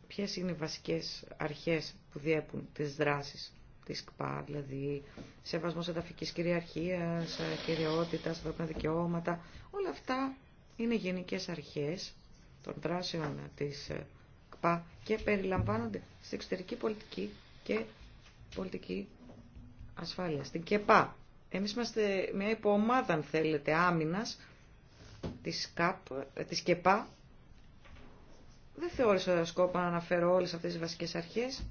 ποιες είναι οι βασικές αρχές που διέπουν τις δράσεις της ΚΠΑ, δηλαδή σεβασμός εδαφικής κυριαρχίας, κυριότητα, ανθρώπινα δικαιώματα, όλα αυτά είναι γενικές αρχές των δράσεων της ε, ΚΠΑ και περιλαμβάνονται στην εξωτερική πολιτική και πολιτική ασφάλεια, στην ΚΕΠΑ. Εμείς είμαστε μια υποομάδα, αν θέλετε, άμυνας της, ε, της ΚΕΠΑ δεν θεώρησα σκόπα να αναφέρω όλες αυτές τις βασικές αρχές.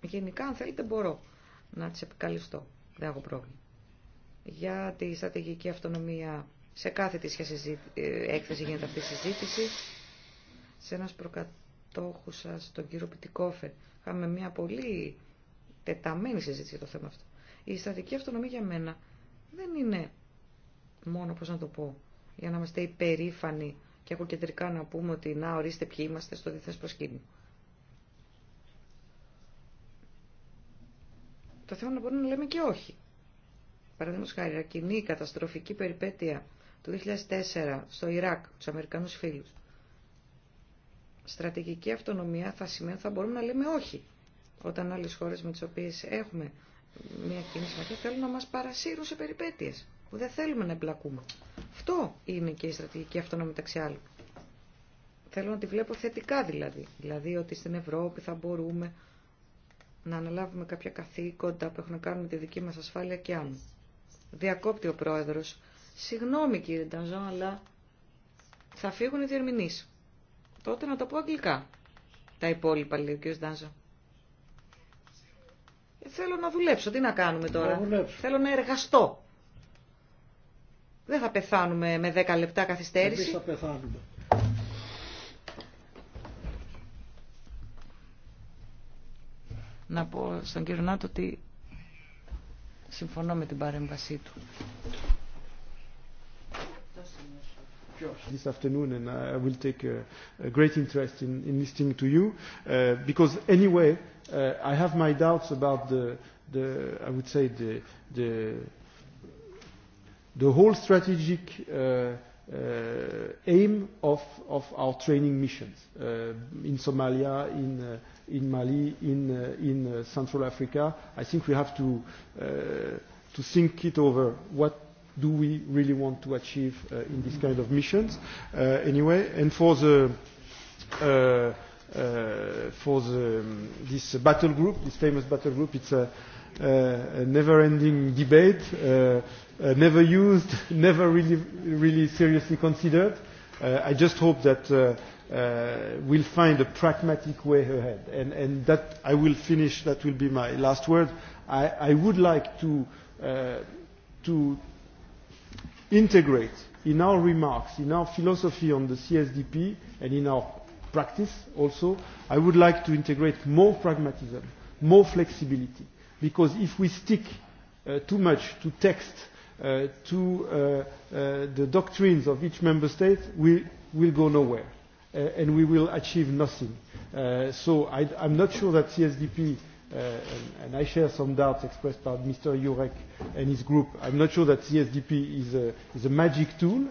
Γενικά, αν θέλετε, μπορώ να τις επικαλυστώ. Δεν έχω πρόβλημα. Για τη στρατηγική αυτονομία, σε κάθε τη σχέση ε, έκθεση γίνεται αυτή η συζήτηση. Σε ένας προκατόχου σας, τον κύριο Πιτικόφερ, είχαμε μια πολύ τεταμένη συζήτηση για το θέμα αυτό. Η στρατηγική αυτονομία για μένα δεν είναι μόνο, πώς να το πω, για να είμαστε υπερήφανοι και από κεντρικά να πούμε ότι να ορίστε ποιοι είμαστε στο διεθνές προσκήνιο. Το θέμα να μπορούμε να λέμε και όχι. Παραδείγματο χάρη, κοινή καταστροφική περιπέτεια του 2004 στο Ιράκ, του Αμερικανού φίλου. Στρατηγική αυτονομία θα σημαίνει ότι θα μπορούμε να λέμε όχι. Όταν άλλε χώρε με τι οποίε έχουμε μια κοινή συμμαχία θέλουν να μα παρασύρουν σε περιπέτειες δεν θέλουμε να εμπλακούμε. Αυτό είναι και η στρατηγική αυτονόμη μεταξύ άλλων. Θέλω να τη βλέπω θετικά δηλαδή. Δηλαδή ότι στην Ευρώπη θα μπορούμε να αναλάβουμε κάποια καθήκοντα που έχουν να κάνουν με τη δική μας ασφάλεια και αν. Διακόπτει ο πρόεδρος. Συγγνώμη κύριε Νταζόν, αλλά θα φύγουν οι διερμηνείς. Τότε να το πω αγγλικά. Τα υπόλοιπα λέει ο κύριος Ντάζο. Ε, θέλω να δουλέψω. Τι να κάνουμε τώρα. Θέλω να εργαστώ. Δεν θα πεθάνουμε με 10 λεπτά καθυστέρηση. Εμείς θα πεθάνουμε. Να πω στον κύριο Νάτο ότι συμφωνώ με την παρέμβασή του. This afternoon, and I will take a great interest in listening to you, because anyway, I have my doubts about the, the I would say the, the the whole strategic aim of our training missions in Somalia, in in Mali, in Central Africa. I think we have to to think it over. What do we really want to achieve in this kind of missions? Anyway, and for the for the this battle group, this famous battle group, it's a a never-ending debate, never used, never really, really seriously considered. I just hope that we'll find a pragmatic way ahead. And, that I will finish, that will be my last word. I, I would like to integrate in our remarks, in our philosophy on the CSDP and in our practice also, I would like to integrate more pragmatism, more flexibility because if we stick too much to text, to the doctrines of each member state, we will go nowhere and we will achieve nothing. So I I'm not sure that CSDP, and I share some doubts expressed by Mr. Jurek and his group, I'm not sure that CSDP is a magic tool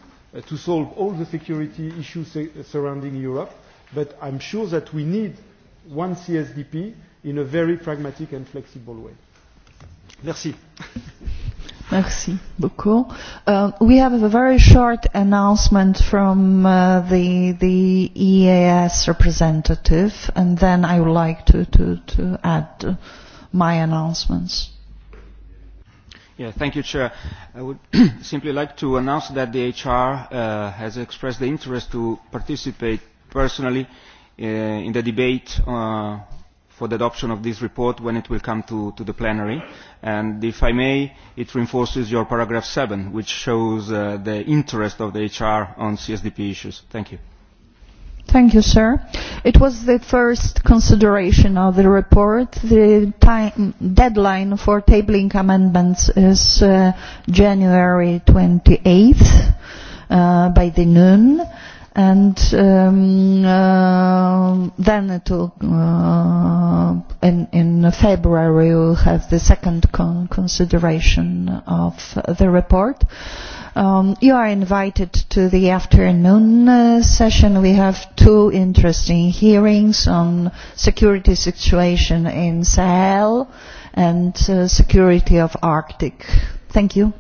to solve all the security issues surrounding Europe, but I'm sure that we need one CSDP in a very pragmatic and flexible way. Merci. Merci beaucoup. We have a very short announcement from the the EAS representative, and then I would like to to to add my announcements. Yeah, thank you, Chair. I would simply like to announce that the HR has expressed the interest to participate personally in the debate for the adoption of this report when it will come to the plenary. And if I may, it reinforces your paragraph 7, which shows the interest of the HR on CSDP issues. Thank you. Thank you, sir. It was the first consideration of the report. The deadline for tabling amendments is January 28th by the noon and then in in february we will have the second consideration of the report you are invited to the afternoon session we have two interesting hearings on security situation in sahel and security of arctic thank you